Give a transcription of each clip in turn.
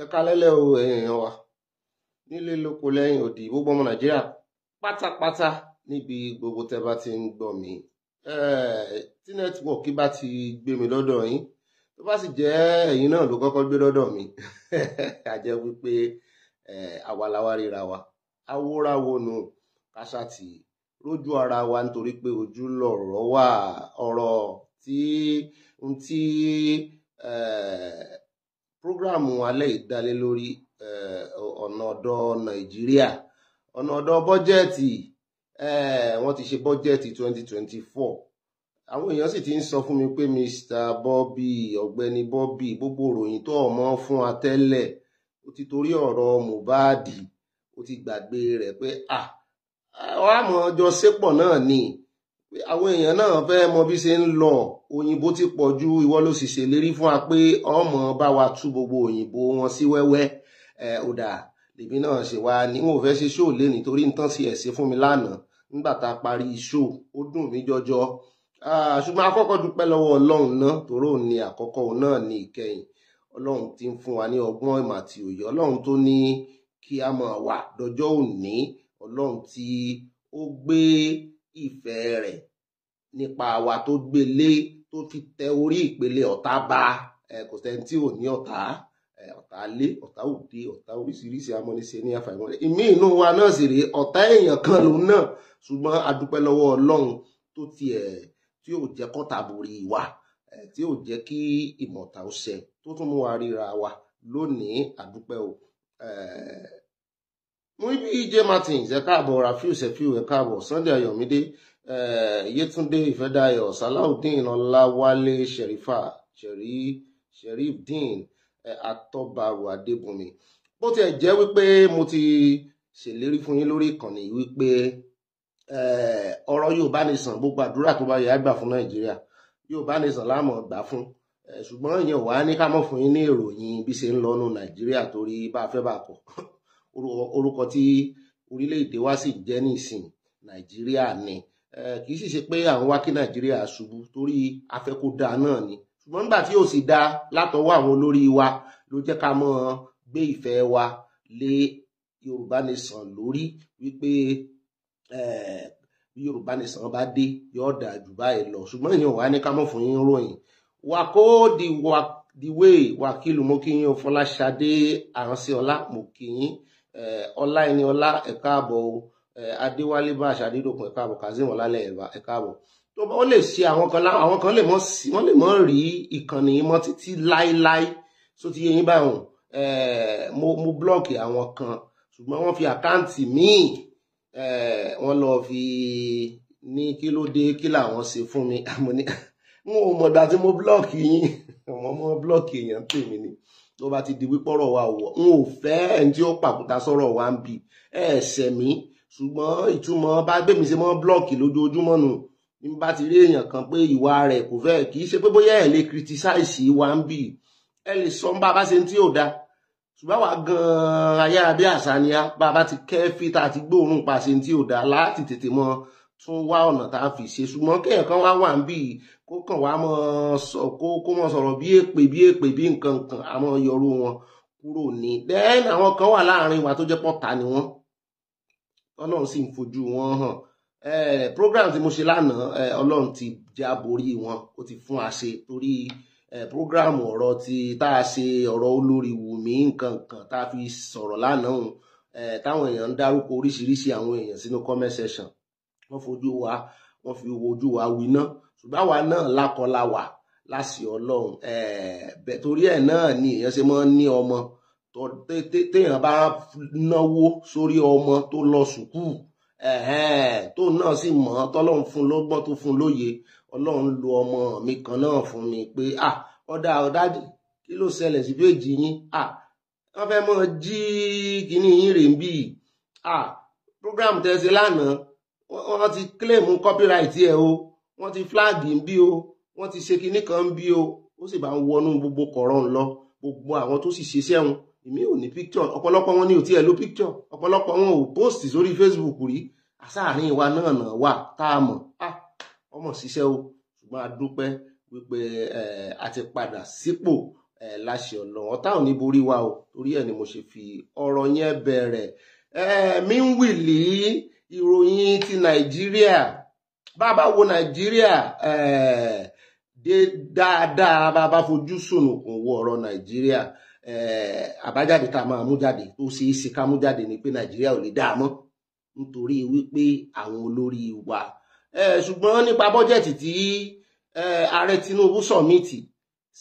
ẹ kalẹ́lẹ̀ o ẹ̀yìn èèyàn wa nílé lóko lẹ́yìn òdì gbogbo ọmọ nàìjíríà pátápátá níbi gbogbo tẹ́ bá ti ń gbọ́ mi tí nẹ́tíwọ̀kì bá ti gbé mi lọ́dọ̀ yín tó bá sì jẹ́ ẹ̀yin náà ló kọ́kọ́ gbé lọ́dọ̀ mi àjẹ́ wípé àwaláwa ríra wa awóráwo nu kásá ti rójú ara wa nítorí pé ojú lọ̀rọ̀ wà ọ̀rọ̀ tí ohun tí. Eh, prógrámù alẹ́ ìdálé lori eh, ọ̀nà ọ̀dọ́ nàìjíríà ọ̀nà ọ̀dọ́ bọ́jẹ́ẹ̀tì eh, wọ́n ti ṣe bọ́jẹ́ẹ̀tì 2024 àwọn èèyàn sì ti ń sọ fún mi pé Mr. Bobby ọ̀gbẹ́ni Bobby gbogbo ìròyìn to ọmọ fún wa o ó ti torí ọ̀rọ̀ Mohbad ó ti gbàgbé rẹ̀ pé ah àwọn àmọ́ ọjọ́ sépọ̀ náà ni àwọn èèyàn náà fẹ́ mọ bí ṣe ń lọ òyìnbó ti pọ̀ ju ìwọ ló sì ṣèlérí fún wa pé ọmọ bá wa tú gbogbo òyìnbó wọn sí wẹ́wẹ́ ọ̀dà lèmi náà ṣe wá ní wọn ò fẹ́ ṣe ṣóò lé nítorí ń tán sí ẹ̀sìn fún mi lánàá nígbà tá a parí ṣóò ó dùn mí jọjọ ṣùgbọ́n akọ́kọ́ dúpẹ́ lọ́wọ́ ọlọ́run náà tòró ni àkọ́kọ́ òun náà ni ìkẹyìn ọlọ́run ti ń fún wa ní ọgbọ́n ìmọ̀ àti òye ọlọ́run tó ní kí a máa wà dọjọ́ òní ọlọ́run tí ó gbé ìfẹ́ rẹ̀ nípa wa tó gbé tó fi tẹ orí ìpele ọ̀tá ba kò sẹ́ni tí ò ní ọ̀tá ọ̀tá lé ọ̀tá òde ọ̀tá oríṣiríṣi amọ́nisẹ́ ní àfàìmọ́lẹ̀ ìmí inú wa náà sì rèé ọ̀tá èèyàn kan lòun náà ṣùgbọ́n adúpẹ́ lọ́wọ́ ọlọ́run tó tiẹ̀ tí ò jẹ́ kọ́ta borí wa tí ò jẹ́ kí ìmọ̀ta ó ṣẹ tó tún mú wa ríra wa lónìí adúpẹ́ o. Muyideen J. Martin ẹ káàbọ̀ Rafiu Sefiu ẹ káàbọ̀ Sunday Ayọ̀mídé Eh, Yetunde Ifedayo, Salaudeen Ọláwálé Sherifa Sherifdeen eh, Atọ́bàrò Adébùnmi bó tiẹ̀ jẹ́ wípé mo ti ṣèlérí fún yín lórí ìkànnì wípé eh, ọ̀rọ̀ Yorùbá nìsàn gbogbo àdúrà tó bá yẹ àgbà fún Nàìjíríà Yorùbá nìsàn láàmú gbà fún ṣùgbọ́n ìyẹn wà á ní ká mọ̀ fún yín ní ìròyìn bí ṣe ń lọ́nu Nàìjíríà torí bá a fẹ́ bá a kọ̀ orúkọ tí orílẹ̀-èdè wa sì jẹ́ nísìn Nàìjíríà ni. Nigeria, kì í sì ṣe pé à ń wá kí nàìjíríà ṣubú torí afẹ́kó dáa náà ni ṣùgbọ́n nígbà tí ò sì dáa látọwọ́ àwọn olórí wa ló jẹ́ ká mọ́ gbé ìfẹ́ wa lé yorùbá nìsàn lórí wípé bí yorùbá nìsàn bá dé yóò dáa jù báyìí lọ ṣùgbọ́n ìyẹn wà ní ká mọ̀ fún yín ròyìn wàkó diwé wàkìlù mo kí yín ọfọláṣadé àránṣẹ́ọlá mo kí yín ọlá ẹni ọlá ẹ̀ka àbọ̀ o. Eh, adéwálé bá aṣàdédòkun ẹ̀ka àbọ̀ kazeem ọlálẹ̀ ẹ̀ka àbọ̀ tó bá ó lè ṣe àwọn kan láwọn àwọn kan lè mọ̀ sí wọ́n lè mọ̀ rí ìkànnì yìí mọ́ títí láéláé só ti yẹ yín eh, mo mo blọọkì àwọn kan ṣùgbọ́n wọ́n fi àkáǹtì míì eh, wọ́n lọ fi ní kí ló dé kí làwọn ṣe fún mi àmọ́ ní n ò mọ̀ dá tí mo blọọkì yín àwọn ọmọ blọọkì èèyàn tèmi ni tó bá ti di wípọ́rọ̀ wa wọ̀ n ò fẹ́ ẹni tí ó pàkúta sọ̀rọ̀ wa ń bì ẹ̀ ṣẹ̀mí ṣùgbọ́n ìtumọ̀ bá gbèmí ṣe mọ́ blọọkì lójoojúmọ́ nu ní bá ti rí èèyàn kan pé ìwà rẹ̀ kò fẹ́ kì í ṣe pé bóyá ẹ̀ lè kìrìtísáìsì wa ń bì ẹ lè sọ bá bá ṣe ń tí ò da ṣùgbọ́n àwa gan-an ayára bí àṣà ni a bá a bá ti kẹ́fí tá a ti gbóòórùn pa ṣe ń tí ò da láti tètè mọ tún wá ọ̀nà tá a fi ṣe ṣùgbọ́n kéèyàn kan wá wà ń bì kó kàn wá mọ sọ kó kó mọ sọ̀rọ̀ bí èpè bí èpè bí nǹkan kan àmọ́ yọrù wọn kúrò ní. then àwọn kan wà láàrin wa tó jẹ́ pọ́ta ni wọ́n ọlọ́run sì ń fojú wọn hàn program tí mo ṣe lánàá ọlọ́run ti já borí wọn ó ti fún àṣẹ torí program ọ̀rọ̀ tí tá a ṣe ọ̀rọ̀ olórí Wùmí nǹkan kan tá a fi sọ̀rọ̀ lánàá òun táwọn èèyàn ń dárúkọ oríṣiríṣi àwọn èèyàn sínú comment section wọ́n fojú wa wọ́n fi ojú wa winá ṣùgbọ́n àwa náà lákọlá wà láṣìí ọlọ́run torí ẹ̀ náà ni èèyàn ṣe máa ń ní ọmọ téèyàn bá náwó sórí ọmọ tó lọ sùkúù tó náà sì mọ̀ tọ́lọ́run fún lọ́gbọ́n tó fún lóye ọlọ́run lo ọmọ mi kan náà fún mi pé à ọ̀dà kí ló ṣẹlẹ̀ sí péjì yín à wọ́n fẹ́ jí kíní yín rèé bí program tẹ̀sí lánàá wọ́n ti claim copyright ẹ̀ o wọ́n ti flag ń bí o wọ́n ti ṣe kíní kan bí o ó sì bá ń wọnú gbogbo kọ̀ọ̀rọ̀ ń gbogbo àwọn tó sì ṣiṣẹ́ wọn èmi ò ní picture ọ̀pọ̀lọpọ̀ wọn ni ò tiẹ̀ lo picture ọ̀pọ̀lọpọ̀ wọn ò post sórí Facebook rí àsáàrin wa náà náà wà tá a mọ̀ ah, ọmọ ṣiṣẹ́ o ṣùgbọ́n a dúpẹ́ wípé a ti padà sípò láṣẹ ọ̀nà ọ̀tá ò ní borí wa o torí ẹ̀ ni mo ṣe fi ọ̀rọ̀ yẹn bẹ̀rẹ̀ mi ń wìlì ìròyìn ti Nàìjíríà bàbá wo Nàìjíríà dáadáa bàbá fojú sùnùkùn wo ọ̀rọ̀ Nàìjíríà. Eh, Eh, àbájáde tá a máa mú jáde tó ṣeé ṣe ká mú jáde ni pé nàìjíríà ò lè dáa mọ́ nítorí wípé àwọn olórí wa eh, ṣùgbọ́n nípa bọ́jẹ̀tì tí eh, ààrẹ tinubu sọ̀mìtì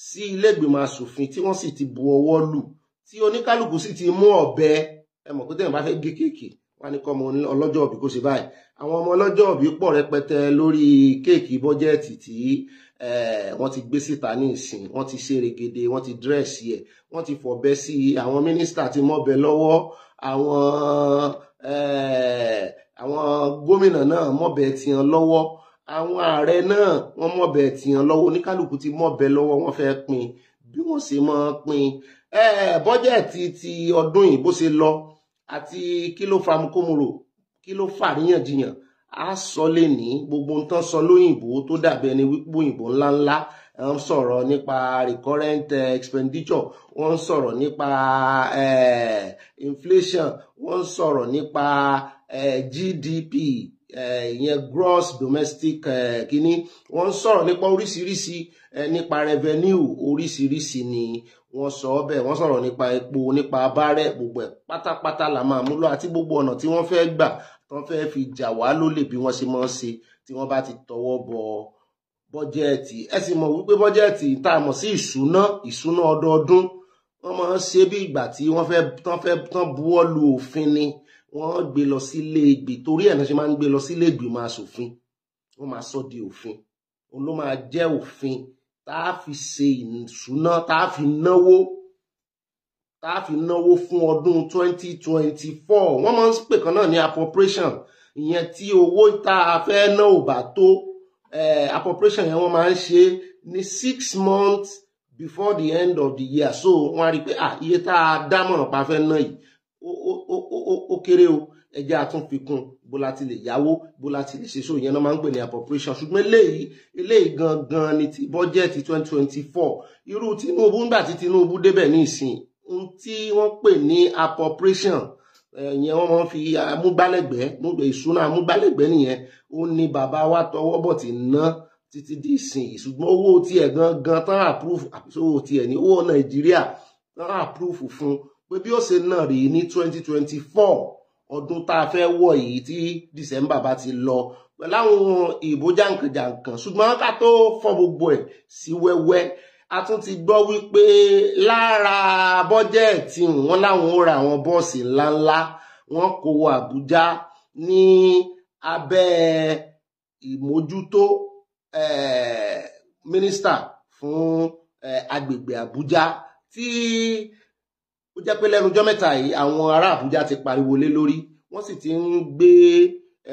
sí ilé ìgbìmọ̀ asòfin tí wọ́n sì ti bu ọwọ́ lù tí oníkálukú sì ti mú ọ̀bẹ ẹ mọ̀ pé tẹ̀yìn bá fẹ́ gé kéèkì wọ́n ní kọ́ ọmọ ọlọ́jọ́ ọ̀bí kó ṣe báyìí àwọn ọmọ ọlọ́jọ́ ọ̀bí pọ̀ rẹpẹtẹ lórí kéèkì bọ́jẹ̀tì tí Eh, wọ́n ti gbé síta ní ìsìn wọ́n ti ṣe regede wọ́n ti dírẹ́sì ẹ̀ wọ́n ti fọ̀bẹ sí i àwọn mínísítà ti mọ́bẹ lọ́wọ́ àwọn eh, àwọn gómìnà náà mọ́bẹ tiwọn lọ́wọ́ àwọn ààrẹ náà wọ́n mọ́bẹ tiwọn lọ́wọ́ oníkálukú ti mọ́bẹ lọ́wọ́ wọ́n fẹ́ pín bí wọ́n ṣe mọ́ pín eh, bọ́jẹ̀tì ti ọdún yìí bó ṣe lọ àti kí ló fa mukúmuro kí ló fa àríyànjiyàn a sọ lè ní gbogbo ohun tán sọ lóyìnbó tó dàbí ẹni wípé òyìnbó ńláńlá ń sọ̀rọ̀ nípa recurrent eh, expenditure wọ́n ń sọ̀rọ̀ nípa eh, inflation wọ́n ń sọ̀rọ̀ nípa eh, GDP ìyẹn gross domestic kínní wọ́n ń sọ̀rọ̀ nípa oríṣiríṣi nípa revenue oríṣiríṣi ni wọ́n sọ ọ́ bẹ́ẹ̀ wọ́n sọ̀rọ̀ nípa epo nípa bárẹ̀ gbogbo ẹ̀ pátápátá la máa múlò àti gbogbo ọ̀nà tí wọ́n fẹ́ gbà tó ń fẹ́ fi jà wá lólè bí wọ́n ṣe máa ń ṣe tí wọ́n bá ti tọwọ́ bọ bọ́jẹ́ẹ̀tì ẹ sì mọ̀ wípé bọ́jẹ́ẹ̀tì tá a mọ̀ sí ìṣúná ìṣúná ọdọọdún wọ́n máa ń ṣe bí ìgbà tí wọ́n fẹ́ tán fẹ́ tán buwọ́ lu òfin ni wọ́n gbé lọ sílé ìgbè torí ẹ̀ náà ṣe máa ń gbé lọ sílé ìgbìmọ̀ aṣòfin wọ́n máa sọ di òfin òun ló máa jẹ́ òfin tá a fi ṣe ìṣúná tá a fi náwó tá a fi náwó fún ọdún 2024 wọ́n máa ń pè kan náà ní appropriation ìyẹn tí owó tá a fẹ́ ná ò bá tó eh, appropriation yẹn wọ́n máa ń ṣe ní six months before the end of the year so wọ́n á rí i pé iye tá a dámọ̀ràn pa fẹ́ ná yìí ó kéré o ẹjẹ́ àtúnfikún bó láti lè yáwó bó láti lè ṣe so ìyẹn náà máa ń pè ní appropriation ṣùgbọ́n eléyìí eléyìí gangan ni ti bọ́jẹ́ẹ̀tì 2024 irú Tinubu ńgbà tí Tinubu débẹ̀ ní ìsìn ohun tí wọ́n pè ní appropriation eh, ìyẹn wọ́n máa ń fi amúgbálẹ́gbẹ̀ẹ́ ìṣúná amúgbálẹ́gbẹ̀ẹ́ nìyẹn ó ní bàbá wa tọwọ́ bọ̀ ti ná títí di ìsìn ṣùgbọ́n owó tiẹ̀ gangan tán àpúrúfù owó tiẹ̀ ní owó nàìjíríà tán àpúrúfù fún pé bí ó ṣe náà rí ní 2024 ọdún tá a fẹ́ wọ̀ yìí tí december bá ti lọ pẹ̀láwọn ìbò jàǹkànjàǹkàn ṣùgbọ́n ká tó fọ́ gbogbo ẹ̀ sí wẹ́wẹ́ a tún ti gbọ́ wípé lára bọ́jẹ̀tì wọn láwọn ó ra àwọn bọ́ọ̀sì ńláńlá wọn kó wọ Àbújá ní abẹ́ ìmójútó eh, mínísítà fún eh, agbègbè Àbújá tí ó jẹ́ pé lẹ́nu ọjọ́ mẹ́ta yìí àwọn ará Àbújá ti pariwo lé lórí wọ́n sì ti ń gbé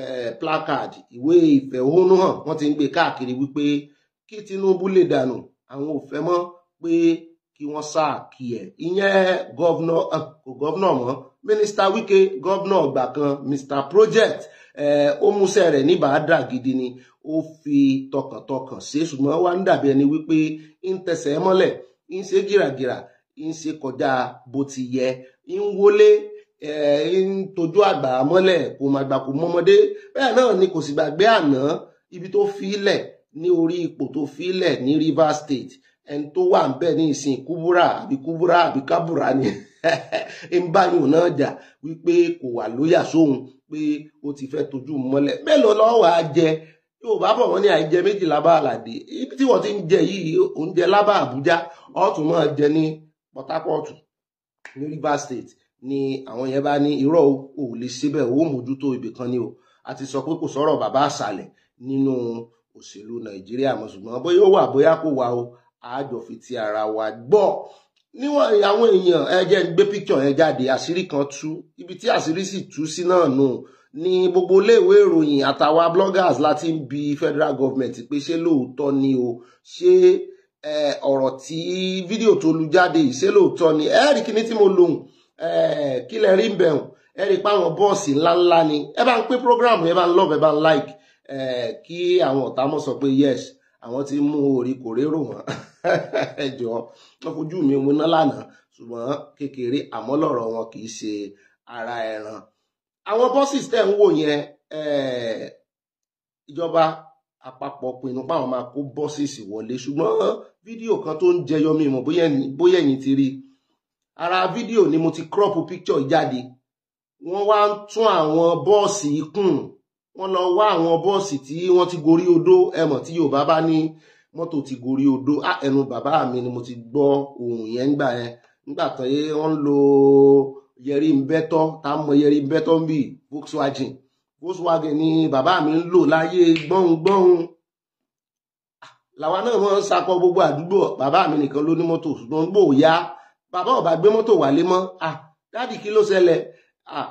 eh, placard ìwé ìfẹ̀hónú hàn wọ́n ti ń gbé káàkiri wípé kí Tinubu lè dànù àwọn ò fẹ́ mọ́ pé kí wọ́n sáàkì ẹ̀ ìyẹn gọ́vnọ̀ kò gọ́vnọ̀ mọ́ mínísítà Wike gọ́vnọ̀ ọgbà kan Mr Project ó múṣẹ́ rẹ̀ níbàádà gidi ni ó fi tọkàntọkàn ṣe ṣùgbọ́n wá ń dàbí ẹni wípé ń tẹsẹ̀ mọ́lẹ̀ ń ṣe gìràgìrà ń ṣe kọjá bó ti yẹ ń wọlé ń tójú àgbà mọ́lẹ̀ kò mà gbà kò mọ́mọdé bẹ́ẹ̀ náà ni kò sì gbàgbé àná ibi tó fi lẹ̀ ní orí ipò tó filẹ̀ ní Rivers State ẹni tó wà ń bẹ̀ ní ìsìn kúbúrà àbí kúbúrà àbí kábúrà ni ń bá yòó náà jà wípé kò wà lóyà sóhun pé ó ti fẹ́ tójú mọ́lẹ̀ mélòó lọ́wọ́ wàá jẹ yóò bá bọ̀ wọ́n ní àìjẹ méjì lábá àlàdé ibi tí wọ́n ti ń jẹ yìí oúnjẹ lábá Àbújá ọ̀tún máa jẹ ní Port Harcourt ní Rivers State ni àwọn yẹn bá ní irọ́ ò lè síbẹ̀ owó mójútó ibìkan ni o a ti sọ pé kò sọ̀rọ̀ bàbá àṣàlẹ̀ nínú òṣèlú nàìjíríà mọ́ ṣùgbọ́n bóyá ó wà bóyá kò wà o àjọ fi ti ara wa gbọ́ níwọ̀n àwọn èèyàn ẹ jẹ́ ń gbé píkṣọ̀ yẹn jáde àṣírí kan tú ibi tí àṣírí sì tú sí náà nù ní gbogbo iléèwé ìròyìn àtàwọn bloggers láti ń bi federal government pé ṣé lóòótọ́ ni o ṣé ọ̀rọ̀ tí fídíò tó lu jáde yìí ṣé lóòótọ́ ni ẹ̀rí kíní tí mo lòun kílẹ̀ rí bẹ̀rùn ẹ̀rí páwọn bọ́ọ̀sì ńláńlá ni ẹ bá ń pín program yẹn bá ń love ẹ bá ń like kí àwọn ọ̀tá mọ̀ sọ pé yes àwọn ti mú orí kò rérò wọn ẹjọ́ wọn fojú mi múná lánàá ṣùgbọ́n kékeré àmọ́ lọ́rọ̀ wọn kì í ṣe ara ẹran àwọn bọ́sìs tẹ̀ ń wò yẹn ìjọba àpapọ̀ pinnu páwọn máa kó bọ́sìs wọlé ṣùgbọ́n fídíò kan tó ń jẹyọ mímọ̀ bóyá ẹ̀yin ti rí ara fídíò ni mo ti crop picture jáde wọ́n wá ń tún àwọn bọ́ọ̀sì kùn wọ́n lọ wá àwọn bọ́ọ̀sì tí wọ́n ti gorí odó ẹmọ̀ tí Yorùbá bá ní mọ́tò ti gorí odó ẹnu bàbá mi ni mo ti gbọ́ ohun yẹn ńgbà yẹn nígbà tán yé wọ́n ń lo yẹrí bẹ́tọ́ tá a mọ yẹrí bẹ́tọ́ ń bì Volkswagen Volkswagen ni bàbá mi ń lò láyé gbọ́ngbọ́n ah, làwa náà mọ́ ń sakọ gbogbo àdúgbò bàbá mi nìkan ló ní mọ́tò ṣùgbọ́n gbò ya bàbá ò bá gbé mọ́tò wálé mọ́ ah dáàdì kí ló ṣẹlẹ̀ ah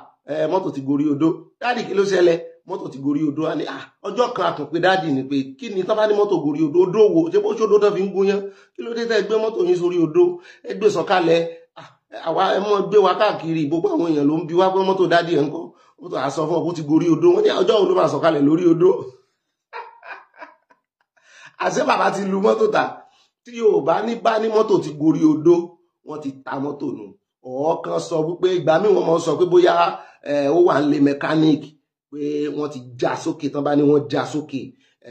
mọ́tò ti gorí odó dáàdì kí ló ṣẹlẹ̀ mọ́tò ti gorí odó á ní ah, ọjọ́ kan àtúnpé dáàdì ni pé kí ni tọ́ba ní mọ́tò gorí odó odó wo ṣé bó ṣòdó tán fi ń gúnyán kí ló dé tẹ́ gbé mọ́tò yín sórí odó ẹ gbé sọ̀kalẹ̀ ah, àwa ẹ mọ́ gbé wa káàkiri gbogbo àwọn èèyàn ló ń bi wá pé mọ́tò dáàdì ẹ̀ ń kọ́ mọ́tò àsọ fún ọ kó ti gorí odó wọ́n ní ah, ọjọ́ òun ló máa sọ̀kalẹ̀ lórí odó àṣẹ bàbá ti lu mọ́tò ta tí yóò bá ní bá ní mọ́tò ti gorí odó wọ́n ti ta mọ́tò nù ọ̀ọ́ kan sọ wípé ìgbà míì wọ́n mọ̀ sọ pé bóyá ó wà ń lé mẹkáníìkì pé wọ́n ti já sókè tán bá ní wọ́n já sókè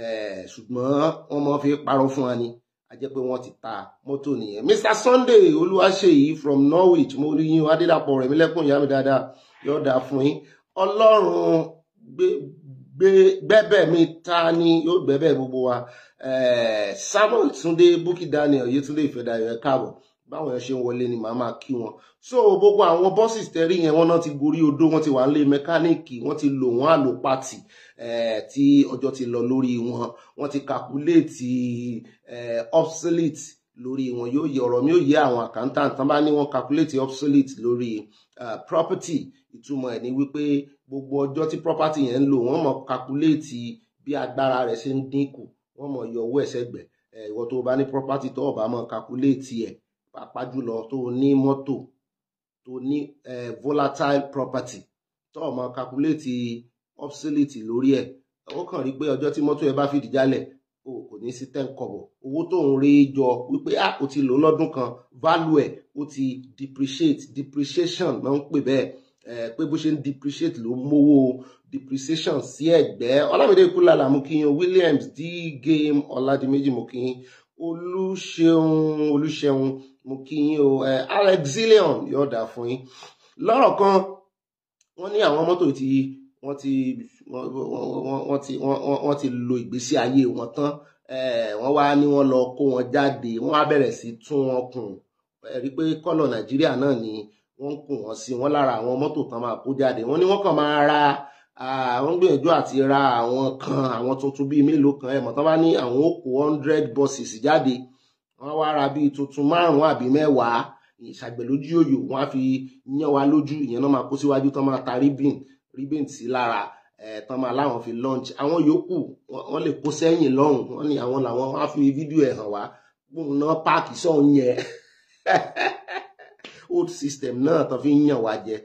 eh, ṣùgbọ́n wọ́n mọ̀ fi parọ́ fún wa ni a jẹ́ pé wọ́n ti ta mọ́tò nìyẹn Mr Sunday Olúwaṣèyí from Norwich mo rí yín Adédàpọ̀ rẹ̀ mí lẹ́kùn ìyá mi dáadáa yóò dáa fún yín Ọlọ́run gbẹ́bẹ̀ mi ta ni yóò gbẹ́bẹ̀ gbogbo wa eh, Samuel Túndé Bukky Daniel Yétúndé Ìfẹ́dayọ̀ ẹ̀ káàbọ̀ báwọn yẹn ṣe ń wọlé ni màá máa kí wọn so gbogbo àwọn bọ́sìs tẹ́rí yẹn wọ́n náà ti gorí odó wọ́n ti wà nílé mẹkáníìkì wọ́n ti lò wọ́n àlòpàtì tí ọjọ́ ti lọ lórí wọn wọ́n ti kàkúléètì obsolete lórí wọn yóò yẹ ọ̀rọ̀ mi yóò yẹ àwọn accountant tán bá ní wọ́n calculate obsolete lórí property ìtumọ̀ ẹ̀ ní wípé gbogbo ọjọ́ tí property yẹn ń lò wọ́n mọ̀ calculate bí agbára rẹ̀ ṣe ń dínkù wọ́n mọ̀ yọ owó ẹ̀sẹ̀gbẹ̀ ìwọ tó bá ní property tó o mọ̀ calculate ẹ̀ pàápàá jùlọ tó ní mọ́tò tó ní volatile property tó o máa calculate obsolete lórí ẹ̀ ó kàn rí pé ọjọ́ tí mọ́tò ẹ bá fìdí jálẹ̀ o kò ní sí ten kọ̀bọ̀ owó tó ń rí jọ wípé a kò ti lò lọ́dún kan value ẹ̀ ó ti depreciate depreciation náà ń pè bẹ́ẹ̀ pé bó ṣe ń depreciate ló mówó depreciation sí ẹ̀gbẹ́ ọlámídé kúlàlà mú kí yín williams d game ọládìméjì mú kí yín olùṣeun olùṣeun mo kí yín o eh, alex zillion yóò dà fún yín lọ́rọ̀ kan wọ́n ní àwọn mọ́tò tí wọ́n ti wọ́n ti wọ́n ti lo ìgbésí ayé wọn tán eh, wọ́n wá ní wọ́n lọ kó wọn jáde wọ́n á bẹ̀rẹ̀ sí tún wọn kùn eh, rí pé kọ́lọ̀ nàìjíríà náà ni wọ́n ń kùn wọ́n sí wọn lára àwọn mọ́tò kan máa kó jáde wọ́n ní wọ́n kàn máa ra àwọn gbìyànjú àti ra àwọn kan àwọn tuntun bíi mélòó kan ẹ̀mọ́ tán bá ní àwọn ó kó hundred buses jáde. Si wọ́n wá ra bíi tuntun márùn-ún àbí mẹ́wàá ìṣàgbẹ̀ lójú yòyò wọ́n á fi yán wa lójú ìyẹn náà máa kó síwájú tán máa ta ribbon ribbon sí lára tán máa láwọn fi lunch àwọn yòókù wọ́n lè kó sẹ́yìn lọ́hùn wọ́n ní àwọn làwọn wọ́n á fi fídíò ẹ̀ hàn wá gbóhùn náà páàkì sọ̀hún yẹn old system náà tán fi ń yàn wá jẹ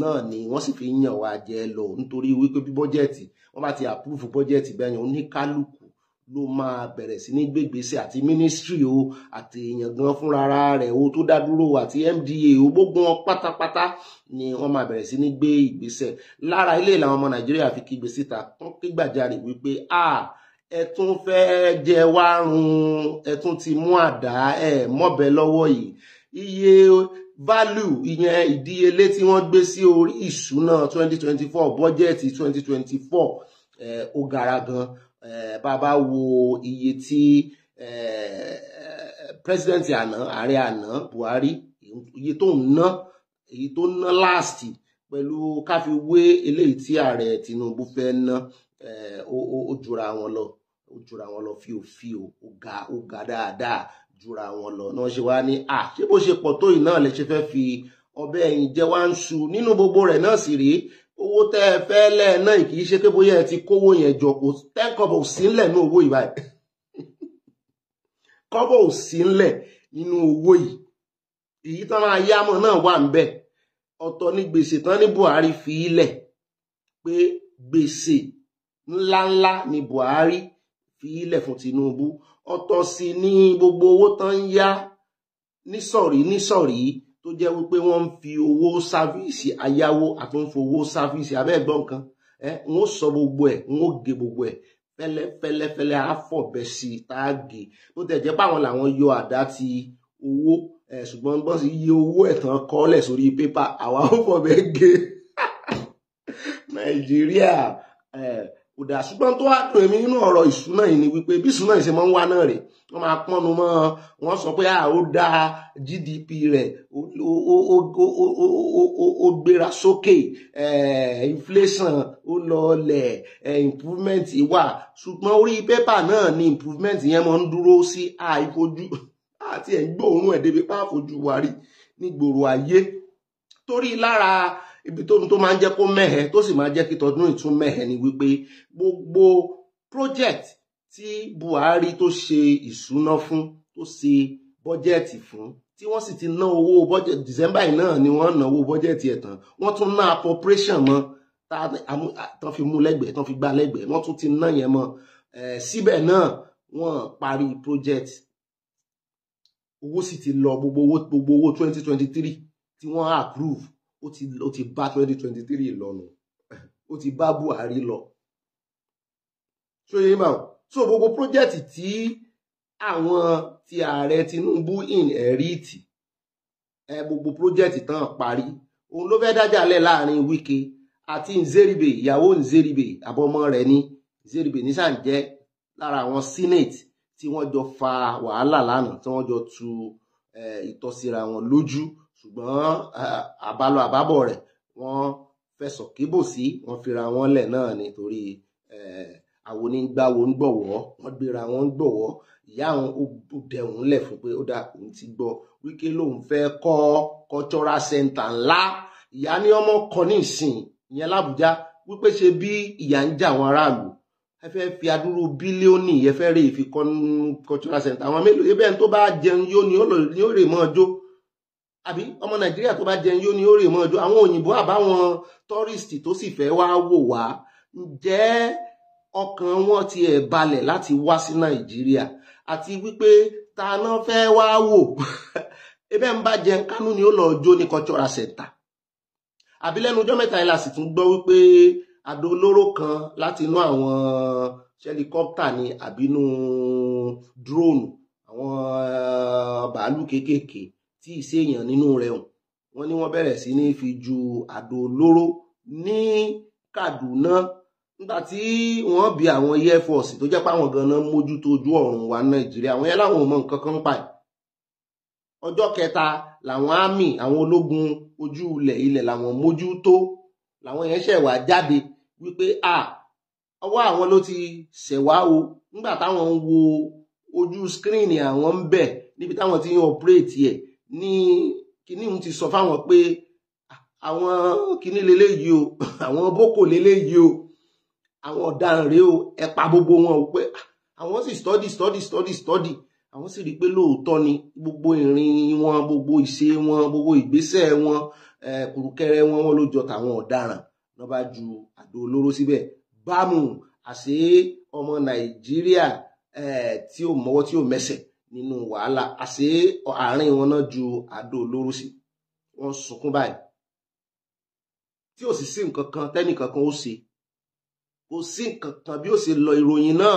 náà ni wọ́n sì fi ń yàn wá jẹ lọ nítorí wípé bí bọ́jẹ̀tì wọ́n bá ti approve bọ́jẹ̀tì bẹ́ẹ̀ yẹn oníkálukú ló máa bẹ̀rẹ̀ sí ní gbégbèsè àti mínísírì o àti èèyàn gan fúnra rẹ̀ o tó dá dúró àti MDA o gbogbo wọn pátápátá ni wọ́n máa bẹ̀rẹ̀ sí ní gbé ìgbésẹ̀ lára ilé làwọn ọmọ Nàìjíríà fi kígbe síta kán kígbàjarè wípé a ẹ tún fẹ́ẹ́ jẹ wá run ẹ tún ti mú àdá ẹ mọ́bẹ lọ́wọ́ yìí iye value ìyẹn ìdíyelé tí wọ́n gbé sí orí ìṣúná twenty twenty four bọ́jẹ́ẹ̀tì twenty twenty four ó gara gan-an Eh, bá a bá wo iye tí eh, president àná ààrẹ àná Buhari iye tó ń ná èyí tó ná last pẹ̀lú káfí wé eléyìí tí ààrẹ Tinubu fẹ́ ná eh, ó jura wọn lọ ó jura wọn lọ fíofío ó ga ó ga dáadáa jura wọn lọ náà ṣe wá ní à ṣé bó ṣe pọ̀ tó yìí náà lè ṣe fẹ́ fi ọbẹ̀ ẹ̀yìn jẹ wá ń su nínú gbogbo rẹ̀ náà sì rèé owó tẹ́ ẹ fẹ́ lẹ́ẹ̀ náà kì í ṣe pé bóyá ẹ ti kówó yẹn jọ kò ten kọ́bọ̀ ò sí ńlẹ̀ nínú owó yìí báyìí kọ́bọ̀ ò sí ńlẹ̀ nínú owó yìí èyí tán máa yá mọ́ náà wà ń bẹ̀ ọ̀tọ̀ ní gbèsè tán ní Buhari fi ilẹ̀ pé gbèsè ńláńlá ni Buhari fi ilẹ̀ fún Tinubu ọ̀tọ̀ sì ní gbogbo owó tán ń yá nísọ̀rí nísọ̀rí tó jẹ́ wípé wọ́n ń fi owó sáfíìsì ayáwó àti ń fowó sáfíìsì abẹ́ẹ̀gbọ́n kan ẹ ń ó sọ gbogbo ẹ̀ ń ó ge gbogbo ẹ̀ fẹ́lẹ́fẹ́lẹ́fẹ́lẹ́ àfọ̀bẹ sí i tá a gé tó e. tẹ̀ jẹ́ páwọn làwọn yọ àdá ti owó ẹ̀ ṣùgbọ́n gbọ́n sí iye owó ẹ̀tàn kọ́lẹ̀ sórí pépà àwa ó fọ̀bẹ gé e. nàìjíríà kò dà ṣùgbọ́n tó wá dùn èmi nínú ọ̀rọ̀ ìṣúná yìí ni wípé bí ìṣúná yìí ṣe máa ń wá náà rè wọ́n máa pọ́nnu mọ́ wọ́n sọ pé ó dá GDP rẹ̀ ó gbéra sókè inflation ó lọọlẹ̀ improvement wà ṣùgbọ́n orí pépà náà ni improvement yẹn máa ń dúró sí àìfojú àti ẹ̀ ń gbóòórùn ẹ̀ débi pàfojú wa rí nígboro ayé torí lára ibi tó máa ń jẹ́ kó mẹ́hẹ tó sì máa jẹ́ kí tọdún ìtún mẹ́hẹ ni wípé gbogbo project tí Buhari tó ṣe ìṣúná fún tó ṣe bọ́jẹ́ẹ̀tì fún tí wọ́n sì ti ná owó bọ́jẹ̀tì December yìí náà ni wọ́n ná owó bọ́jẹ̀tì ẹ̀ tán wọ́n tún ná appropriation mọ́ tán fi mú lẹ́gbẹ̀ẹ́ tán fi gbá lẹ́gbẹ̀ẹ́ wọ́n tún ti ná yẹn mọ́ síbẹ̀ náà wọ́n parí project owó sì ti lọ gbogbo owó gbogbo owó 2023 tí wọ́n approve ó ti ó ti bá twenty twenty three lọ nù ó ti bá Buhari lọ ṣóyè máa so gbogbo project tí àwọn ti ààrẹ Tinubu inherit ẹ gbogbo project tán parí òun ló fẹ́ dájà lẹ̀ láàrin Wike àti Nzeribe ìyàwó Nzeribe àbọ̀mọ rẹ̀ ní Nzeribe nísàn jẹ́ lára àwọn senate tí wọ́n jọ fa wàhálà lánàá tí wọ́n jọ tu ìtọ́síra wọn lójú ṣùgbọ́n àbálọ àbábọ̀ rẹ̀ wọ́n fẹ̀sọ̀ kíbò sí wọ́n fira wọn lẹ̀ náà nítorí àwọn onígbàwọ̀ ń gbọ̀wọ́ wọ́n gbéra wọn ń gbọ̀wọ́ ìyá àwọn ó dẹ̀hùn lẹ̀ fún pé ó dà òun ti gbọ́ Wike lòun fẹ́ kọ́ cultural center ńlá ìyá ní ọmọ kan ní ìsìn ìyẹn l'Àbújá wípé ṣe bí ìyà ń jà àwọn aráàlú ẹ fẹ́ fi adúrú bílíọ̀nù yẹn fẹ́ rè é fi kọ́ cultural center àwọn mélòó ebẹ́ tó bá jẹun yóò ní ó rè mọ́ ọjọ́ àbí ọmọ nàìjíríà tó bá jẹun yóò ní ó rè mọ́ ọjọ́ àwọn òyìnbó àbáwọn tọ́rìsìtì tó sì fẹ́ wá wò wá ǹjẹ́ ọkàn wọn tiẹ̀ balẹ̀ láti wá sí nàìjíríà àti wípé ta náà fẹ́ wá wò ebe ń bá jẹun kánú ni ó lọ jó ní cultural center àbí lẹ́nu ọjọ́ mẹ́ta yìí la sì tún gbọ́ wípé àdó olóró kan láti inú àwọn ṣẹlikọ́pítà ni àbínú dúróònù àwọn eh, bàálù kéékèèké tí ìṣe èèyàn nínú rẹ̀ hàn wọ́n ní wọ́n bẹ̀rẹ̀ sí ní fi ju àdó olóró ní Kaduna nígbà tí wọ́n bi àwọn air force tó jẹ́ pé àwọn ganan mójútó ojú ọ̀run wa Nàìjíríà àwọn yẹn láwọn ò mọ nǹkan kan pa ẹ̀ ọjọ́ kẹta làwọn àmì àwọn ológun ojú ilẹ̀ ilẹ̀ làwọn mójútó làwọn yẹn ṣẹ̀wá jáde wípé a ọwọ́ àwọn ló ti ṣẹ̀wá o nígbà táwọn ń wo ojú skírínì àwọn ń bẹ̀ níbi táwọn ti ń ọpírètì ẹ̀ ní kíní ń ti sọ fáwọn pé ah, àwọn kíní leléyìí o àwọn boko leléyìí o àwọn ọ̀daràn rèé o ẹ gbogbo wọn o pé ah, àwọn sì study study study study àwọn sì rí i pé lóòótọ́ ni gbogbo ìrìn wọn gbogbo ìṣe wọn gbogbo ìgbésẹ̀ wọn kùrùkẹrẹ wọn wọn ló jọ tàwọn ọ̀daràn lọ́ bá ju àdó olóró síbẹ̀ bámú àṣé ọmọ nàìjíríà tí ò mọ́wọ́ tí ò mẹ́sẹ̀ nínú wàhálà àṣé àárín wọn náà ju àdó olóró sí wọn sunkún báyìí tí ò sì sí nǹkan kan tẹ́nìkan kan ó ṣe kò sí nǹkan kan bí ó ṣe lọ ìròyìn náà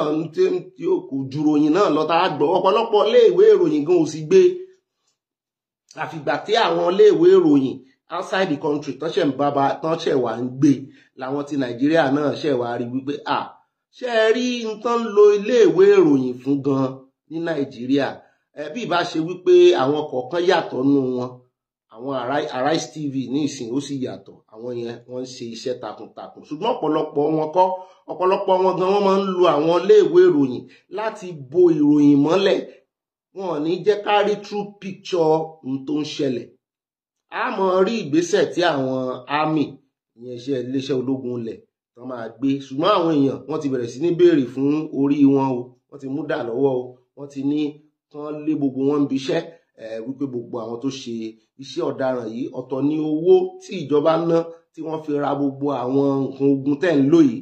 tí ó kò ju ìròyìn náà lọ tá a gbọ́ ọ̀pọ̀lọpọ̀ iléèwé ìròyìn gan ò sì gbé àfìgbà tí àwọn iléèwé ìròyìn outside the country tán ṣẹ̀ ń bába tán ṣẹ̀ wà ń gbé làwọn ti nàìjíríà náà ṣẹ̀ wà rí wípé à ṣe rí n tán lo iléèwé ìròyìn fún gan ní nàìjíríà bí ìbá ṣe wípé àwọn kọ̀ọ̀kan yàtọ̀ nù wọn àwọn Arise TV ní ìsìn ó sì yàtọ̀ àwọn yẹn wọ́n ń ṣe iṣẹ́ takuntakun ṣùgbọ́n ọ̀pọ̀lọpọ̀ wọn kọ́ ọ̀pọ̀lọpọ̀ wọn gan wọ́n máa ń lo àwọn iléèwé ìròyìn láti bo ìròyìn mọ́lẹ̀ wọn ò ní jẹ́ ká rí true picture ohun tó ń ṣẹlẹ̀ a mọ̀ rí ìgbésẹ̀ tí àwọn army ìyẹn iṣẹ́ iléeṣẹ́ ológun ilẹ̀ tán máa gbé ṣùgbọ́n àwọn èèyàn wọ́n ti bẹ̀rẹ̀ sí ní béèrè fún orí wọn o wọ́n ti mú dà lọ́wọ́ o wọ́n ti ní tán lé gbogbo wọn ń biṣẹ́ wípé gbogbo àwọn tó ṣe iṣẹ́ ọ̀daràn yìí ọ̀tọ̀ ni owó tí ìjọba ná tí wọ́n fi ra gbogbo àwọn nǹkan ogun tẹ̀ ń lò yìí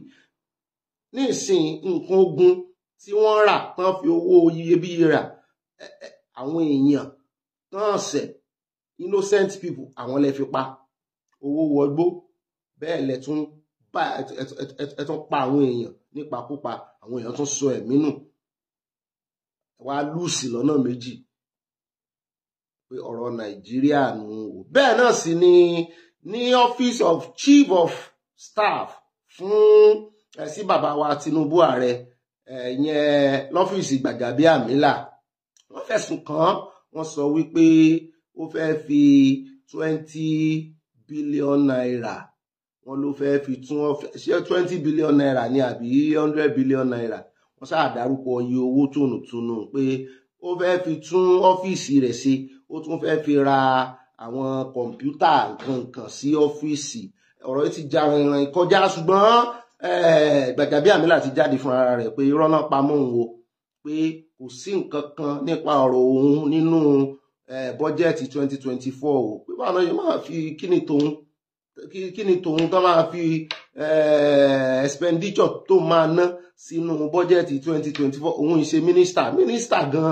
nísìn nǹkan ogun tí wọ́n rà tán fi owó iyebíye rà àwọn èèyàn tán ọ̀sẹ̀ innocent people àwọn lè fi pa owó wọgbó bẹ́ẹ̀ lẹ tún pa àwọn èèyàn nípakúpa àwọn èèyàn tún sọ ẹ̀mí nù wàá lùsì lọ́nà méjì pé ọ̀rọ̀ nàìjíríà nù ú bẹ́ẹ̀ náà sì ni ní office of chief of staff fún ẹ sí bàbá wa Tinubu ààrẹ ẹ̀yẹn lọ́fíìsì Gbàjàbíàmílà wọ́n fẹ̀sùn kàn wọ́n sọ wípé ó fẹ́ fi twenty billion naira wọ́n ló fẹ́ fi tún ṣé twenty billion naira ni àbí hundred billion naira wọ́n sáà dárúkọ iye owó tònùtònù pé ó fẹ́ fi tún ọ́fíìsì rẹ̀ ṣe ó tún fẹ́ fi ra àwọn kọ̀ǹpútà nǹkan sí ọ́fíìsì ọ̀rọ̀ yìí ti ja rìnrìn kọjá ṣùgbọ́n eh, Gbajabiamila ti jáde fúnra rẹ̀ pé irọ́ náà pamọ́ òun o pé kò sí nǹkan kan nípa ọ̀rọ̀ òun nínú eh, bọ́jẹ́ẹ̀tì 2024 o pé báwọn yóò máa fi kíni tòun kíni tòun tó máa fi eh, expenditure tó máa sínú bọ́jẹ́ẹ̀tì twenty twenty four òun ìṣe mínísítà mínísítà gan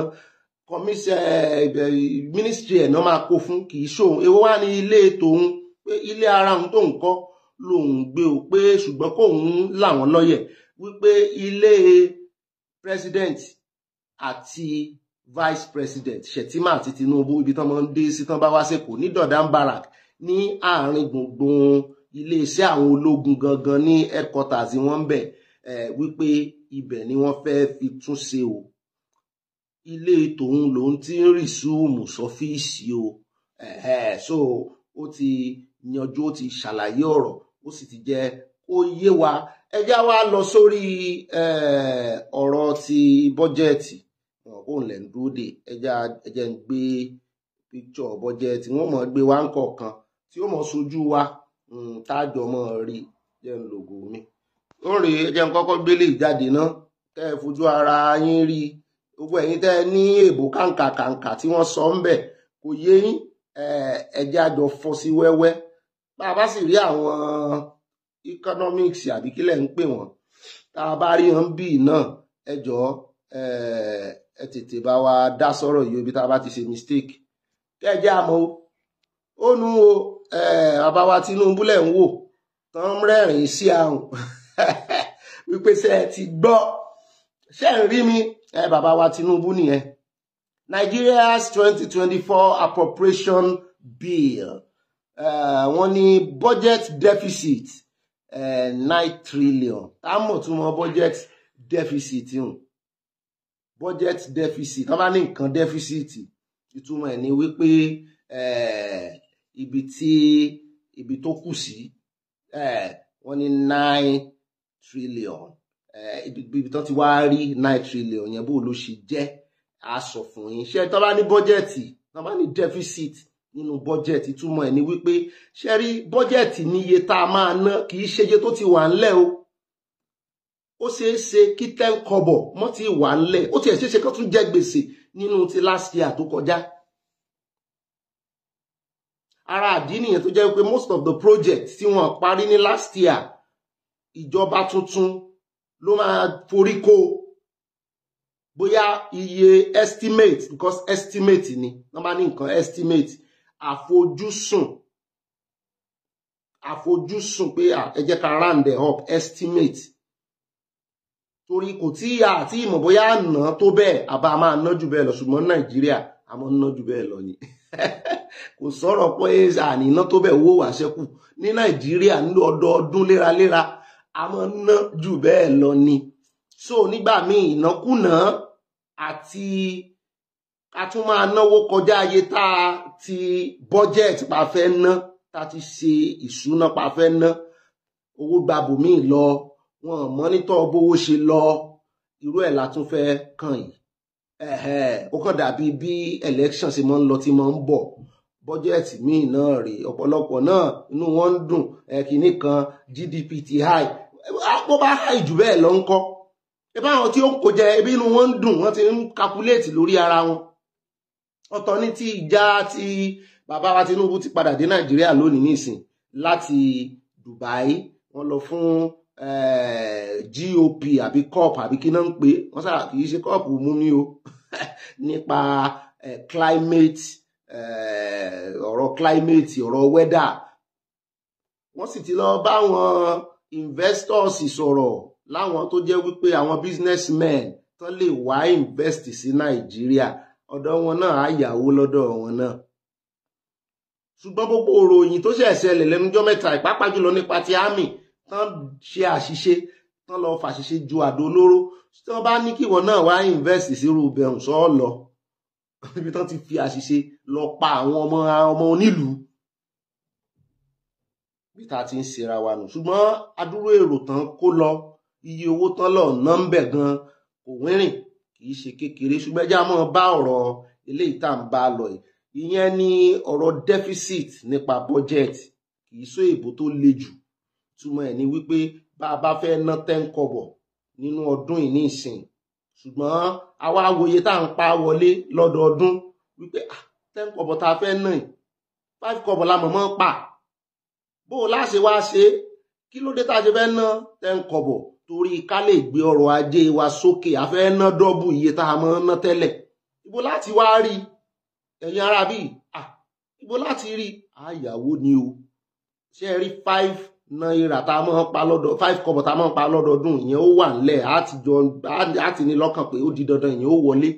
mínísítì eh, ẹ̀ náà máa kó fún kì í ṣòun èwo wá ní ilé tòun pé ilé ara òun tó ń lòun gbé o pé ṣùgbọ́n kóun làwọn lọ́yẹ̀ wípé ilé president àti vice president shetima àti Tinubu ibi tán máa ń dé sí tán bá wá sèkó ní Dodan Barrack ní àárín gbùngbùn iléeṣẹ́ àwọn ológun gangan ní headquarters wọ́n ń bẹ̀ wípé ibẹ̀ ni wọ́n fẹ́ fi tún ṣe o ilé tòun lòun ti ń rì súùmù sọ́fíìsì o so ó ti yanjú ó ti ṣàlàyé ọ̀rọ̀ ó sì ti jẹ́ kó yé wa ẹ já wa lọ sórí ọ̀rọ̀ ti bọ́jẹ̀tì òun lẹ̀ ń dúró de ẹ jẹ́ ń gbé píkṣọ̀ bọ́jẹ̀tì wọ́n mọ̀ gbé wa ń kọ̀ọ̀kan tí ó mọ̀ sójú wa hmm, tájọ mọ̀ rí jẹ́ ń lògò mi ó rèé jẹ́ n kọ́kọ́ gbélé ìjáde náà tẹ́ ẹ fojú ara yín rí i gbogbo ẹ̀yin tẹ́ ẹ ní èbò kàǹkà kàǹkà tí wọ́n sọ ń bẹ̀ kò yé yín ẹ̀jẹ̀ àjọ fọ́ sí wẹ́wẹ́ bá a bá sì rí àwọn economics àbí kílẹ̀ ń pè wọ́n tá a bá rí wọn bíi náà ẹ jọ̀ọ́ ẹ tètè bá wa dá sọ̀rọ̀ yìí ibi tá a bá ti ṣe mistake tẹ́ ẹ jẹ́ àmọ́ ó nu o bàbá wa Tinubu lẹ̀ ń wò tán rẹ́rìn-ín sí àrùn. wípé ṣe ẹ ti gbọ́ ṣe ń rí mi ẹ bàbá wa Tinubu nìyẹn Nigeria's 2024 appropriation bill wọ́n ní budget deficit nine trillion tá a mọ̀ tún mọ budget deficit budget deficit wọ́n bá ní nǹkan deficit ìtumọ̀ ẹ̀ ni wípé ibi tí ibi tó kù sí wọ́n ní nine trillion eh, ibi tó ti wá rí nine trillion yẹn bó ló ṣe jẹ́ a sọ fún yín ṣé tó bá ní bọ́jẹ̀tì tó bá ní deficit nínú bọ́jẹ̀tì túmọ̀ ẹ̀ ni wípé ṣe rí bọ́jẹ̀tì ní iye tá a máa ná kì í ṣe iye tó ti wà ńlẹ̀ o ó ṣeé ṣe kí ten kọ́bọ̀ ti wà ńlẹ̀ ó tiẹ̀ ṣeé ṣe kó tún jẹ́ gbèsè nínú ti last year tó kọjá ara àdí nìyẹn tó jẹ́ pé most of the project tí wọ́n parí ní last year ìjọba tuntun ló máa forí kó bóyá iye estimate because estimate ni wọ́n bá ní nǹkan estimate àfojúsùn àfojúsùn pé ẹ jẹ́ ká round up estimate torí kò tí a àti ìmọ̀ bóyá ná tó bẹ́ẹ̀ àbá máa ná jù bẹ́ẹ̀ lọ ṣùgbọ́n nàìjíríà a máa ná jù bẹ́ẹ̀ lọ ni kò sọ̀rọ̀ pé àníná tó bẹ́ẹ̀ owó wàṣẹ́kù ní nàìjíríà ní ọdọọdún léraléra àwọn ná jù bẹ́ẹ̀ lọ ni so nígbà míì ìnákúnà àti a tún máa náwó kọjá ayé tá a ti budget pa fẹ́ ná tá a ti ṣe ìṣúná pa fẹ́ ná owó gba bòmíì lọ wọn ò bówó ṣe lọ irú ẹ̀ la fẹ́ kàn yìí ó kàn dàbí bí election ṣe máa ń lọ tí máa ń bọ̀ bọ́jẹ̀tì míì náà rèé ọ̀pọ̀lọpọ̀ náà inú wọn ń dùn ẹ̀kíní kan GDP ti high àpò bá háì jù bẹ́ẹ̀ lọ ń kọ́ ẹbá àwọn tí ó ń kó jẹ ebi inú wọn ń dùn wọn ti ń kakuléètì lórí ara wọn ọ̀tọ̀ ní ti ìjà ti bàbá wa Tinubu ti padà dé Nàìjíríà lónìí nìsín láti Dubai wọ́n lọ fún eh, GOP àbí COP àbí kí náà ń pè wọ́n sábà kì í ṣe COP mú mi o nípa eh, climate eh, ọ̀rọ̀ climate ọ̀rọ̀ weather wọ́n sì ti lọ bá wọn investors sọ̀rọ̀ láwọn tó jẹ́ wípé àwọn businessmen tán lè wá invest sí nàìjíríà ọ̀dọ̀ wọn náà á yàwó lọ́dọ̀ wọn náà ṣùgbọ́n gbogbo òròyìn tó ṣẹ̀ ṣẹlẹ̀ lẹ́nujọ́ mẹ́ta ìpápá jùlọ nípa ti àmì tán ṣe àṣìṣe tán lọ fàṣìṣe ju àdó olóró tí wọ́n bá ní kí ìwọ náà wá invest sírú bẹ̀rùn sọ́ọ̀ lọ ibi tán ti fi àṣìṣe lọ pa àwọn ọmọ ọmọ onílùú bí tá a ti ń ṣera wa nù ṣùgbọ́n adúrú èrò tán kó lọ iye owó tán lọ ná ń bẹ̀ gan kò wínrìn kì í ṣe kékeré ṣùgbọ́n ẹjẹ́ a máa bá ọ̀rọ̀ eléyìí tá à ń bá a lọ ìyẹn ni ọ̀rọ̀ deficit nípa budget kì í sọ èbó tó le jù túmọ̀ ẹ̀ ni wípé bá a bá fẹ́ ná ten nínú ọdún yìí ní ṣùgbọ́n àwa awoye tá à ń pa wọlé lọ́dọọdún wípé ah, ten kọ́bọ̀ tá a fẹ́ ná five kọ́bọ̀ la mọ̀ mọ́ pa bó o láṣẹ wá ṣe kí ló dé tá a ṣe fẹ́ ná ten kọ̀bọ̀ torí ká lè gbé ọrọ̀ ajé wa sókè a fẹ́ ná dọ́bù iye tá a máa ń ná tẹ́lẹ̀ ibo láti wá rí ẹ̀yin ará bíi ibo láti rí àyàwó ni o ṣe rí five náírà tá a máa ń pa lọ́dọ̀ five kọ̀bọ̀ tá a máa ń pa lọ́dọọdún ìyẹn ó wà nílẹ̀ á ti ní lọ́kàn pé ó di dandan ìyẹn ó wọlé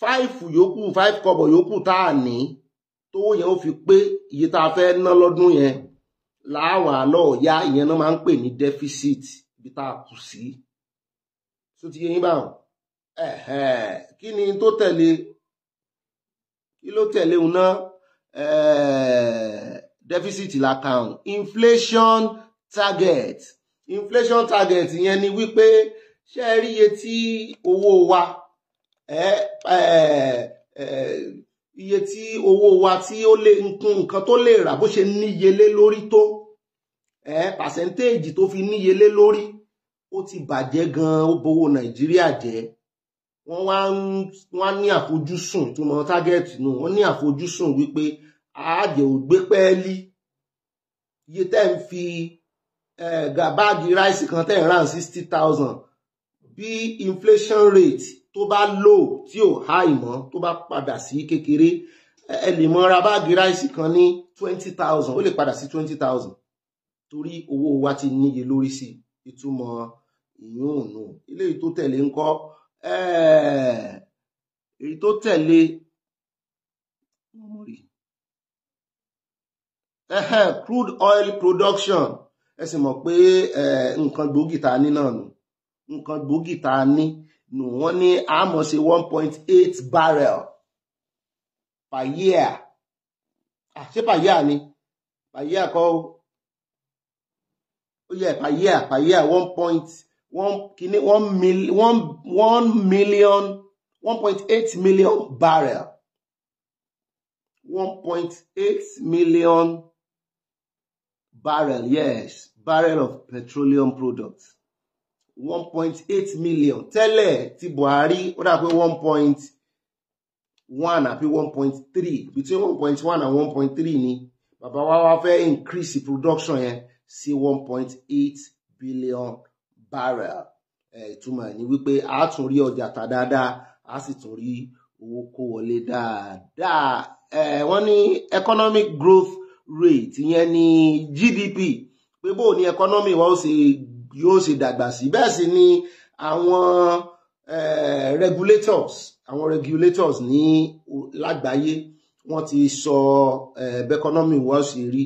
five yòókù five kọ̀bọ̀ yòókù tá a ní tówó yẹn ó fi pé iye tá a fẹ́ ná lọ́dún yẹn láwọn àná ọ̀yá ìyẹn náà máa ń pè ní deficit ibi tá a kù sí tó ti yé yín báwọn kí ni tó tẹ̀lé kí ló tẹ̀lé òun náà deficit la kàn inflation target inflation target yẹn ni wípé ṣe rí iye tí owó wa iye tí owó wa tí ó lè nǹkan tó lè rà bó ṣe níyelé lórí tó ẹ pàṣẹntéèjì tó fi níyelé lórí ó ti bàjẹ́ gan-an ó bowó nàìjíríà jẹ́ wọ́n wá ń wá ní àfojúsùn tó mọ tágẹ́ẹ̀tì nù wọ́n ní àfojúsùn wípé àádẹ ò gbé pẹ́ẹ́lí iye tẹ́ ń fi báàgì ráìsì kan tẹ́ ń rà sixty thousand bí inflation rate tó bá low tí ò high mọ́ tó bá padà sí kékeré ẹ lè mọ ra báàgì ráìsì kan ní twenty thousand ó lè padà sí twenty thousand torí owó wa ti níye lórí sí ìtumọ̀ ìyúnnù eléyìí tó tẹ̀lé ńkọ́ èyí tó tẹ̀lé crude oil production ẹ sì mọ̀ pé nǹkan gbòógì tá a ní náà nù nǹkan gbòógì tá a ní nù wọ́n ní àmọ́ ṣe one point eight barrel per year ṣé per year ni per year kọ́ ó ó yẹ per year per year one point one kìíní one mil one one million one point eight million barrel one point eight million barrel yes barrel of petroleum products 1.8 million tẹ́lẹ̀ ti Buhari ó dà pé one point àbí one between 1.1 and 1.3, ni bàbá wa wá fẹ́ increase production yẹn sí 1.8 billion barrel ìtumọ̀ ẹ̀ ni wípé a tún rí ọjà tà dáadáa a sì tún rí owó kó wọlé dáadáa wọ́n ní economic growth rate ìyẹn ni GDP pé bó ni economy wa ó ṣe yóò ṣe dàgbà sí bẹ́ẹ̀ sì ni àwọn eh, regulators àwọn regulators ní lágbàáyé wọ́n ti sọ bẹ́kọ́nọ́mì wọ́n sì rí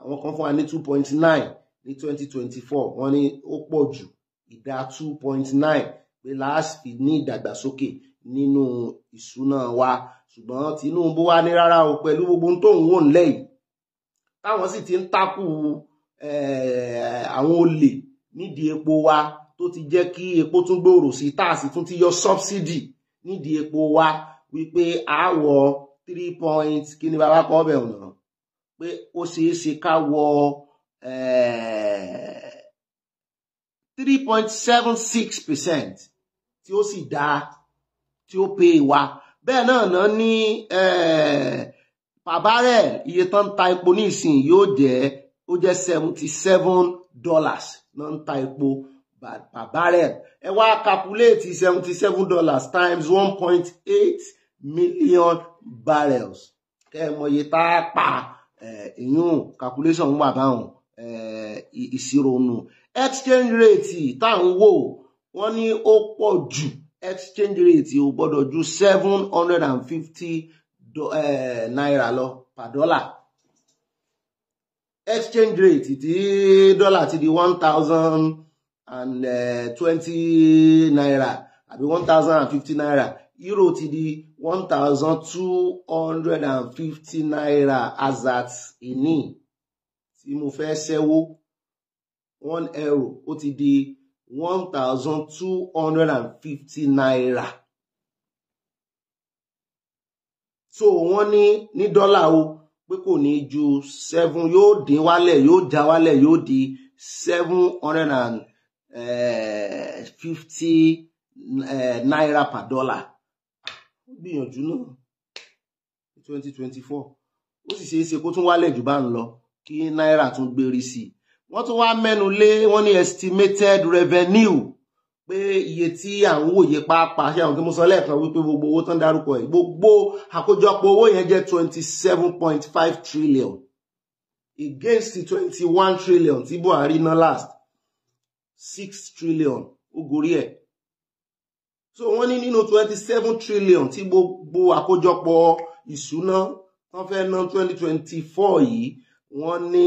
àwọn kan fún wa ní two point nine ní twenty twenty four wọ́n ní ó pọ̀ jù ìdá two point nine pé láàsì ní ìdàgbàsókè nínú ìṣúná wa ṣùgbọ́n Tinubu wá ní rárá o pẹ̀lú gbogbo tó ń wò ńlẹ̀ yìí táwọn sì ti ń takú eh, àwọn olè nídìí epo wa tó ti jẹ́ kí epo tún gbòòrò sí táàsì tún ti yọ subsidy nídìí epo wa wípé àwọ̀ three point kí ni bàbá kọ́ ọbẹ̀ ọ̀nà pé ó ṣeé ṣe ká wọ eh, three point seven six percent tí ó sì dá tí ó pè wá bẹ́ẹ̀ náà náà ní pàbárẹ̀ eh, iye tán ta epo ní ìsìn yóò jẹ́ ó jẹ́ seventy seven dollars náà ń ta epo per barrel ẹ wá calculate seventy seven dollars times one point eight million barrels kẹ́ ẹ mọ iye tá a pa ìyún calculation wà báwọn ìṣirò nù exchange rate tá à ń wò wọ́n ní ó pọ̀ jù exchange rate ò gbọ́dọ̀ ju seven hundred and fifty naira lọ per dollar exchange rate tí dọ́là ti di one thousand and eh, twenty naira àbí one thousand and fifty naira euro ti di one thousand two hundred and fifty naira as at ìní tí mo fẹ́ ṣẹ́wó one euro ó ti di one thousand two hundred and fifty naira so wọ́n ní ní dọ́là o pé kò ní ju seven yóò dín wálẹ̀ yóò já wálẹ̀ yóò di seven hundred and eh, fifty eh, naira per dollar gbìyànjú náà twenty twenty four ó sì ṣeé ṣe kó tún wálẹ̀ jù bá ń lọ kí náírà tún gbérí sí i wọ́n tún wá mẹ́nu lé wọ́n ní estimated revenue pé iye tí à ń wòye pàápàá ṣe àwọn kí mo sọ lẹ́ẹ̀kan wípé gbogbo owó tán dárúkọ ẹ̀ gbogbo àkójọpọ̀ owó yẹn jẹ́ twenty seven point five trillion against the twenty one trillion tí Buhari ná last six trillion ó ẹ̀ so wọ́n ní nínú twenty seven trillion tí gbogbo àkójọpọ̀ ìṣúná tán fẹ́ ná twenty twenty four yìí wọ́n ní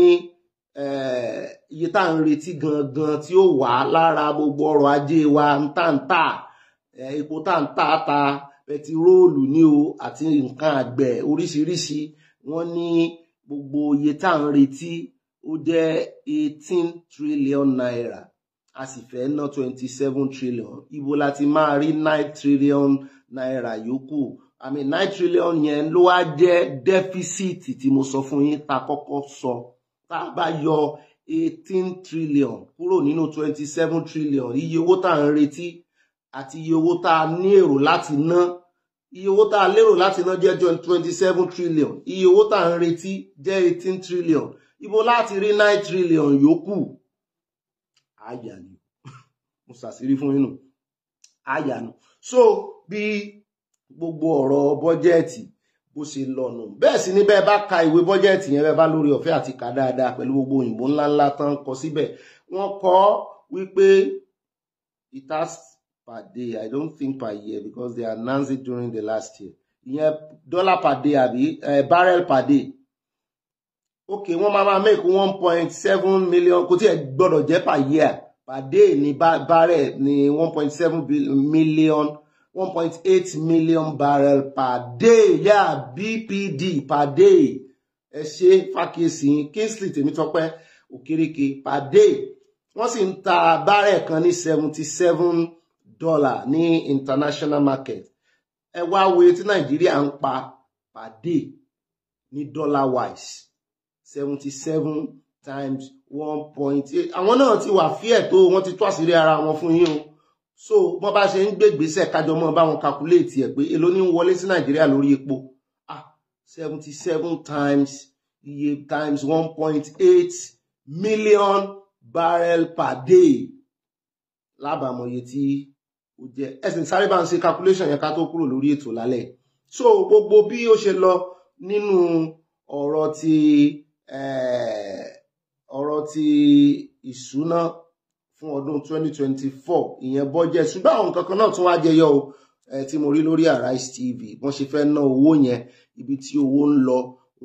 iye tá à ń retí gangan tí ó wà lára gbogbo ọrọ̀ ajé wa ntàǹtà epo tàǹtà ta pẹtiróòlù ní o àti nǹkan àgbẹ̀ oríṣiríṣi wọ́n ní gbogbo iye tá ń retí ó jẹ́ eighteen trillion naira a sì fẹ́ ná twenty seven trillion ibo la ti máa rí nine trillion naira yòókù àmì nine trillion yẹn ló wá jẹ́ dẹ́físìtì tí mo sọ fún yín ta kọ́kọ́ sọ. So tá a bá yọ eighteen trillion kúrò nínú twenty seven trillion iye owó tá à ń retí àti iye owó tá a ní èrò láti ná iye owó tá a lérò láti ná jẹ́ twenty seven trillion iye owó tá à ń retí jẹ́ eighteen trillion ibo láti rí nine trillion yòókù àyànú mo ṣàṣírí fún inú àyànú so bí gbogbo ọ̀rọ̀ bọ́jẹ́ẹ̀tì bó ṣe lọ́nu bẹ́ẹ̀ sì ni bẹ́ẹ̀ bá ka ìwé bọ́jẹ́ẹ̀tì yẹn bẹ́ẹ̀ bá lórí ọ̀fẹ́ àti kà dáadáa pẹ̀lú gbogbo òyìnbó ńláńlá tán kọ síbẹ̀ wọ́n kọ wípé it has per day i don't think per year because they announced it during the last year ìyẹn dollar per day àbí uh, barrel per day ok wọ́n máa máa make one point seven million kò tiẹ̀ gbọ́dọ̀ jẹ́ per year per day ni barrel ni one point seven million 1.8 million barrel per day yeah bpd per day ẹ ṣe fàkíyèsí kingsley tèmítọ́pẹ́ òkèrèkè per day wọ́n sì ń ta barrel kan ní 77 dollar ní international market ẹ wá wo etí nàìjíríà ń pa per day ní dollar wise 77 times 1.8 àwọn náà ti wà fíẹ̀ tó wọ́n ti tó àṣírí ara wọn fún yín o so bọ́n bá ṣe ń gbègbèsẹ̀ kájọ mọ́ báwọn calculate ẹ̀ pé èló ní ń wọlé sí nàìjíríà lórí epo ah seventy seven times iye times one point eight million barrel per day lábàámọ̀ iye tí ó jẹ́ ẹ̀sìn sáré bá ń ṣe calculation yẹn ká tó kúrò lórí ètò lálẹ́ so gbogbo bí ó ṣe lọ nínú ọ̀rọ̀ ti eh, ọ̀rọ̀ ti ìṣúná fún ọdún 2024 ìyẹn bọ́jẹ́ ṣùgbọ́n àwọn nǹkan kan náà tún wá jẹyọ o tí mo rí lórí Arise TV wọ́n ṣe fẹ́ ná owó yẹn ibi tí owó ń lọ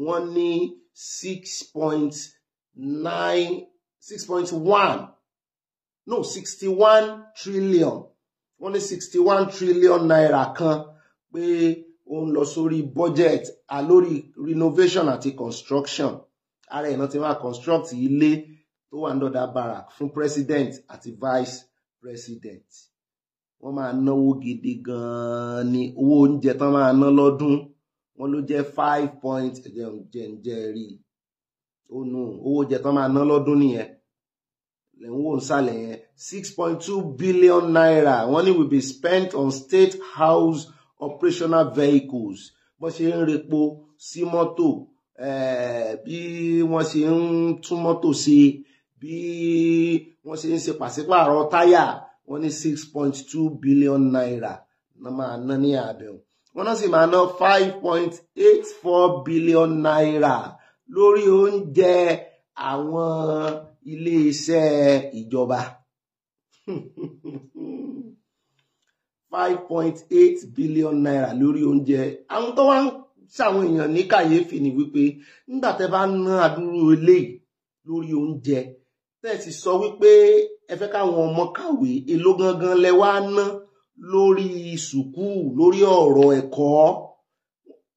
wọ́n ní 6.9 6.1 no 61 trillion wọ́n ní 61 trillion naira kan pé ó ń lọ sórí budget a renovation àti construction ara ẹ̀ náà ti máa construct ilé tó wà nítòdá barak fún president àti vice president wọ́n máa náwó gidi gan-an ní owó oúnjẹ tán máa ná lọ́dún wọ́n ló jẹ́ five point jẹ̀ǹjẹ̀rì ònù owó oúnjẹ tán máa ná lọ́dún nìyẹn lẹ́wọ̀n wò ń sàlẹ̀ yẹn six point two billion naira wọ́n ní will be spent on state house operational vehicles wọ́n ṣe ń repo sí mọ́tò eh, bí wọ́n ṣe ń tún mọ́tò ṣe bí wọ́n ṣe ń ṣe pàṣípààrọ̀ táyà wọ́n ní six point two billion naira ná máa ná ní àbẹ̀wò wọ́n náà sì máa ná five point eight four billion naira lórí oúnjẹ àwọn iléeṣẹ́ ìjọba five point eight billion naira lórí oúnjẹ àwọn tó wá ń ṣàwọn èèyàn ní kàyéfì ni wípé nígbà tẹ́ bá ná àdúrú eléyìí lórí oúnjẹ tẹ̀sí sọ wípé ẹ fẹ́ káwọn ọmọ kàwé èló gangan lẹ wá ná lórí sùkúù lórí ọ̀rọ̀ ẹ̀kọ́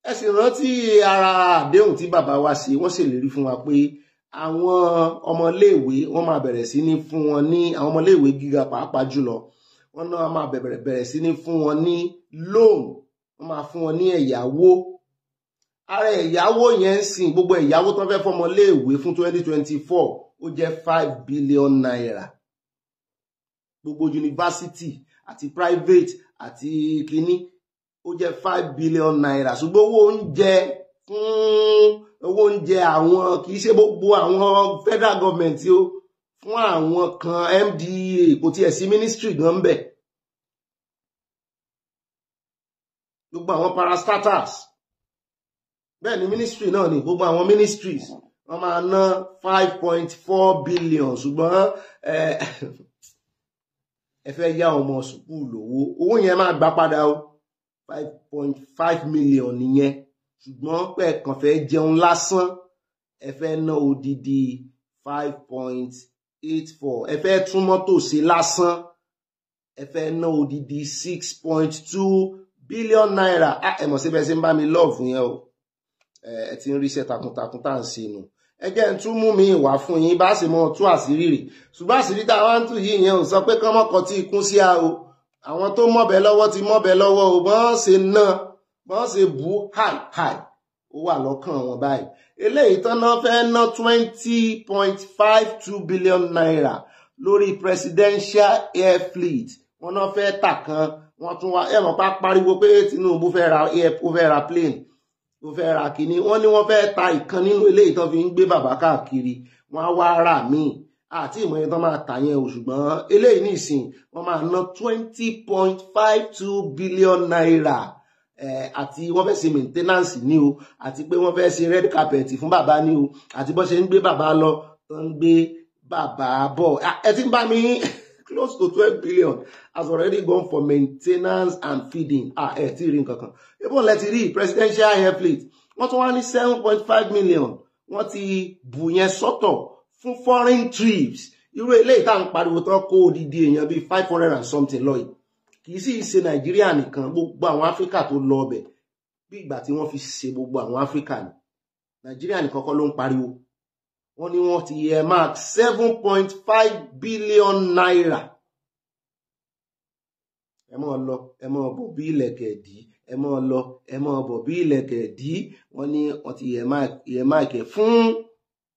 ẹ sì rántí ara àdéhùn tí bàbá wa ṣe wọ́n ṣèlérí fún wa pé àwọn ọmọléèwé wọ́n máa bẹ̀rẹ̀ sí ní fún wọn ní àwọn ọmọléèwé gíga pàápàá jùlọ wọ́n náà máa bẹ̀rẹ̀ bẹ̀rẹ̀ sí ní fún wọn ní loan wọ́n máa fún wọn ní ẹ̀yáwó ara ẹ̀yáwó yẹn ń sìn gbogbo ẹ̀yáwó tó fẹ́ fọmọléèwé fún 2024 ó jẹ́ five billion naira gbogbo yunifásitì àti private àti kínní ó jẹ́ five billion naira ṣùgbọ́n owó oúnjẹ fún owó oúnjẹ àwọn kì ṣe gbogbo àwọn federal government o fún àwọn kan MDA kò tiẹ̀ sí ministry gan ń bẹ̀ gbogbo àwọn parastatals bẹ́ẹ̀ ni ministry náà ni gbogbo àwọn ministries wọ́n máa ná five point four billion ṣùgbọ́n ẹ fẹ́ yá ọmọ sùkúù lówó owó yẹn máa gbà padà o five point five million nìyẹn ṣùgbọ́n pẹ̀ kàn fẹ́ jẹun lásán ẹ fẹ́ ná odidi five point eight four ẹ fẹ́ tún mọ́tò ṣe lásán ẹ fẹ́ ná odidi six point two billion naira ah, ẹ mọ̀ síbẹ̀ sí ń bá mi lọ́ọ̀fù yẹn o ẹ ti ń ríṣẹ́ takuntakun tá à ń ṣe nù ẹjẹ́ ń tún mú mi ìwà fún yín bá sì mọ tún àṣírí rè ṣùgbọ́n àṣírí tá a wá ń tù yìí yẹn ò sọ pé kán mọ́kọ tí ikún sí a o àwọn tó mọ̀bẹ lọ́wọ́ ti mọ̀bẹ lọ́wọ́ o bọ́n ṣe ná bọ́n ṣe bú hàì hàì ó wà lọ́kàn wọn báyìí eléyìí tán náà fẹ́ ná twenty point five two billion naira lórí presidential air fleet wọn náà fẹ́ tà kan wọn tún wá ẹ̀wọ̀n pa pariwo pé Tinubu fẹ́ ra air ó fẹ́ ra plane tó fẹ́ ra kínní wọ́n ní wọ́n fẹ́ ta ìkan nínú eléyìí tó fi ń gbé bàbá káàkiri wọ́n á wá rà míì àti ìmọ̀ yẹn tó máa tà yẹn o ṣùgbọ́n eléyìí nìsín wọ́n máa ná twenty point five two billion naira àti wọ́n fẹ́ ṣe maintenance ní o àti pé wọ́n fẹ́ ṣe red carpet fún bàbá ní o àti bó ṣe ń gbé bàbá lọ tó ń gbé bàbá bọ̀ ẹ ti ń bá mi close to twelve billion has already gone for maintenance and feeding ah ẹ ti rí nǹkan kan even let it presidential air fleet wọ́n tún wá ní seven point five million wọ́n ti bù yẹn sọ́tọ̀ fún foreign trips irú eléyìí tá à ń pariwo tán kó odidi èèyàn bíi five hundred and something lọ yìí kì í sì ṣe nàìjíríà nìkan gbogbo àwọn áfíríkà tó lọ ọbẹ̀ bí ìgbà tí wọ́n fi ṣe gbogbo àwọn áfíríkà ni nàìjíríà nìkan kọ́ ló ń pariwo wọ́n ní wọ́n ti earmark seven point five billion naira ẹ mọ́ lọ ẹ mọ́ bọ̀ bí ilẹ̀kẹ̀ dì ẹ mọ́ lọ ẹ mọ́ bọ̀ bí ilẹ̀kẹ̀ dì wọ́n ní wọ́n ti earmark ẹ̀ fún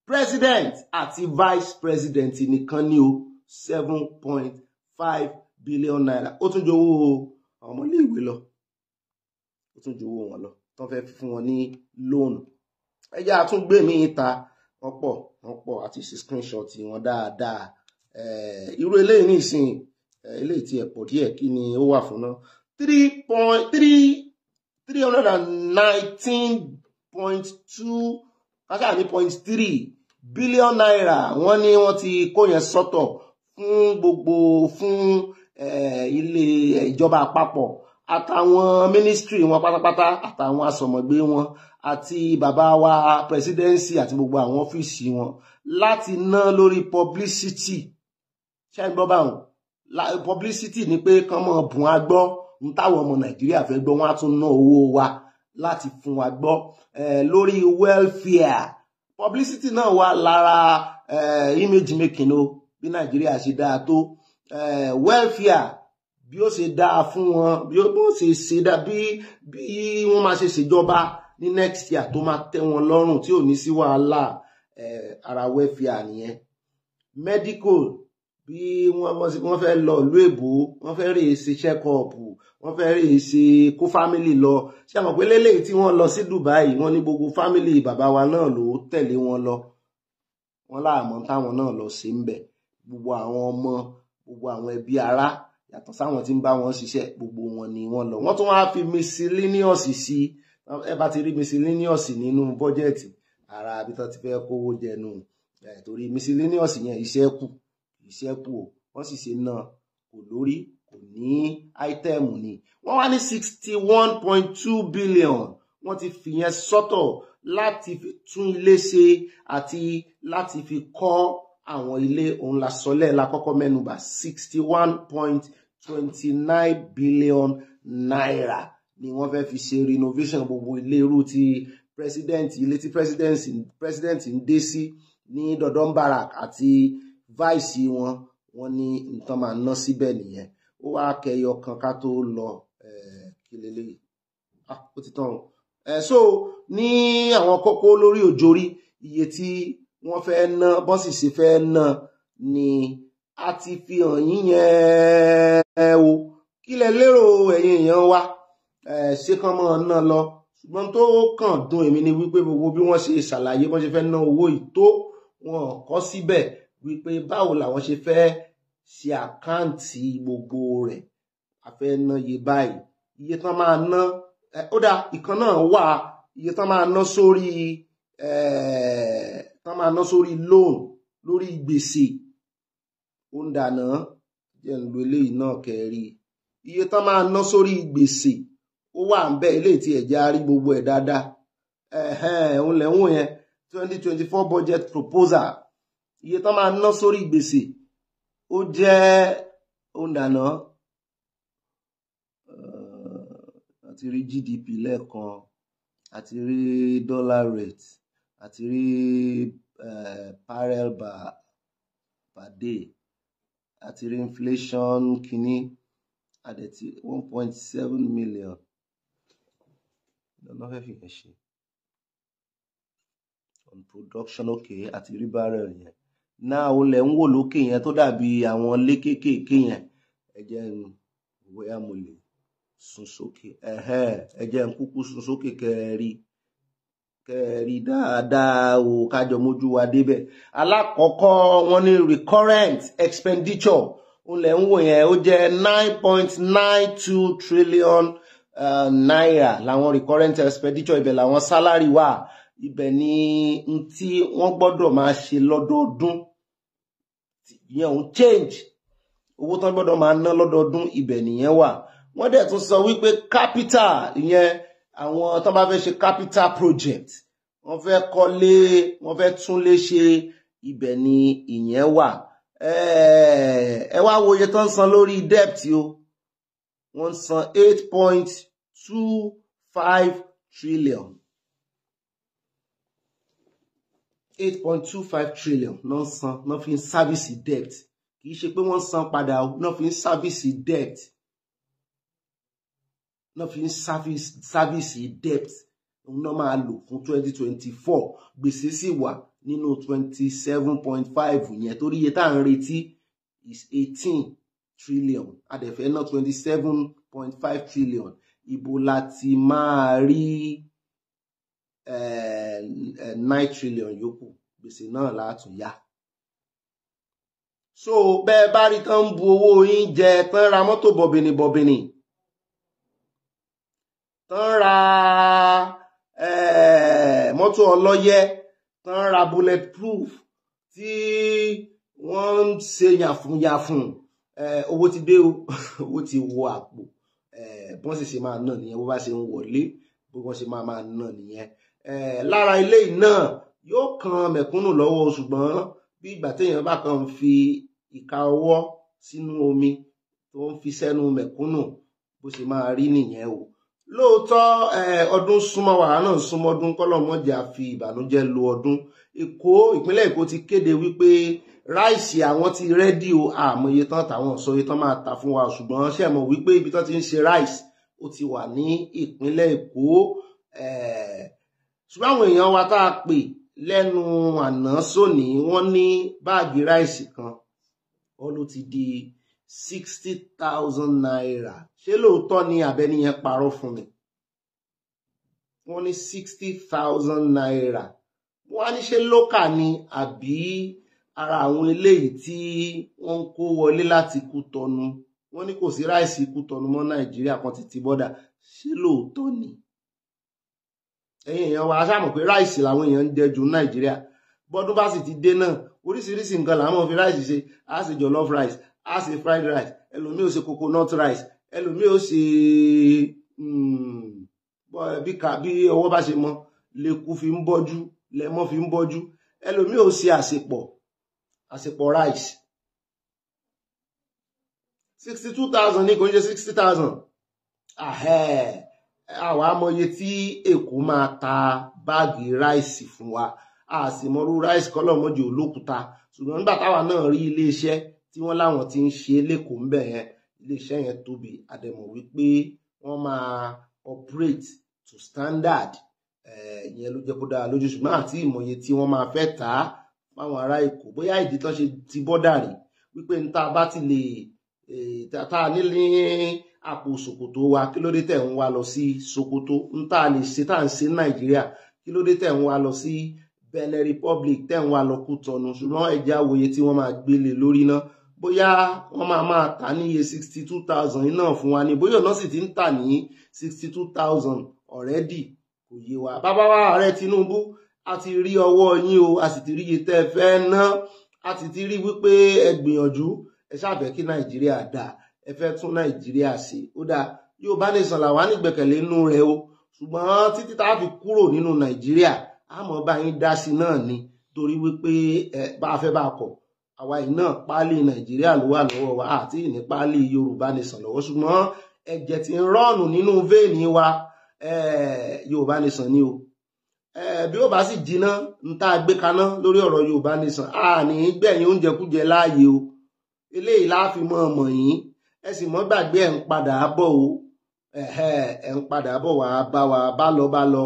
president àti vice president nìkan ní o seven point five billion naira ó tún jowó àwọn ọmọléèwé lọ ó tún jowó wọn lọ tó fẹ́ fún wọn ní lóònù ẹ jẹ́ àtúngbèmí ta wọ́n pọ̀ wọ́n pọ̀ àti ṣe screenshot wọn dáadáa eh, irú eléyìí nìsín eh, eléyìí tí ẹ pọ̀ díẹ̀ kí ni ó wà fún náà three point three three hundred and nineteen point two kásáà ní point three billion naira wọ́n ní wọ́n ti kó yẹn sọ́tọ̀ fún gbogbo fún eh, ilé ìjọba àpapọ̀ àtàwọn mínísítírì wọn pátápátá àtàwọn asọ̀mọ̀gbé wọn àti bàbá wa presidency àti gbogbo àwọn ọ́fíìsì wọn láti ná lórí publicity ṣé ń gbọ́ báwọn publicity ni pé kán mọ̀ bùn á gbọ́ ń táwọn ọmọ nàìjíríà fẹ́ gbọ́ wọn á tún ná owó wa láti fún wa gbọ́ lórí welfare publicity náà wà lára image making o bí nàìjíríà ṣe dáa tó welfare bí ó ṣe dáa fún wọn bí ó ṣe ṣe dá bí bí wọ́n máa ṣe ṣèjọba ní next year tó máa tẹ́ wọn lọ́rùn tí ò ní sí wàhálà eh, ara wẹ́fíà nìyẹn medical bí wọ́n fẹ́ lọ ìlú èbó wọ́n fẹ́ rèé ṣe ṣẹ́kọ̀ọ̀pù wọ́n fẹ́ rèé ṣe kó fámìlì lọ ṣé àwọn pé lélẹ́yìí tí wọ́n lọ sí Dubai wọ́n ní gbogbo fámìlì bàbá wa náà ló tẹ̀lé wọn lọ wọ́n láàmọ́ táwọn náà lọ sí ń bẹ̀ gbogbo àwọn ọmọ gbogbo àwọn ẹbí ará yàtọ̀ sáwọn tí ń bá wọn ṣiṣẹ́ gbogbo wọn ni wọ́n lọ wọ́n tún wá fi miscellaneous sí ẹ bá ti rí miscellaneous nínú bọ́jẹ̀tì ara àbí tó ti fẹ́ kówó jẹnu torí miscellaneous yẹn iṣẹ́ kù iṣẹ́ kù o wọ́n sì ṣe náà kò lórí kò ní áítẹ́ẹ̀mù ni wọ́n wá ní sixty one point two billion wọ́n ti fìyẹn sọ́tọ̀ láti fi tún ilé ṣe àti láti fi kọ́ àwọn ilé òun la sọlẹ̀ la kọ́kọ́ mẹ́nubà sixty one point twenty nine billion naira ni wọ́n fẹ́ fi ṣe renovation gbogbo ilé irú ti president ilé tí president ń dé sí ní Dodon Barrack àti vice wọn wọn ní nǹkan máa ná síbẹ̀ nìyẹn ó wá kẹyọ kan ká tó lọ kí leléyìí ah, ó ti tán o so ní àwọn kókó lórí òjòrí iye tí wọ́n fẹ́ ná bọ́n sì ṣe fẹ́ ná ni a ti fi hàn yín yẹn o kí lẹ lérò ẹ̀yin èèyàn wa ṣé kán mọ́ ná lọ ṣùgbọ́n tó kàn dùn èmi ni wípé gbogbo bí wọ́n ṣe ṣàlàyé bọ́n ṣe fẹ́ ná owó yìí tó wọn kọ́ síbẹ̀ wípé báwo làwọn ṣe fẹ́ ṣe àkáǹtì gbogbo rẹ̀ a fẹ́ ná iye báyìí iye tán máa ná ó dá ìkan náà wà iye tán máa ná sórí ẹ̀ẹ́ tán máa ná sórí loan lórí gbèsè ó ń dànà jẹ́ ń lo eléyìí náà kẹ́rí iye tán máa ná sórí gbèsè ó wà ń bẹ́ eléyìí tí ẹ̀jẹ̀ á rí gbogbo ẹ̀ dáadáa òun lẹ́wọ̀n yẹn twenty twenty four budget proposal iye tán máa ná sórí gbèsè ó jẹ́ ó ń dànà àti rí GDP lẹ́ẹ̀kan àti rí dollar rate àti rí uh, eh, parallel bar per day àti rí inflation kínní àdẹ̀tí one point seven million lọ́nà fẹ́ fi yẹn ṣe on production okay àti rí barrel yẹn náà ó lẹ̀ ń wò lókè yẹn tó dàbí àwọn ilé kéékèèké yẹn ẹ jẹ́ n bóyá mo lè sun sókè ẹ jẹ́ n kúkú sun sókè kẹrin kẹrì dáadáa o kájọ mójú wa débẹ̀ alákọ̀ọ́kọ́ wọ́n ní recurrent expenditure olè ń wò yẹn ó jẹ́ nine point nine two trillion uh, naira làwọn recurrent expenditure ibẹ̀ làwọn sálárì wà ibẹ̀ ni n tí wọ́n gbọ́dọ̀ máa ṣe lọ́dọọdún ìyẹn ò change owó tán gbọ́dọ̀ máa ná lọ́dọọdún ibẹ̀ nìyẹn wà wọ́n dẹ̀ tún sọ wípé capital ìyẹn àwọn tó bá fẹ́ ṣe capital project wọ́n fẹ́ kọ́lé wọ́n fẹ́ túnlé ṣe ibẹ̀ ni ìyẹn wà ẹ wá wo iye tó ń san lórí debt o wọ́n ń san eight point two five trillion eight point two five trillion náà san náà fi ń sábìsì debt kì í ṣe pé wọ́n san padà náà fi ń sábìsì debt náà fi service service debt òun náà máa lò fún twenty twenty four gbèsè sì wà nínú twenty seven point five yẹn torí iye is eighteen trillion adẹ̀fẹ́ náà twenty seven point five trillion ibo la ti máa rí eh, eh, nine trillion yoku. yòókù gbèsè la látún ya. so bẹ́ẹ̀ bá rí tán ń bu owó yín jẹ tán ra mọ́tò bọ̀bìnì bọ̀bìnì tán ra eh, mọ́tò ọlọ́yẹ tán ra bullet proof tí wọ́n ń ṣe yàfùnyàfùn eh, owó ti dé o owó ti wọ àpò eh, bọ́n sì ṣe máa ná nìyẹn bó bá ṣe ń wọlé bó bọ́n ṣe máa máa ná nìyẹn lára ilé náà yóò kan mẹ̀kúnnù lọ́wọ́ ṣùgbọ́n bí ìgbà téèyàn bá kàn ń fi ìka ọwọ́ sínú omi tó ń fi sẹ́nu mẹ̀kúnnù bó ṣe máa rí nìyẹn o lóòótọ́ ọdún súnmọ́ wàhálà náà súnmọ́ ọdún kọ́lọ́mọ́jà fi ìbànújẹ́ lo ọdún èkó ìpínlẹ̀ èkó ti kéde wípé ráìsì àwọn ti rẹ́dí o àmọye tán tàwọn ìsọye tán máa tà fún wa ṣùgbọ́n ṣe mọ̀ wípé ibi tán ti ń ṣe ráìsì ó ti wà ní ìpínlẹ̀ èkó ṣùgbọ́n àwọn èèyàn wa tá a pè lẹ́nu àná sóní wọ́n ní báàgì ráìsì kan ó ló ti di sixty thousand naira ṣé lóòótọ́ ni abẹ́niyẹn parọ́ fún mi wọ́n ní sixty thousand naira wọ́n á ní ṣe lókà ni àbí ara àwọn eléyìí tí wọ́n ń kó wọlé láti Kútọnu wọ́n ní kò sí ráìsì Kútọnu mọ́ Nàìjíríà kan ti ti bọ́dà ṣé lóòótọ́ ni ẹ̀yin èèyàn wa aṣáàmọ̀ pé ráìsì làwọn èèyàn ń jẹ jù Nàìjíríà bọ́dún bá sì ti dé náà oríṣiríṣi nǹkan làwọn fi ráìsì ṣe á sì jollof rice á ṣe fried rice ẹlòmíì ó ṣe coconut rice ẹlòmíì ó ṣe hmm, bí ká bí ọwọ́ bá ṣe mọ lẹ́kú fi ń bọ́jú lẹ́mọ́ fi ń bọ́jú ẹlòmíì ó ṣe àsèpọ̀ àsèpọ̀ rice sixty two thousand ní kò ń ṣe sixty thousand àwa amọye tí èkó máa ta báàgì ráìsì fún wa a sì mọrú ráìsì kọlọmọdé olókùúta ṣùgbọ́n nígbà táwa náà rí iléeṣẹ́ tí wọ́n láwọn ti ń ṣe lẹ́kọ̀ọ́ ńbẹ̀ yẹn iléeṣẹ́ yẹn tóbi àdẹ̀mọ̀ wípé wọ́n máa operate to standard ìyẹn ló jẹ́ kó dára lójú ṣùgbọ́n àti ìmọ̀ye tí wọ́n máa fẹ́ tà á fáwọn ará Èkó bóyá ìdí tán ṣe ti bọ́dà rè wípé n tá bá ti lè tá ní ní àpò Sokoto wa kí ló dé tẹ̀ ń wá lọ sí Sokoto n tá lè ṣe tá à ń ṣe ní Nàìjíríà kí ló dé tẹ̀ ń wá lọ sí Benin Republic tẹ̀ ń wá lọ Kútọ̀nù ṣùgbọ́n ẹ̀jẹ̀ àwòye tí wọ́n máa gbélé lórí náà bóyá wọ́n máa máa tà ní iye sixty two thousand iná fún wa ni bóyá ọ̀nà sì ti ń tà ní sixty two thousand already kò yé wa bàbá wa ààrẹ Tinubu a ti rí ọwọ́ yín o a sì ti rí iye tẹ́ ẹ fẹ́ ná a sì ti rí wípé ẹ gbìyànjú ẹ ṣàfẹ́ kí Nàìjíríà dà ẹ fẹ́ tún Nàìjíríà ṣe ó dáa Yorùbá Nation làwa nígbẹ̀kẹ̀lé nínú rẹ̀ o ṣùgbọ́n títí tá a fi kúrò nínú Nàìjíríà àmọ́ bá dá sí náà ni torí wípé bá a fẹ́ bá a kọ̀ àwa iná páálí nàìjíríà ló wà lọ́wọ́ wa àti ìní páálí yorùbá nìsàn lọ́wọ́ ṣùgbọ́n ẹ̀jẹ̀ ti ń rọ́ọ̀nù nínú veini wa yorùbá nìsàn ni o bí ó bá sì jiná ń tá a gbé kaná lórí ọ̀rọ̀ yorùbá nìsàn a ní gbẹ̀yìn oúnjẹ kújẹ láàyè o eléyìí láàfin mọ́ ọmọ yìí ẹ sì mọ́ gbàgbé ẹ̀ ń padà bọ̀ o ẹ̀ ń padà bọ̀ wá bá wa bá lọ bá lọ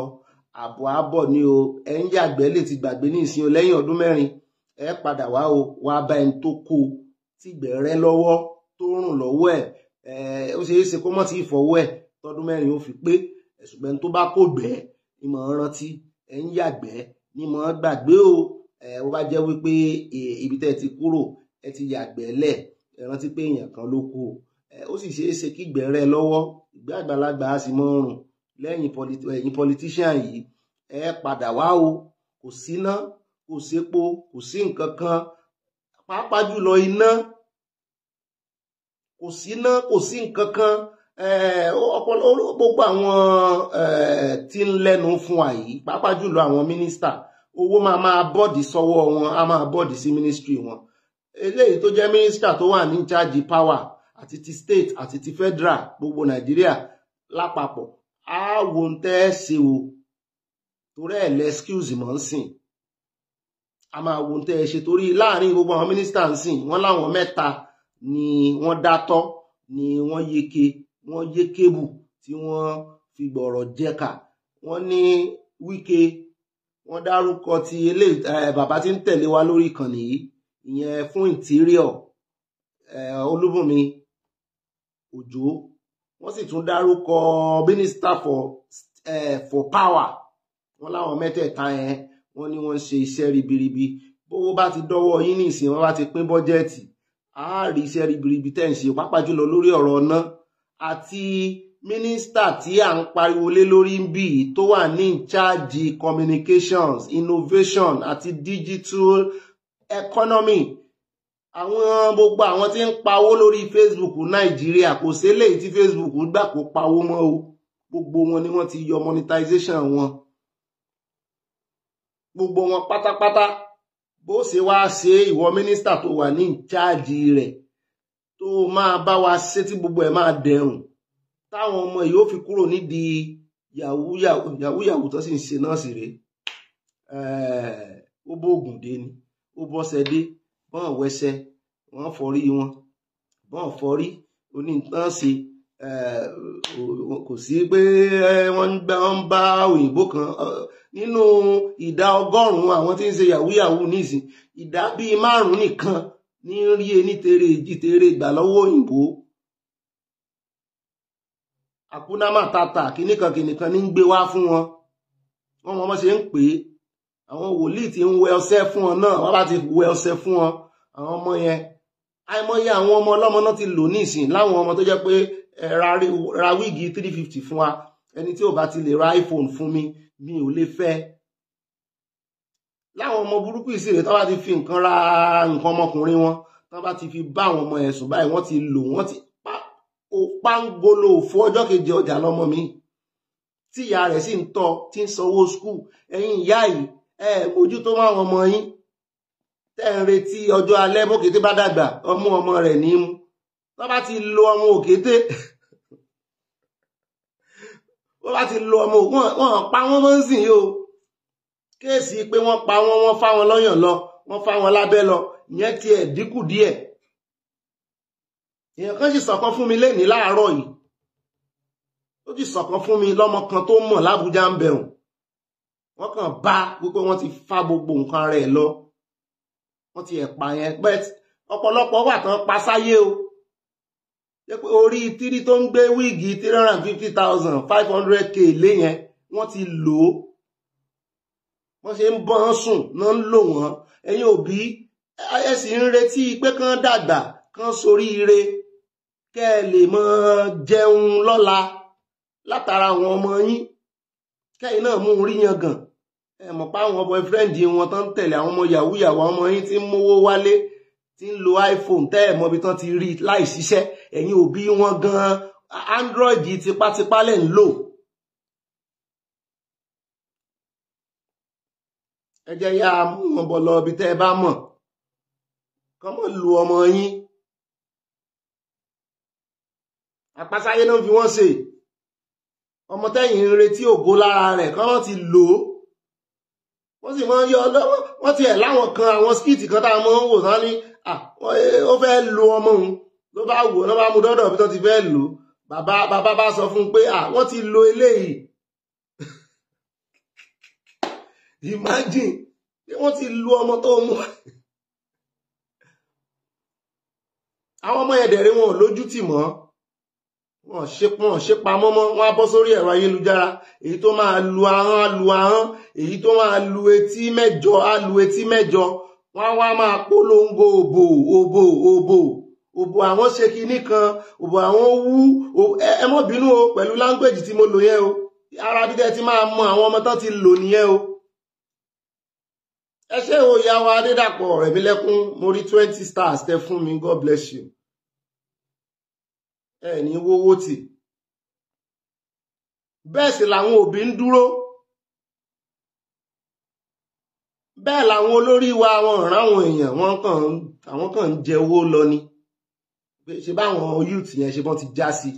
àbọ̀ àbọ̀ ni o ẹ̀ ń yàgbẹ́ lè ti gbàgbé ní ìsìn lẹ́yìn ọdún mẹ́rin ẹ padà wá o wọn á bá ẹni tó kó o tìgbẹ́ rẹ lọ́wọ́ tó rùn lọ́wọ́ ẹ̀ ó ṣeé ṣe kó mọ̀ tí ìfọwọ́ ẹ̀ tọdún mẹ́rin ó fi pé ẹ̀sùn tó bá kò gbẹ́ ni mò ń rántí ẹ̀ ń yàgbẹ́ ni mò ń gbàgbé o ẹ̀ ó bá jẹ́ wípé ibi tẹ́ ẹ ti kúrò ẹ ti yàgbẹ́ lẹ̀ ẹ rántí pé èèyàn kan ló kú ó sì ṣeé ṣe kí gbẹ́ rẹ lọ́wọ́ àgbàlagbà á sì mọ́ rùn lẹ́yìn politician yìí ẹ padà wá o kò síná kò sépo kò sí nǹkan kan pàápàá jùlọ iná kò síná kò sí nǹkan kan eh, gbogbo àwọn eh, tí ń lẹ́nu fún wa yìí pàápàá jùlọ àwọn mínísítà owó máa máa bọ́ọ̀dì sọ́wọ́ wọn a máa bọ́ọ̀dì sí mínísítírì wọn eléyìí tó jẹ́ mínísítà tó wà ní charge power àti ti state àti ti federal gbogbo nàìjíríà lápapọ̀ á wo ń tẹ́ ṣe o torí ẹ̀ lẹ́skúùsì mọ́ ń sìn a máa wo tẹ́ ẹ ṣe torí láàrin gbogbo àwọn mínísítà ń sìn wọ́n láwọn mẹ́ta ni wọ́n dátọ́ ni wọ́n yeke wọ́n yé kébù tí wọ́n fi gbọ̀rọ̀ jẹ́ka wọ́n ní Wike wọ́n dárúkọ ti ilé bàbá tí ń tẹ̀lé wa lórí ìkànnì yìí ìyẹn fún interior Olúbùnmi Òjó wọ́n sì tún dárúkọ minister for, uh, for power wọ́n láwọn mẹ́tẹ̀ẹ̀ta yẹn wọ́n ní wọ́n ṣe iṣẹ́ ribiribi bówó bá ti dọ́wọ́ yín nìsín wọ́n bá ti pín bọ́jẹ́ẹ̀tì á rí iṣẹ́ ribiribi tẹ̀ ń ṣe pàápàá jùlọ lórí ọ̀rọ̀ ọ̀nà àti mínísítà tí à ń pariwo lé lórí ń bì tó wà ní ìcháàjì communications innovation àti digital economy àwọn gbogbo àwọn tí ń pawó lórí Facebook Nàìjíríà kò sí eléyìí tí Facebook gbà kó pawó mọ́ o gbogbo wọn ni wọ́n ti yọ monetization wọn gbogbo wọn pátápátá bó ṣe wá ṣe ìwọ mínísítà tó wà ní ìcháàjì rẹ̀ tó máa bá wa ṣe tí gbogbo ẹ̀ máa dẹrùn táwọn ọmọ yìí ó fi kúrò nídìí yàwúyàwú tó sì ń ṣe náà sì rèé ó bóògùn dé ni ó bọ́sẹ̀ dé bọ́n wẹsẹ̀ wọ́n fọrí wọn bọ́n fọrí onítàn ṣe kò sí pé wọ́n ń bá òyìnbó kan nínú ìdá ọgọ́rùn-ún àwọn tí ń ṣe yahoo yahoo nísìn ìdá bíi márùn-ún nìkan ní rí ení tere èjì tere ìgbà lọ́wọ́ òyìnbó àkúnámà tata kìnnìkan kìnnìkan ní ń gbé wá fún wọn wọn mọ ṣe ń pè é àwọn wòlíì tí ń wẹ ọṣẹ fún wọn náà wọn bá ti wẹ ọṣẹ fún wọn àwọn ọmọ yẹn àìmọye àwọn ọmọ ọlọ́mọ náà ti lò nísìn láwọn ọmọ tó jẹ́ pé ra wíìgì three fifty fún wa ẹni tí ò bá ti lè ra iPhone fún mi mi ò lè fẹ́ láwọn ọmọ burúkú ìsèrè tó bá ti fi nǹkan ra nǹkan ọmọkùnrin wọn tó bá ti fi bá àwọn ọmọ ẹ̀sùn báyìí wọ́n ti lò wọ́n ti pángolo òfò ọjọ́ kejì ọjà lọ́mọ mi tí ìyá rẹ̀ sì ń tọ́ tí ń sanwó skul ẹ̀yin ìyá yìí ẹ mójú tó máa wọn ọmọ yín tẹ́ ń retí ọjọ́ alẹ́ bókété bá dàgbà ọmú ọmọ rẹ̀ ní í mú tó bá ti lo ọmọ òkété wọ́n bá ti lo ọmọ ògùn wọn pa wọ́n mọ́ ń sìn yìí o kéèsì pé wọ́n pa wọ́n wọ́n fá wọn lọ́yàn lọ wọ́n fá wọn lábẹ́ lọ ìyẹn tiẹ̀ dínkù díẹ̀ èèyàn kan sì sọ̀kan fún mi lénìí láàárọ̀ yìí ó sì sọ̀kan fún mi lọ́mọ kan tó mọ̀ lábújá ń bẹ̀rùn wọ́n kàn bá wípé wọ́n ti fá gbogbo nǹkan rẹ̀ lọ wọ́n ti ẹ̀ pa yẹn pẹ́ ọ̀pọ̀lọpọ̀ wà tán pa sáyé o jẹ́ pé orí tírí tó ń gbé wíìgì three hundred and fifty thousand five hundred k lé yẹn wọ́n ti lò ó wọ́n ṣe ń bọ́n sùn náà ń lò wọ́n ẹ̀yin òbí ẹ sì ń retí pé kán dàgbà kán sorí ire kẹ́ ẹ lè mọ jẹun lọ́la látara àwọn ọmọ yín kẹ́yìn náà mú un rí yan gàn ẹ mọ̀ pé àwọn boyfriend wọn tán tẹ̀lé àwọn ọmọ yahoo yahoo ọmọ yín ti ń mówó wálé ti ń lo iphone tẹ́ ẹ̀ mọ́bi tán ti rí láì ṣiṣẹ́ ẹ̀yin òbí wọn gan android tipátipá lẹ̀ ń lò. ẹ jẹ́ yá mú wọn bọ̀ lọ ibi tẹ́ ẹ bá mọ̀ kọ́mọ̀ lu ọmọ yín. àpasáyé ló ń fi wọ́n ṣe ọmọ tẹ́yìn ń retí ògo lára rẹ̀ kọ́mọ̀ ti lò ó wọ́n sì máa ń yọ ọlọ́wọ́ wọ́n ti ẹ̀ láwọn kan àwọn skit kan tá a máa ń wò náà ó fẹ́ lo ọmọ òun ló bá wò ló bá mú dọ́dọ̀ bí tó ti fẹ́ lò bàbá bàbá bá sọ fún un pé à ah, wọ́n ti lo eléyìí imagine pé wọ́n ti lu ọmọ tó mú àwọn ọmọ ẹ̀dẹ̀rẹ̀ wọn ò lójú tì mọ́ wọn ṣe wọn ṣe pamọ́ mọ́ wọn á bọ́ sórí ẹ̀rọ ayélujára èyí tó máa lu ahọ́n á lu ahọ́n èyí tó máa lu etí mẹ́jọ á lu etí mẹ́jọ wọn á wá máa polongo òbò òbò òbò òbò àwọn ṣe kinní kan òbò àwọn wú ẹ mọ́ bínú o pẹ̀lú láńgbèjì tí mo lò yẹn o ara dídẹ́ ti máa mọ àwọn ọmọ tán ti lò nìyẹn o ẹ ṣé o ìyá wa adédàpọ̀ ọ̀rẹ́ mi lẹ́kún mo rí twenty stars tẹ fún mi god bless you ẹ ní wówó tì bẹ́ẹ̀ sì làwọn òbí ń dúró bẹ́ẹ̀ làwọn olórí wa wọn ràn àwọn èèyàn wọn kàn kàn ń jẹ owó lọ ni ṣe báwọn youth yẹn ṣe bọ́n ti já sí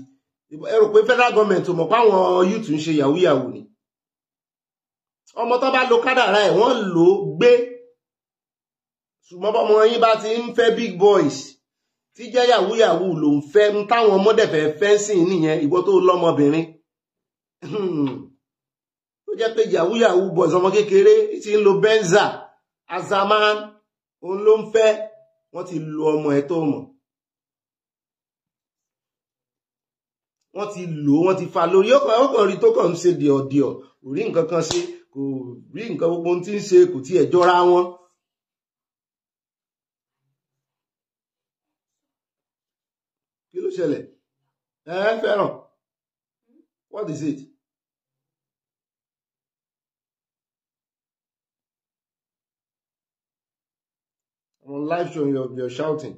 ẹ pé federal government mọ̀ páwọn youth ń ṣe yahoo yahoo ni ọmọ tó bá lo kádàrá ẹ̀ wọ́n lò ó gbé ṣùgbọ́n bọ́mọ yín bá ti ń fẹ́ big boys tí jẹ́ yahoo yahoo ló ń fẹ́ ń táwọn ọmọdẹ̀fẹ́ fẹ́ǹsìn nìyẹn ìwọ tó lọ́mọbìnrin hmm. ó jẹ́ pé yahoo yahoo boys ọmọ kékeré ti ń lo benza azaman òun ló ń fẹ́ wọ́n ti lo ọmọ ẹ̀ tó mọ̀. wọ́n ti lò wọ́n ti fa lórí ó rí tó kàn ń ṣe dìọ̀dìọ̀ kò rí nǹkan kan ṣe kò rí nǹkan gbogbo tí ń ṣe kò tiẹ̀ jọra wọn. kí ló ṣẹlẹ̀ ẹ fẹ́ràn what is it. I'm on live show you're, you're shouting.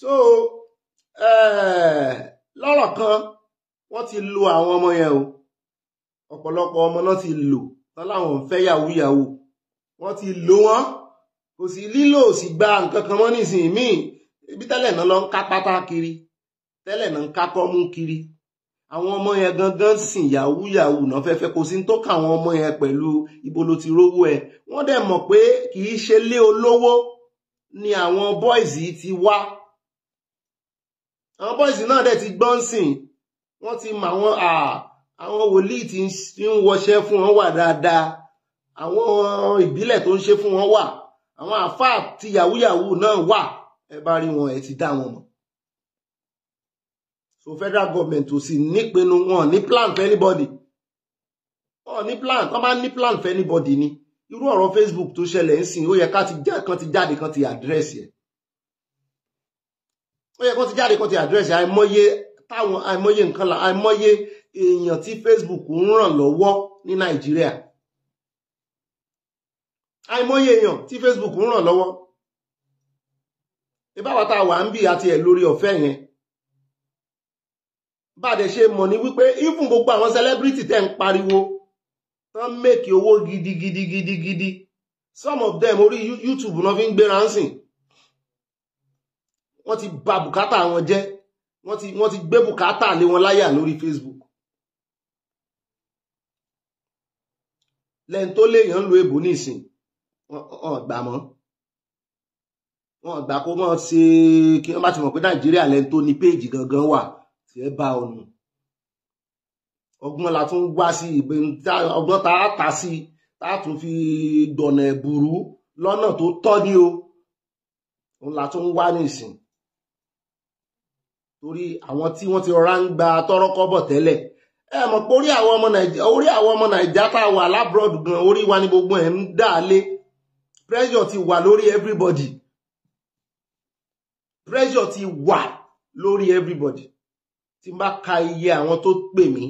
So Eh, lọ́rọ̀ kan wọ́n ti lo àwọn ọmọ yẹn o ọ̀pọ̀lọpọ̀ ọmọ náà ti lò tán láwọn ń fẹ́ yàwó yàwó wọ́n ti lo wọ́n kò sí lílò sí gba nǹkan kan mọ́ nísìnyí míì ibi tẹ́lẹ̀ náà lọ ń ká pátá kiri tẹ́lẹ̀ náà ń ká kọ́mú kiri àwọn ọmọ yẹn gangan sìn yahoo yahoo náà fẹ́fẹ́ kò sí ní tó ka àwọn ọmọ yẹn pẹ̀lú ibo ló ti rówó ẹ wọ́n dẹ̀ mọ̀ pé kì í ṣe lé olówó ni àwọn bọ́ìsì ti wá àwọn bọ́ìsì náà dẹ̀ ti gbọ́n sìn wọ́n ti mọ àwọn àwọn wòlíì tí ń wọṣẹ́ fún wọn wà dáadáa àwọn ìbílẹ̀ tó ń ṣe fún wọn wà àwọn àfáà ti yàwúyàwú náà wà ẹ bá rí wọn ẹ ti dá wọn mọ̀ so federal government ò sì nípinnu wọn ní plan for anybody wọn ní plan wọn bá ní plan for anybody ni irú ọ̀rọ̀ Facebook tó ṣẹlẹ̀ ń sìn ó yẹ ká ti jáde kan ti jáde kan ti àdírẹ́sì ẹ̀ ó yẹ kó ti jáde kó ti àdírẹ́sì àìmọye táwọn àìmọye nǹkan là àìmọye èèyàn tí Facebook ń ràn lọ́wọ́ ní Nàìjíríà àìmọye èèyàn tí Facebook ń ràn lọ́wọ́ ìbáwá tá a wà ń bì àti ẹ̀ lórí ọ̀fẹ́ yẹn báde ṣe mọ̀ ní wípé even gbogbo àwọn celebrity tẹ́ ń pariwo tán mèkì owó gidigidigidigidi some of them orí YouTube náà fi ń gbéra ń sìn wọ́n ti bà bùkátà wọn jẹ́ wọ́n ti wọ́n ti gbé bùkátà lé wọn láyà lórí Facebook lẹ́yìn tó léèyàn lo èbò nísìn wọn gbà mọ́ wọn gbà kó mọ́ ṣe kí wọ́n bá ti mọ̀ pé nàìjíríà lẹ́yìn tó ní péèjì gangan wà tí ẹ bá ọ̀nà ọgbọ́n la tún wá sí ìgbìn ọgbọ́n tá a ta sí tá a tún fi dọ̀nà ẹ̀bùrú lọ́nà tó tọ́ ní o òun la tún wá nísìn torí àwọn tí wọ́n ti rọra ń gba tọ́rọ́kọ́bọ̀ tẹ́lẹ̀ ẹ mọ̀ pé orí àwọn ọmọ nàìjíríà orí àwọn ọmọ nàìjíríà tá a wà lábroad gan orí wa ni gbogbo ẹ̀ ń dà lé pressure ti wà lórí everybody pressure ti wà lórí everybody tí n bá ka iye àwọn tó pè mí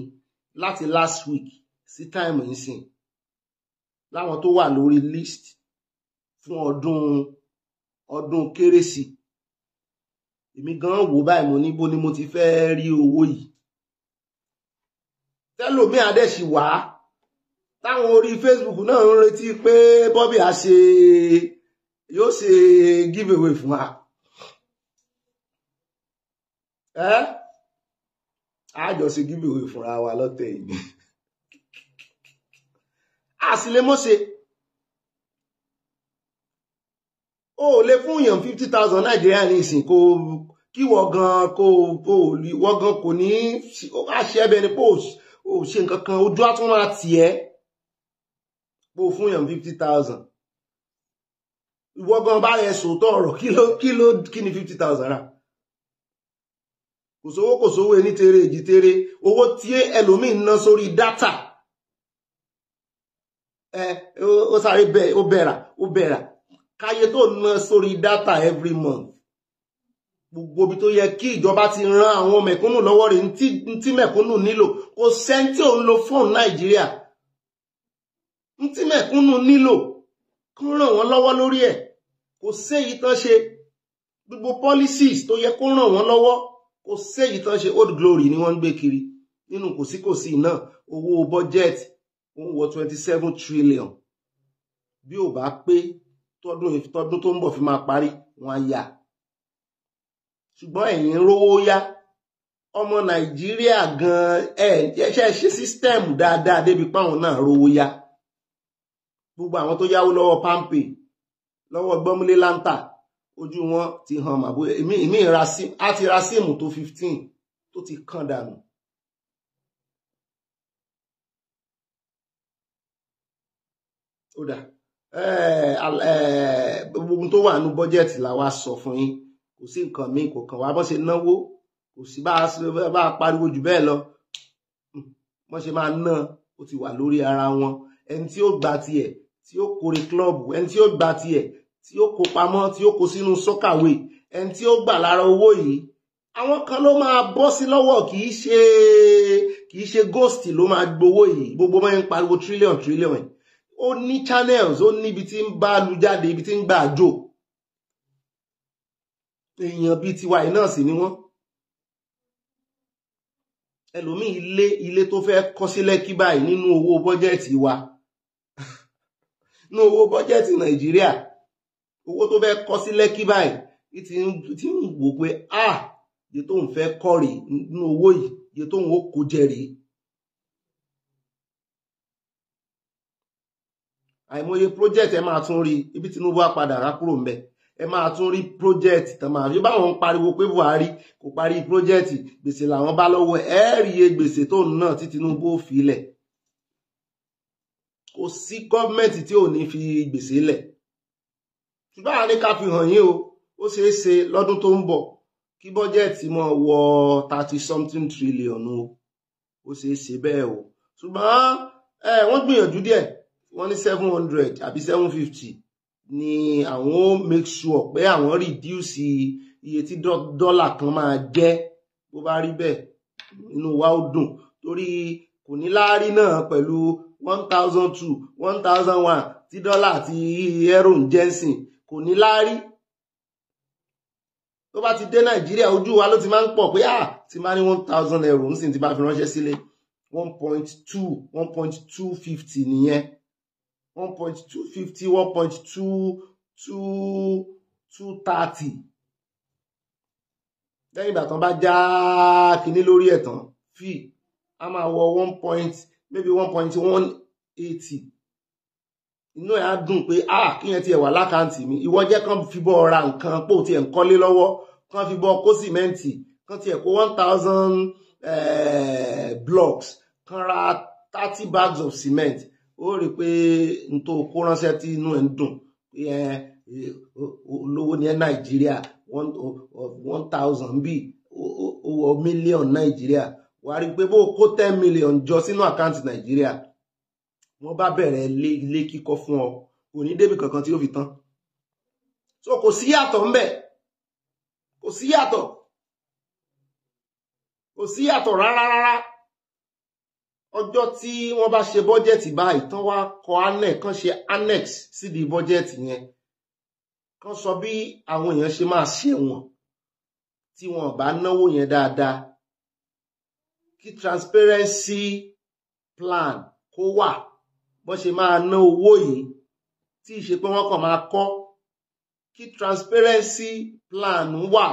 láti last week sí time ìsìn láwọn tó wà lórí list fún ọdún ọdún kérésì èmi gan wò báyìí mo níbo ni mo ti fẹ́ rí owó yìí tẹ́lòmí adẹ́sì wá táwọn orí Facebook náà ń retí pé Bobby á ṣe yóò ṣe give away fún wa ẹ á jọ ṣe give away fúnra wa lọ́tẹ̀ yìí àsìlémọ́ṣe. o lè fún èèyàn fifty thousand nàìjíríà ní ìsìn kó kí wọ́n gan kó kó wọ́n gan kò ní àṣẹ ẹbẹ ni pé o ṣe nǹkan kan ojú á tún máa tiẹ̀ pé o fún èèyàn fifty thousand ìwọ gan bá rẹ sòótọ́ ọ̀rọ̀ kí ló kí ló kí ni fifty thousand rà kò sówó kò sówó ẹni tere èjì tere owó tí ẹlòmíì ń ná sórí dátà ẹ ó sáré bẹ ó bẹ̀rà ó bẹ̀rà káyé tó ná sórí dátà every month gbogbo ibi tó yẹ kí ìjọba ti ran àwọn mẹ̀kúnnù lọ́wọ́ rẹ̀ ntí mẹ̀kúnnù nílò kò sẹ́ńtì òun lo fóònù nàìjíríà ntí mẹ̀kúnnù nílò kó ràn wọ́n lọ́wọ́ lórí ẹ̀ kò séyìí tán ṣe gbogbo policies tó yẹ kó ràn wọ́n lọ́wọ́ kò séyìí tán ṣe old glory ni wọ́n ń gbé kiri nínú kòsíkòsí náà owó budget ó ń wọ twenty seven trillion bí ò bá pé tọdún tó ń bọ̀ fi máa parí wọn á yá ṣùgbọ́n ẹ̀yin rówó yá ọmọ nàìjíríà gan ẹ ṣe ṣe sísítẹ́ẹ̀mù dáadáa débi páwọn náà rówó yá gbogbo àwọn tó yáwó lọ́wọ́ pampay lọ́wọ́ gbọ́múlé láńtà ojú wọn ti hàn màbó èmi á ti ra síìmù tó fifteen tó ti kàn dànù. ó dáa. Eh, eh, gbogbo tó wà nínú bọ́jẹ̀tì làwa sọ fún yín kò sí nǹkan míì kò kàn wá bọ́n ṣe náwó kò sí bá a pariwo jù bẹ́ẹ̀ lọ bọ́n ṣe máa ná ó ti wà lórí ara wọn ẹni tí ó gba tiẹ̀ tí ó kórè klọ́ọ̀bù ẹni tí ó gba tiẹ̀ tí ó kó pamọ́ tí ó kó sínú sọ́kàwé ẹni tí ó gbà lára owó yìí àwọn kan ló máa bọ́ sí lọ́wọ́ kì í ṣe kì í ṣe ghost ló máa gbowó yìí gbogbo máa ń pariwo trillion trillion yìí ó ní channels ó níbi tí ń bá lu jáde ibi tí ń gbà jò èèyàn bíi tiwa yìí náà sì ni wọ́n ẹlòmíì ilé ilé tó fẹ́ kọ́ sílẹ̀ kí báyìí nínú owó bọ́jẹ́ẹ̀tì wa nínú owó bọ́jẹ́ẹ̀tì nàìjíríà owó tó fẹ́ kọ́ sílẹ̀ kí báyìí tí ń wò pé ah iye tóun fẹ́ kọ́ rèé nínú owó yìí iye tóun ó kó jẹ rèé àìmọye project ẹ máa tún rí ibi Tinubu á padà rá kúrò ńbẹ ẹ máa tún rí project tán máa fi báwọn ń pariwo pé Buhari kò parí project gbèsè làwọn bá lọ́wọ́ ẹ rí iye gbèsè tó ń náà tí Tinubu ó fi lẹ̀ kò sí gọ́ọ̀mẹ̀ntì tí ò ní fi gbèsè lẹ̀ ṣùgbọ́n àwọn ká fi hàn yín o ó ṣeé ṣe lọ́dún tó ń bọ̀ kí bọ́jẹ̀tì mọ̀ wọ thirty something trillion o ó ṣeé ṣe bẹ́ẹ̀ o ṣùgbọ́n wọ́n gbìyànjú díẹ̀ wọ́n ní seven hundred àbí seven fifty ni àwọn ó make sure pé àwọn reduce iye tí dọ́là kan máa jẹ́ bó bá rí bẹ́ẹ̀ inú wa ó dùn torí kò ní láárí náà pẹ̀lú one thousand two one thousand one tí dọ́là àti euro ń jẹ́sìn kò ní láárí tó bá ti dé nàìjíríà ojú wa ló ti máa ń pọ̀ pé ah ti máa ní one thousand euro ń sìn tí bá fi ránṣẹ́ sílé one point two one point two fifty nìyẹn one point two fifty one point two two two thirty lẹ́yìn ìgbà tán bá já kinní lórí ẹ̀ tán fee a máa wọ one point maybe one point one eighty inú ẹ̀ á dùn pé ah kíyẹn tiẹ̀ wà lákàntì mi ìwọ jẹ́ kán fi bọ́ ra nǹkan pò tiẹ̀ ń kọ́lé lọ́wọ́ kán fi bọ́ kó sìmẹ́ǹtì kán tiẹ̀ kó one thousand eh, blocks kán ra thirty bags of cement ó rí pe pé n tó kó ránṣẹ́ tí inú ẹ̀ ń dùn olówó ní nàìjíríà one thousand bíi owó mílíọ̀nù nàìjíríà wà rí pé bó kó ten million jọ sínú àkáǹtì nàìjíríà wọ́n bá bẹ̀rẹ̀ ilé kíkọ́ fún ọ kò ní kankan tí ó fi tán so kò sí yàtọ̀ ńbẹ̀ kò sí yàtọ̀ kò sí yàtọ̀ rárá ọjọ́ tí wọ́n bá ṣe bọ́jẹ̀tì báyìí tán wá kọ annex kan ṣe annex sídìí bọ́jẹ̀tì yẹn kan sọ bí àwọn èèyàn ṣe máa ṣe wọn tí wọn bá náwó yẹn dáadáa kí transparency plan kó wà bọ́n ṣe máa ná owó yìí tí ìṣe pé wọ́n kàn máa kọ́ kí transparency plan wà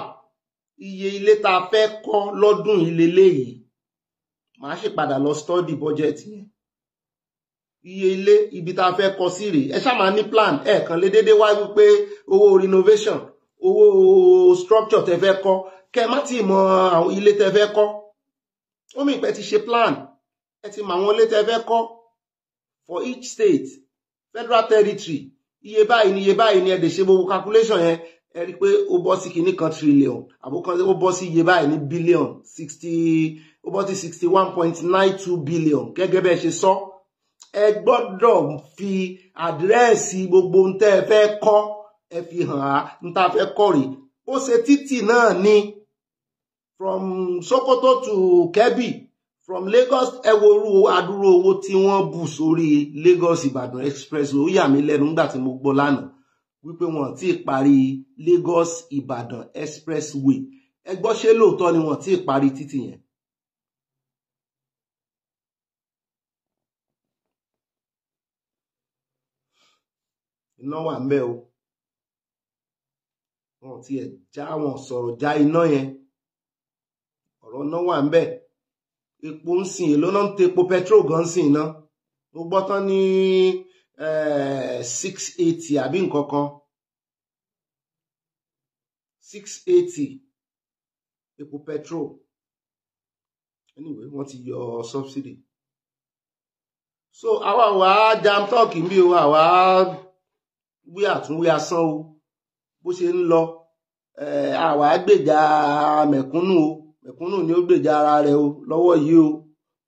iye ilé tá a fẹ́ kọ́ lọ́dún ìlélẹ́yìí màá sì padà lọ study budget yẹn iye ilé ibi tá a fẹ́ kọ sí rèé ẹ ṣáà máa ní plan ẹ̀ẹ̀kan lé déédéé wá wípé owó renovation owó structure tẹ fẹ́ kọ́ kẹ má ti mọ àwọn ilé tẹ fẹ́ kọ́ ó mì ti ṣe plan ẹ ti mọ àwọn ilé tẹ fẹ́ kọ́ for each state federal territory iye báyìí ni iye báyìí ni ẹ dẹ̀ ṣe gbogbo calculation yẹn ẹ rí i pé ó bọ́ sí kinní kan trillion àbúkọ́ ó bọ́ sí iye báyìí ní billion sixty ó 61.92 sí sixty one point billion gẹ́gẹ́ bẹ́ẹ̀ ṣe sọ ẹ gbọ́dọ̀ fi àdírẹ́ẹ̀sì gbogbo ohun tẹ́ ẹ fẹ́ kọ́ ẹ fi hàn á ń tá a fẹ́ ó ṣe títì náà ni from Sokoto to Kebbi from Lagos ẹ wo orú adúrú owó tí wọ́n bù sórí Lagos Ìbàdàn express ó yà mí lẹ́nu nígbà tí mo gbọ́ lánàá wípé wọn ti parí Lagos Ìbàdàn expressway ẹ gbọ́ ṣé lóòótọ́ ni wọn ti parí títì yẹn iná wà ń bẹ̀ o wọn ti ẹ̀ já wọn sọ̀rọ̀ já iná yẹn ọ̀rọ̀ iná wà ń bẹ̀ epo ń sìn èló náà ń te epo petrol gan sìn iná ó gbọ́ tán ní eh, six eighty àbí nǹkan kan six eighty epo petrol anyway wọ́n ti yọ subsidy so àwa wàá jam talk ń bí o àwa wí àtúnwí asán o bó ṣe ń lọ àwa eh, gbèjà mẹ̀kúnnù o mẹ̀kúnnù ni ó gbèjà ara rẹ̀ o lọ́wọ́ yìí o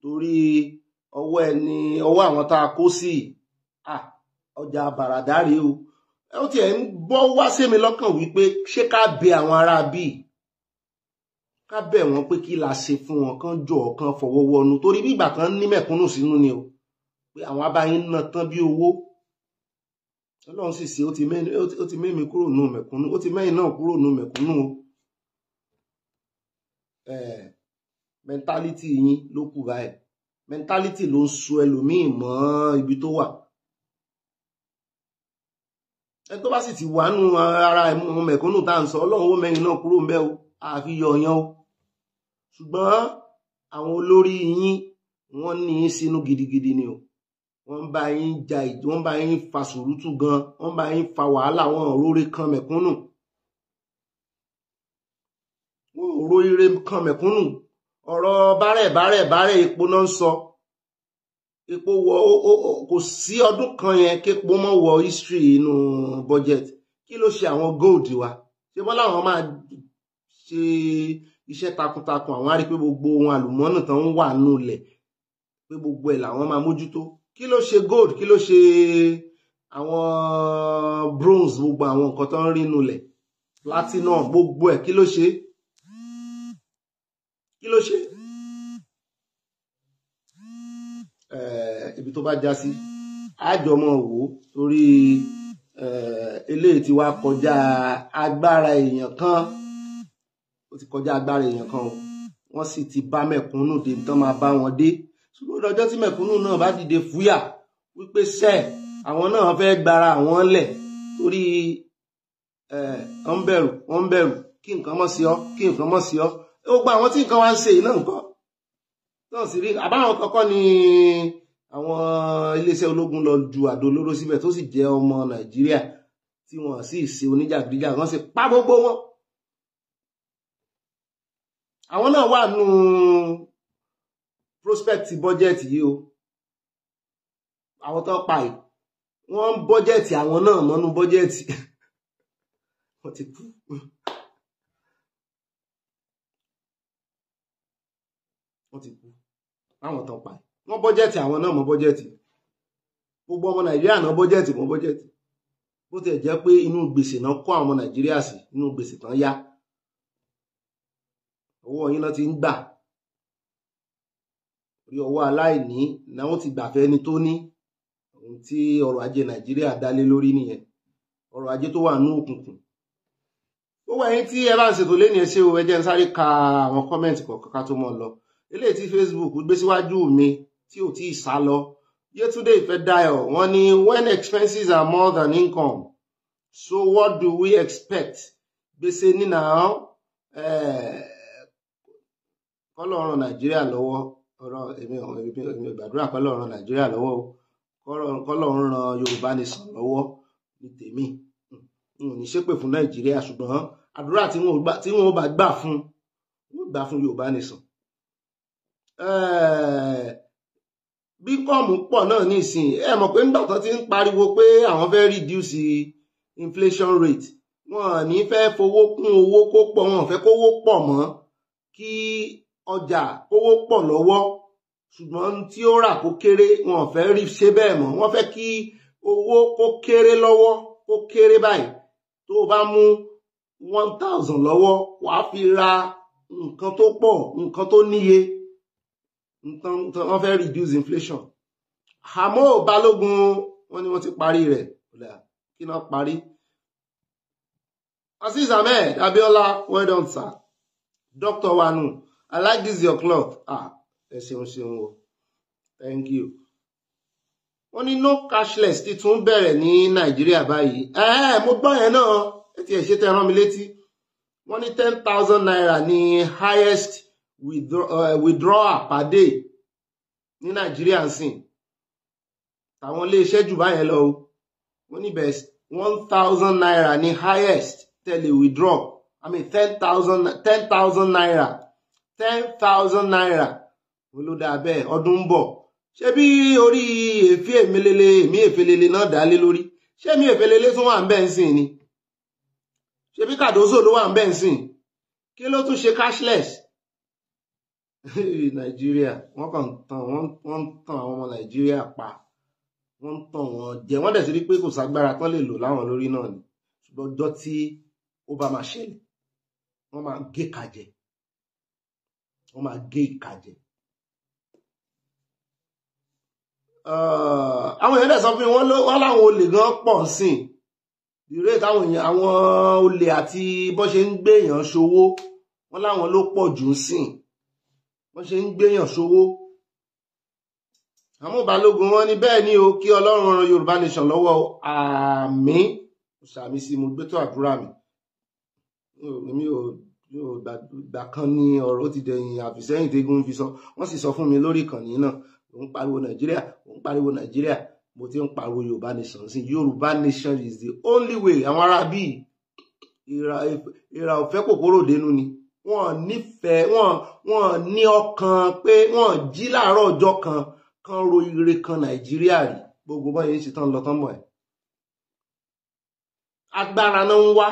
torí ọwọ́ ẹni ọwọ́ àwọn tá a kó sí ọjà bàràdà o ó tiẹ̀ ń bọ́ wá sí mi lọ́kàn wípé ṣé ká bẹ àwọn ará bíi ká bẹ̀ wọ́n pé kí la ṣe fún wọn kán jọ ọ̀kan fọwọ́wọ́nu torí bí ìgbà kan ní mẹ̀kúnnù sínú ni o pé àwọn abáyín náà tán bí owó tọ́lọ́run sì ṣe ó ti mẹ́mi kúrò nù mẹ̀kúnnù ó ti mẹ́yìn náà kúrò nù mẹ̀kúnnù mẹ́ntálítì yín ló kù báyìí mẹ́ntálítì ló ń so ẹlòmíì mọ́ ibi tó wà ẹ tó bá sì ti wà nù ara ẹ̀mú mẹ̀kúnnù tá à ń sọ ọlọ́run ó mẹ́yìn náà kúrò ńbẹ́ o àfi yọ̀ọ̀yàn o ṣùgbọ́n àwọn olórí yín wọ́n ní í sínú gidigidi ni o wọ́n bá yín ja wọ́n bá yín fa sùúrùtù gan wọ́n bá yín fa wàhálà wọn òróore kan mẹ̀kúnnù wọn òróore kan mẹ̀kúnnù ọ̀rọ̀ bárẹ̀ bárẹ̀ bárẹ̀ epo náà ń sọ epo wọ kò sí ọdún kan yẹn képo mọ́ wọ history inú budget kí ló ṣe àwọn gold wa ṣé bọ́lá àwọn máa ṣe iṣẹ́ takuntakun àwọn á rí i pé gbogbo ohun àlùmọ́ọ́nù tán ń wà nulẹ̀ pé gbogbo ẹ̀ làwọn máa mójútó kí ló ṣe gold kí ló ṣe àwọn bronze gbogbo àwọn nǹkan tó ń rí nulẹ̀ platinum gbogbo ẹ̀ kí ló ṣe kí ló ṣe ibi tó bá já sí àjọmọ wò torí eléyìí ti wá kọjá agbára èèyàn kan ó ti kọjá agbára èèyàn kan o sì ti bá mẹ̀kúnnù dé tán máa bá wọn dé ṣùgbọ́n ọjọ́ tí mẹ̀kúnnù náà bá dìde fúyà wípé sẹ́ àwọn náà fẹ́ gbara àwọn lẹ̀ torí wọ́n bẹ̀rù wọ́n bẹ̀rù kí nǹkan mọ̀ sí ọ kí nǹkan mọ̀ sí ọ ó gba àwọn tí nǹkan wá ń ṣe yìí náà nǹkan náà sì rí àbáwọn kọ́kọ́ ni àwọn iléeṣẹ́ ológun lọ ju àdó olóró síbẹ̀ tó sì jẹ́ ọmọ Nàìjíríà tí wọ́n sì ṣe oníjàgídíjà wọ́n sì pa gbogbo wọn àwọn náà wà nù prospect budget yìí o àwọn tó pa yìí wọ́n ń bọ́jẹ̀tì àwọn náà mọ́nú bọ́jẹ̀tì wọ́n ti kú. wọ́n ti kú láwọn tó pa yìí wọ́n bọ́jẹ̀tì àwọn náà mọ́ bọ́jẹ̀tì gbogbo ọmọ nàìjíríà náà bọ́jẹ̀tì mọ́ bọ́jẹ̀tì bó ti jẹ́ pé inú gbèsè náà kó àwọn ọmọ nàìjíríà sí inú gbèsè tán yá owó yín náà ti ń gbà orí ọwọ́ aláìní náà ti gbàfẹ́ ẹni tó ní ohun tí ọrọ̀ ajé nàìjíríà dálé lórí nìyẹn ọrọ̀ ajé tó wà ní òkùnkùn gbogbo ẹ̀yin tí ẹ bá ń ṣètò lẹ́nu ẹṣẹ́ o ẹ ń sáré ka àwọn kọ́mẹ̀ntì kọ̀ọ̀kan ká tó mọ̀ lọ eléyìí tí facebook gbé síwájú mi tí ò tí ì sá lọ Yetunde Ifedayo wọ́n ní when expenses are more than income so what do we expect gbèsè nínà eh, kọ́lọ́run nàìjíríà lọ́wọ́ ọ̀rọ̀ èmi èmi gbàdúrà kọ́lọ̀ ran nàìjíríà lọ́wọ́ o kọ́lọ̀ ran yorùbá nìsàn lọ́wọ́ ní tèmi n ò ní ṣépè fún nàìjíríà ṣùgbọ́n àdúrà tí wọn ò bá gbà fún wọn gbà fún yorùbá nìsàn bí kọ́ọ̀mù pọ̀ náà ní ìsìn ẹ mọ̀ pé nígbà tán ti ń pariwo pé àwọn fẹ́ reduce inflation rate wọn ní fẹ́ fowó kún owó kó pọ̀ wọn fẹ́ kówó pọ̀ mọ́ kí ọjà owó pọ̀ lọ́wọ́ ṣùgbọ́n tí ó rà kó kéré wọn ò fẹ́ rí ṣe bẹ́ẹ̀ mọ́ wọ́n fẹ́ kí owó kó kéré lọ́wọ́ kó kéré báyìí tó o bá mú one thousand lọ́wọ́ wàá fi ra nǹkan tó pọ̀ nǹkan tó níye nǹkan wọ́n fẹ́ reduce inflation àmọ́ balógun wọ́n ní wọ́n ti parí rẹ̀ kí náà parí. Aziz Ahmed Abiola well done sir Dr. Wanu I like this your cloth ah ẹ ṣeun ṣeun thank you wọ́n ní no cashless ti tún bẹ̀rẹ̀ ní nàìjíríà báyìí ẹ̀ẹ́ mo gbọ́ yẹn náà ẹ ti ẹ̀ ṣe tẹ́ rán mi létí wọ́n ní ten thousand naira ní highest withdrawal eh, per day ní nàìjíríà ń sìn àwọn iléeṣẹ́ jù báyẹn lọ o wọ́n ní best one thousand naira ní highest tẹ̀lé withdraw i mean ten thousand ten thousand naira ten thousand naira olódà bẹ́ẹ̀ ọdún ń bọ̀ ṣé bí orí èéfì èmélele èmí èfélele náà dálé lórí ṣé èmí èfélele tún wà ń bẹ́ẹ̀ sìn ni ṣé bí kàdóso ló wà ń bẹ́ẹ̀ sìn kí ló tún ṣe cashless nàìjíríà wọ́n kàn tàn wọ́n tàn àwọn ọmọ nàìjíríà pa wọ́n ń tàn wọ́n jẹ wọ́n dẹ̀ sí rí pé kò ságbára tán lè lò láwọn lórí náà ni ṣùgbọ́n ọjọ́ tí ó bá máa ṣẹlẹ̀ wọ́n máa gé kàjẹ́ wọ́n máa gé ìka jẹ. Ah, àwọn èèyàn dẹ̀ sọ pé wọ́n láwọn olè gan pọ̀ sí ìrè táwọn èèyàn àwọn olè àti bó ṣe ń gbé èèyàn ṣòwò wọ́n láwọn ló pọ̀ jù sí bó ṣe ń gbé èèyàn ṣòwò. àmọ́ balógun wọn ní bẹ́ẹ̀ ni o kí ọlọ́run ran yorùbá nation lọ́wọ́ àmín sàmì sí mo gbé tó àdúrà mi mi ò yóò gbà kan ní ọ̀rọ̀ ti dẹ̀yìn àfìsẹ́yìn tégún fi sọ wọ́n sì sọ fún mi lórí ìkànnì náà òun pariwo nàìjíríà òun pariwo nàìjíríà mo ti ń pariwo yorùbá nation sí yorùbá nation is the only way àwọn ará bíi ìrà ọ̀fẹ́ kòkòrò dénú ni wọ́n nífẹ̀ẹ́ wọ́n wọ́n ní ọkàn pé wọ́n jí láàárọ̀ ọjọ́ kan kan ro ire kan nàìjíríà rí gbogbo bọ́yìí ń ṣe tán lọ tán mọ̀ ẹ́ agbára náà ń wá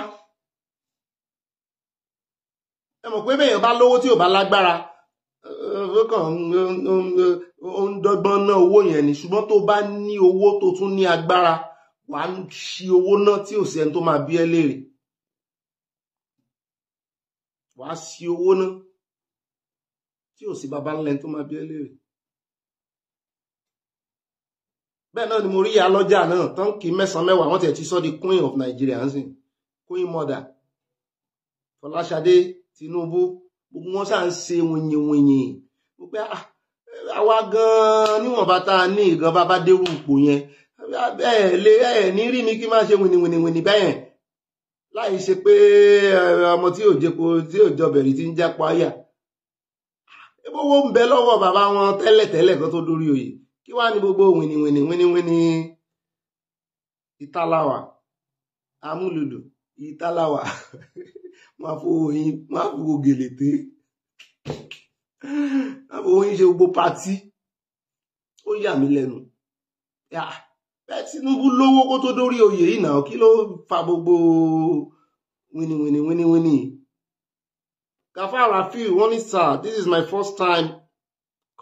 ẹ mọ̀ pé bẹ́ẹ̀ bá lówó tí ò bá lágbára ó kàn ń dọ́gbọ́n ná owó yẹn ni ṣùgbọ́n tó bá ní owó tó tún ní agbára wà á ṣi owó náà tí ò sí ẹni tó máa bí ẹ léèrè wà á ṣi owó náà tí ò sí baba ńlẹ̀ tó máa bí ẹ léèrè bẹ́ẹ̀ náà ni mo rí ìyá lọ́jà náà tán mẹ́sàn-án mẹ́wàá wọ́n ti ẹ̀ ti sọ́ di queen of Nigeria ń sìn queen mother Fọláṣadé Tinubu gbogbo wọn ṣáà ń ṣe wìnyìnwìnyìn mo pé ah, àwa gan-an níwọ̀nba tá a ní ìgan bàbá dérú ipò yẹn ẹ lè ẹ ní rí mi kí n má ṣe wìnyìnwìnyìn bẹ́ẹ̀ láì ṣe pé ọmọ tí òjèpo tí òjọbẹ̀rì ti ń jápa ayà owó ń bẹ lọ́wọ́ bàbá wọn tẹ́lẹ̀tẹ́lẹ̀ kan tó dórí oyè kí wàá ní gbogbo wìnìwìnì wìnìwìnì ìtàláwà amúlùdù ìtàláwà máa fowó yín máa fowó gèlè té máa fowó yín ṣe party. patí ó yà mí lẹ́nu bẹ́ẹ̀ Tinubu lówó kó tó dórí oyè yìí náà kí ló fa gbogbo wíníwíní wíníwíní Gafara feel wọ́n ní sir this is my first time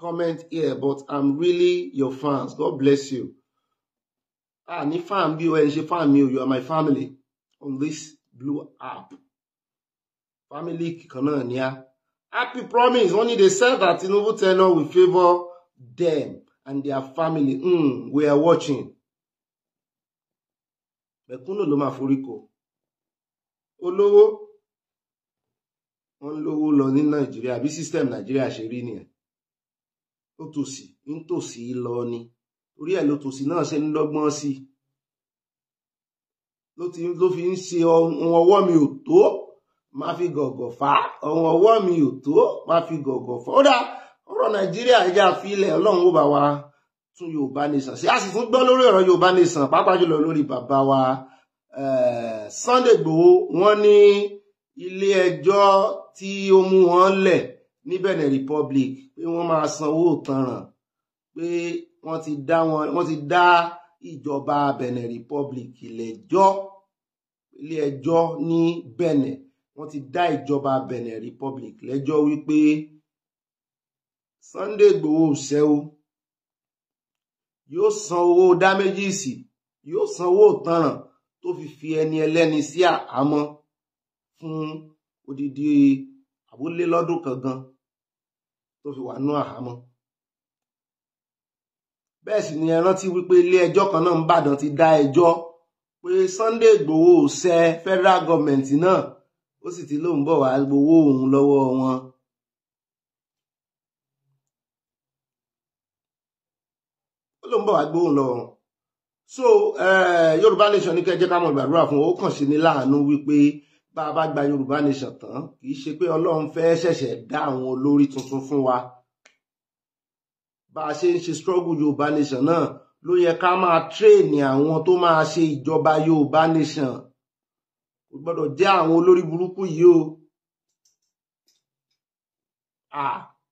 comment here but I'm really your fans God bless you ah ní fan bí o ẹ ń fan mi o you are my family on this blue app family kan náà ni a happy promise wọ́n ní they said that Tinubu tenure will favour them and their family mm, we are watching mẹ̀kúnnù ló máa forí kọ olówó wọ́n lówó lọ ní nàìjíríà bí system nàìjíríà ṣe rí nìyẹn ó tòsí ń tòsí lọ ni orí ẹ̀ ló tòsí náà ṣe ń lọ́gbọ́n sí i ló fi ń ṣe ohun ọwọ́ mi ò tó má fi gọ̀gọ̀ fà á ọ̀wọ̀n ọwọ́ mi ò tó má fi gọ̀gọ̀ fà ó dá ọ̀rọ̀ nàìjíríà ẹja àfilẹ̀ ọlọ́run ó bá wa tún yorùbá nation ṣe a sì tún gbọ́ lórí ọ̀rọ̀ yorùbá nation pàápàá jùlọ lórí bàbá wa eh, Sunday Igboho wọ́n ní ilé ẹjọ́ tí ó mú wọn lẹ̀ ní Benin Republic pé wọ́n máa sanwó tanràn pé wọ́n ti dá wọn ìjọba Benin Republic ilé ẹjọ́ ilé ẹjọ́ ní Benin wọ́n ti dá ìjọba Benin Republic lẹ́jọ́ wípé Sunday Igboho ṣẹ o yóò san owó dámẹ́jìsì yóò san owó ìtanràn tó fi fi ẹni ẹlẹ́ni sí àhámọ́ fún odidi àbúlé lọ́dún kan gan tó fi wà nú àhámọ́ bẹ́ẹ̀ sì ni ẹ rántí wípé ilé ẹjọ́ kan náà ń bàdàn ti dá ẹjọ́ pé Sunday Igboho ṣẹ federal government náà ó sì ti lóun bọ̀ wá gbowó òun lọ́wọ́ wọn. ó lóun bọ̀ wá gbowó òun lọ́wọ́ so eh, Yorùbá Nation ní kẹjẹ ká mọ ìgbàdúrà fún ó kàn sí ní láàánú wípé bá a bá gba Yorùbá Nation tán kì í ṣe pé Ọlọ́run fẹ́ ṣẹ̀ṣẹ̀ dá àwọn olórí tuntun fún wa bá a ṣe ń ṣe struggle Yorùbá Nation náà ló yẹ ká máa tréènì àwọn tó máa ṣe ìjọba Yorùbá Nation kò gbọ́dọ̀ jẹ́ àwọn olórí burúkú yìí o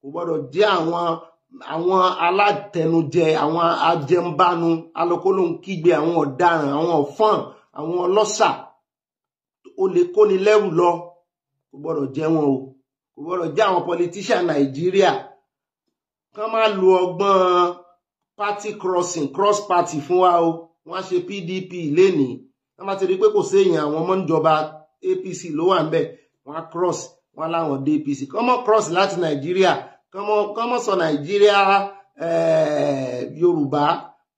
kò gbọ́dọ̀ jẹ́ àwọn àwọn alátẹnujẹ àwọn ajẹmbánu alokólóhùn kígbe àwọn ọ̀daràn àwọn ọ̀fọ́n àwọn ọlọ́ṣà ó lè kóni lẹ́rù lọ kò gbọ́dọ̀ jẹ́ wọn o kò gbọ́dọ̀ jẹ́ àwọn politician nàìjíríà kán má lo ọgbọ́n party crossing cross party fún wa o wọ́n á ṣe pdp lénìí wọ́n bá ti rí pé kò séèyàn àwọn ọmọ níjọba APC ló wà ńbẹ̀ wọ́n á cross wọ́n láwọn dé APC kọ́mọ́ cross láti Nàìjíríà kọ́mọ́ sọ Nàìjíríà eh, Yorùbá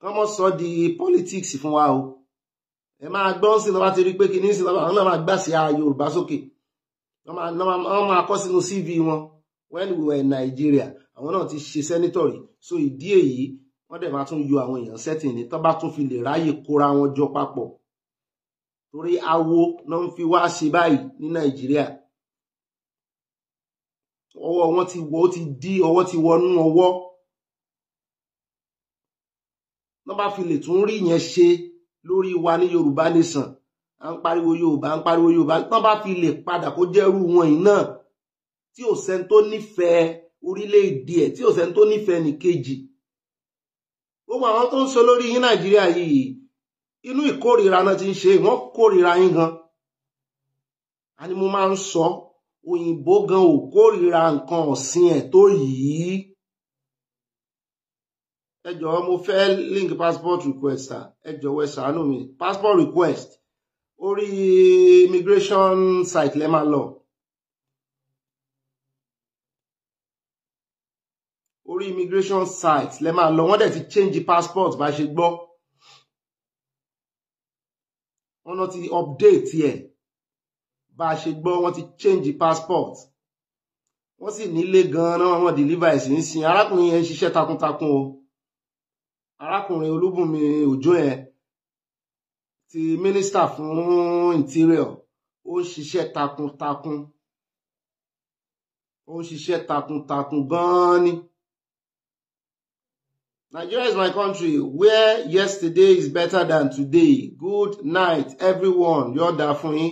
kọ́mọ́ sọ di politics fún wa o ẹ máa gbọ́ sí lọ́wọ́ ti rí pé kí ní sí lọ́wọ́ àwọn náà máa gbà sí ara Yorùbá sókè wọ́n máa kọ́ sínú CV wọn when we were in Nigeria àwọn náà ti ṣe senator rí so ìdí èyí wọ́n dẹ̀ máa tún yọ àwọn èèyàn sẹ́tìn ní tó bá tún fi lè ráyè kóra wọn jọ papọ̀ torí awo náà ń fi wá ṣe báyìí ní nàìjíríà ọwọ́ wọn ti wọ́ ti dí ọwọ́ ti wọnú ọwọ́ wọ́n bá fi lè tún rí yẹn ṣe lórí wa ní yorùbá nation à ń pariwo yorùbá à ń pariwo yorùbá wọ́n bá fi lè padà kó jẹ́rú wọn yìí náà tí ò sẹ́ni tó nífẹ̀ẹ́ orílẹ̀-èdè ẹ̀ tí ò sẹ́ni tó nífẹ̀ẹ́ nìkejì gbogbo àwọn tó ń sọ lórí yín nàìjíríà yìí inú ìkórìíra náà ti ń ṣe wọ́n kórìíra yín gan a ni mo máa ń sọ òyìnbó gan ò kórìíra nǹkan ọ̀sìn ẹ̀ tó yìí ẹ jọ̀ọ́ mo fẹ́ link passport request ẹ jọ̀wọ́ ẹ ṣàánú mi passport request orí immigration site lẹ́ máa lọ orí immigration site lẹ́ máa lọ wọ́n dẹ̀ ti change passport bá ṣe gbọ́ wọ́n ti update ẹ̀ bá a ṣe gbọ́ wọ́n ti change passport wọ́n sì nílé gan-an wọ́n deliver ẹ̀sìn ń sin arákùnrin yẹn ń ṣiṣẹ́ takuntakun o arákùnrin olúbùnmi òjó yẹn ti mínísítà fún interior ó ń ṣiṣẹ́ takuntakun ó ń ṣiṣẹ́ takuntakun gan-an ni. Nigeria is my country where yesterday is better than today. Good night everyone. Yọ̀dà fún yín.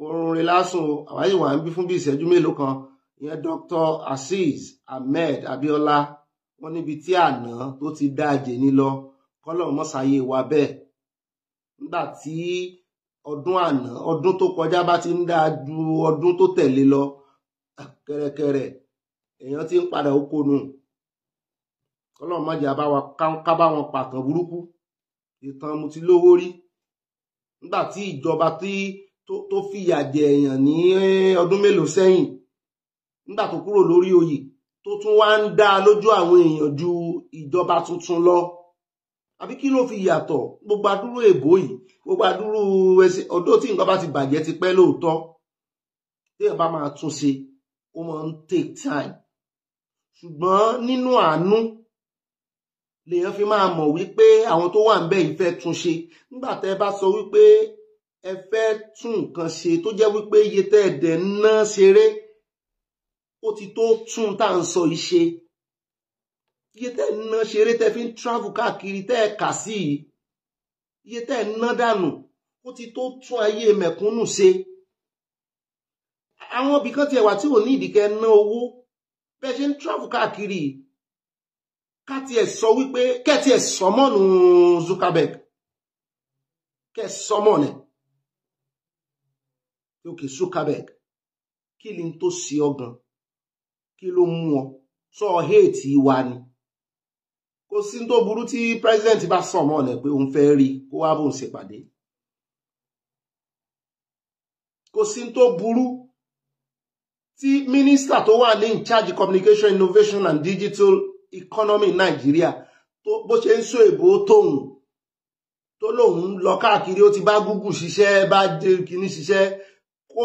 Oorun rẹ̀ lásùn o. Àwa yìí wà ń bí fún kan. Ìyẹn Dr. Azeez Ahmed Abiola. Wọ́n níbi tí àná tó ti dá àjè ní lọ. Kọ́lọ̀ mọ́sáyé wa bẹ́ẹ̀. Nígbà tí ọdún àná ọdún tó kọjá bá ti ń dáa ju ọdún tó tẹ̀lé lọ kẹ̀rẹ̀kẹ̀rẹ̀ èèyàn ti ń padà okonu ọlọ́run má jẹ́ ká bá wọn pàtàn burúkú ìtàn mo ti lówó rí nígbà tí ìjọba tó fìyà jẹ èèyàn ní ọdún mélòó sẹ́yìn nígbà tó kúrò lórí oyè tó tún wá ń dá lójú àwọn èèyàn ju ìjọba tuntun lọ àbí kí ló fi yàtọ̀ gbogbo adúrú èbó yìí gbogbo adúrú ẹsẹ̀ ọdún tí nǹkan bá ti bàjẹ́ ti pẹ́ lóòótọ́ tí ẹ bá máa tún ṣe ó máa ń take time ṣùgbọ́n nínú àánú lèèyàn fi máa mọ̀ wípé àwọn tó wà ń bẹ̀ yìí fẹ́ tún ṣe nígbà tẹ́ ẹ bá sọ wípé ẹ fẹ́ tún nǹkan ṣe tó jẹ́ wípé iye tẹ́ ẹ dẹ̀ ń ná ṣeré ó ti tó tún tá à ń sọ yìí ṣe iye tẹ́ ẹ ná ṣeré tẹ́ fi ń travel káàkiri tẹ́ ẹ kà sí yìí iye tẹ́ ẹ ń ná dànù ó ti tó tún ayé mẹ̀kúnnù ṣe àwọn ibìkan tiẹ̀ wà tí ò ní ìdíkẹ́ ná owó bẹ́ẹ̀ ṣe ń travel káàkiri yìí káti ẹ̀ sọ wípé kẹ́ti ẹ̀ sọmọ́nù Zuckerberg kẹ́ sọmọ́nù lókè Zuckerberg kí ni tó sí ọgàn kí ló mú ọ sọ héètì wa ni kò sí tó burú tí president bá sọmọ́nù pé òun fẹ́ rí kó wá bóun ṣèpàdé kò sí tó burú tí mínísítà tó wà ní in charge communication innovation and digital economy nàìjíríà bó ṣe ń so èbó tóun tó lòun lọ káàkiri ó ti bá google ṣiṣẹ́ bá dé kínní ṣiṣẹ́ kó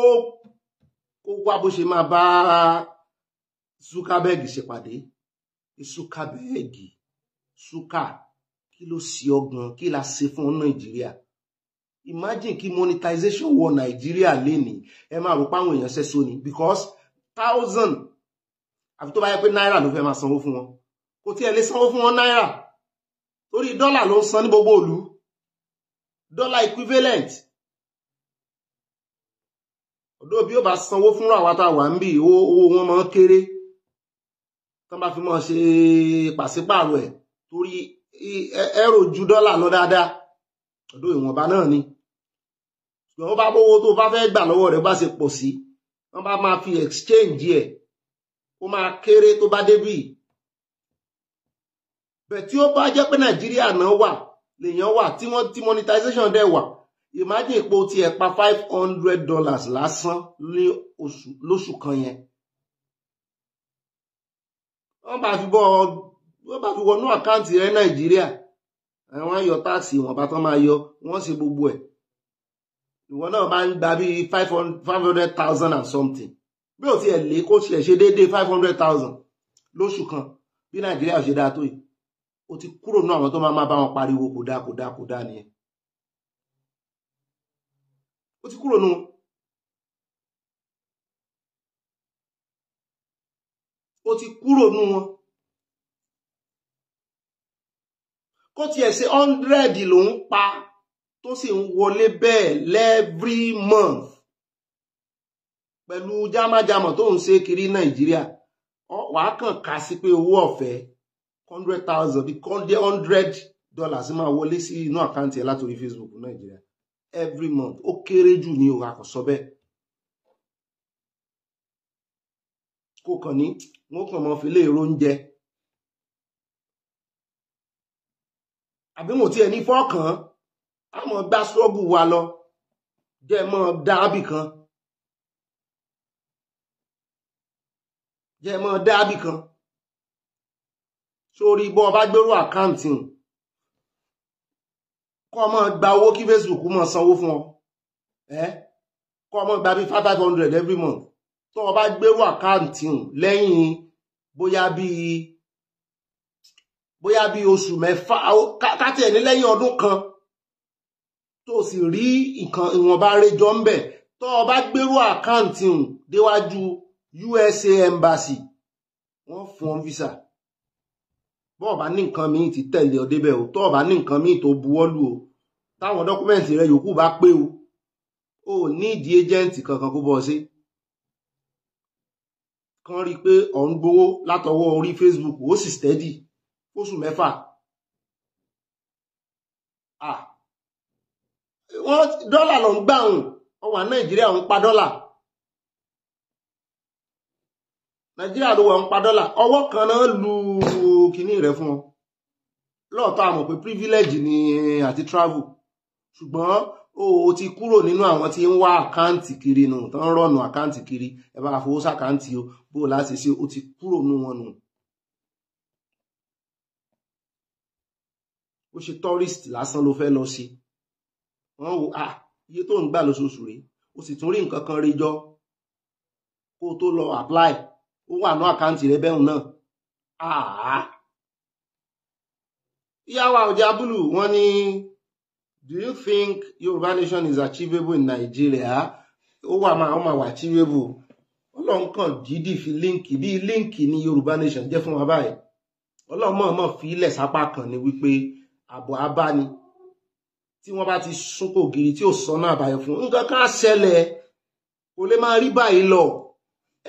kó wá bó ṣe máa bá zuckerberg ṣèpàdé zuckerberg zuka kí ló sí ọgbọ́n kí la ṣe fún nàìjíríà imagine kí monetization wọ nàìjíríà lénìí ẹ máa rò páwọn èèyàn ṣẹ́ sóni because thousand àfi tó bá yẹ pé náírà ló fẹ́ máa sanwó fún wọn kò tiẹ̀ lè sanwó fún wọn náírà torí dọ́là ló ń san ní gbogbo ìlú dọ́là equivalent ọ̀dọ́ bí ó bá sanwó fún àwọn àtàwà ń bì owó wọn máa ń kéré tán bá fi mọ́ ṣe pàṣípààrọ̀ ẹ̀ torí ẹ̀rọ ju dọ́là lọ dáadáa ọ̀dọ́ ìwọ̀nba náà ni ṣùgbọ́n ó bá bówó tó bá fẹ́ gbà lọ́wọ́ rẹ̀ bá ṣe pọ̀ sí wọ́n bá máa fi exchange ẹ̀ ó máa kéré tó bá débì bẹ̀ tí ó bá jẹ́ pé nàìjíríà náà wà lèèyàn wà tí wọ́n ti monetization dẹ̀ wà imagine epo ti ẹ̀ pa five hundred dollars lásán lóṣù kan yẹn wọ́n bá fi bọ́ wọ́n bá fi wọnú àkáǹtì rẹ nàìjíríà àwọn ayọ̀ táàsì wọn bá tán máa yọ wọ́n ṣe gbogbo ẹ̀ ìwọ náà bá ń gba bíi five hundred thousand and something bí o ti ẹ̀ lé kó ṣe ṣe déédéé five hundred thousand lóṣù kan bí nàìjíríà ṣe dáa tó yìí ó ti kúrò náà àwọn tó máa máa bá wọn pariwo kò dáa kò dáa kò dáa nìyẹn ó ti kúrò nù ó ti kúrò nù wọn kó tiẹ̀ ṣe hundred ló ń pa tó sì ń wọlé bẹ́ẹ̀ lẹ́ẹ̀rí month pẹ̀lú jámájámọ̀ tó ń ṣe kiri Nàìjíríà wàá kàn ká sí pé owó ọ̀fẹ́ hundred thousand bí kọ́ndé hundred dollars máa wọlé sí inú àkáǹtì ẹ látòrí Facebook nàìjíríà every month ó kéré jù ní òun àkọsọ bẹ́ẹ̀. kò kàn ní wọn kàn máa fi lé èrò oúnjẹ àbí mo tiẹ̀ ní fọ́ọ̀kàn á mọ̀ gbá ṣọ́ọ̀bù wa lọ jẹ́ mọ́ dáàbì kan jẹ́ mọ́ dáàbì kan sórí bọ́ ọba gbérú àkáǹtì kọ́ mọ́ gba owó kí Facebook mọ́ sanwó fún ọ ẹ́ kọ́ mọ́ gba bí five hundred every month tó ọba gbérú àkáǹtì lẹ́yìn bóyá bí bóyá bí oṣù mẹ́fà káti ẹ̀ ní lẹ́yìn ọdún kan tó sì rí nǹkan ìwọ̀nba rẹjọ ń bẹ̀ tó ọba gbérú àkáǹtì déwájú USA Embassy wọ́n fún ọ visa tó o bá ní nǹkan míì ti tẹ̀lé ọ débẹ̀ o tó o bá ní nǹkan míì tó buwọ́lù o táwọn dọ́kúmẹ̀ntì rẹ yòókù bá pé o ò ní ìdí ẹjẹ́ǹtì kankan kó bọ́ sí kan rí i pé ọ̀ ń gbowó látọwọ́ orí Facebook ó sì stẹ́dì fóṣù mẹ́fà wọ́n dọ́là ló ń gbà òun ọwà Nàìjíríà ń pa dọ́là Nàìjíríà ló wà ń pa dọ́là ọwọ́ kan náà lu kinní rẹ fún ọ lóòótọ́ a mọ̀ pé privilege ni eh, àti travel ṣùgbọ́n o ti kúrò nínú àwọn tí ń wá àkáǹtì kiri nù tó ń rọ̀nù àkáǹtì kiri ẹ bá fowó sàkáǹtì o bó o láti ṣe o ti kúrò nínú wọn nù. ó ṣe tourist lásán ló fẹ́ lọ ṣe wọ́n wo ah iye tó ń gbà lóṣooṣù rèé o sì tún rí nǹkan kan rí jọ kó o tó lọ apply ó wà ní àkáǹtì rẹ bẹ́ẹ̀ náà ah, ìyáwá ọjàbùlù wọn ní do you think yorùbá nation is achievable in nigeria ó wà máa wà achievable ọlọ́run kan dídì fi líǹkì bíi líǹkì ní yorùbá nation jẹ́ fún wa báyìí ọlọ́run mọ̀ọ́mọ̀ fi ilẹ̀ sápá kan ni wípé ààbò abáni tí wọ́n bá ti súnkò gírí tí ò sọ́nà àbáyọ fún nǹkan kan ṣẹlẹ̀ kò lè máa rí báyìí lọ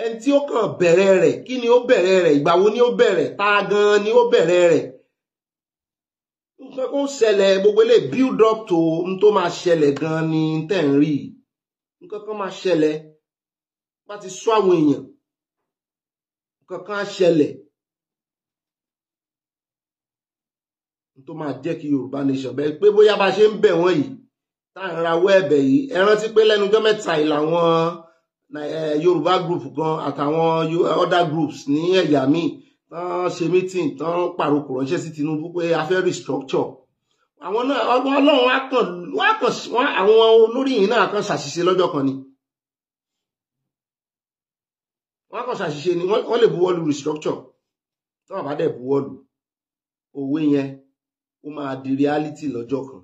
ẹni tí ó kàn bẹ̀rẹ̀ rẹ̀ kí ni ó bẹ̀rẹ̀ rẹ̀ ìgbà wo ni ó bẹ̀rẹ̀ ta gan ni ó bẹ̀rẹ̀ rẹ̀ ó ṣẹlẹ̀ gbogbo ilé build up to n tó máa ṣẹlẹ̀ gan ni tẹ̀ ń rí nǹkan kan máa ṣẹlẹ̀ bá ti sọ àwọn èèyàn nǹkan kan á ṣẹlẹ̀ n tó máa jẹ́ kí Yorùbá nation bẹ́ẹ̀ pé bóyá bá ṣe ń bẹ̀ wọ́n yìí tá à ń rawọ́ ẹ̀bẹ̀ yìí ẹ rántí pé lẹ́nujọ́ mẹ́ta yìí làwọn eh, Yorùbá group gan àtàwọn other groups ní ẹ̀yà míì tán ṣe meeting tán pàrokò ránṣẹ́ sí Tinubu pé a fẹ́ restructure àwọn náà Ọlọ́run á kàn wọ́n á kàn wọ́n àwọn olórí yìí náà kàn ṣàṣìṣe lọ́jọ́ kan ni wọ́n kàn ṣàṣìṣe ni wọ́n lè buwọ́lu restructure tọ́wọ́ bá dẹ̀ buwọ́lu òwe yẹn ó máa di reality lọ́jọ́ kan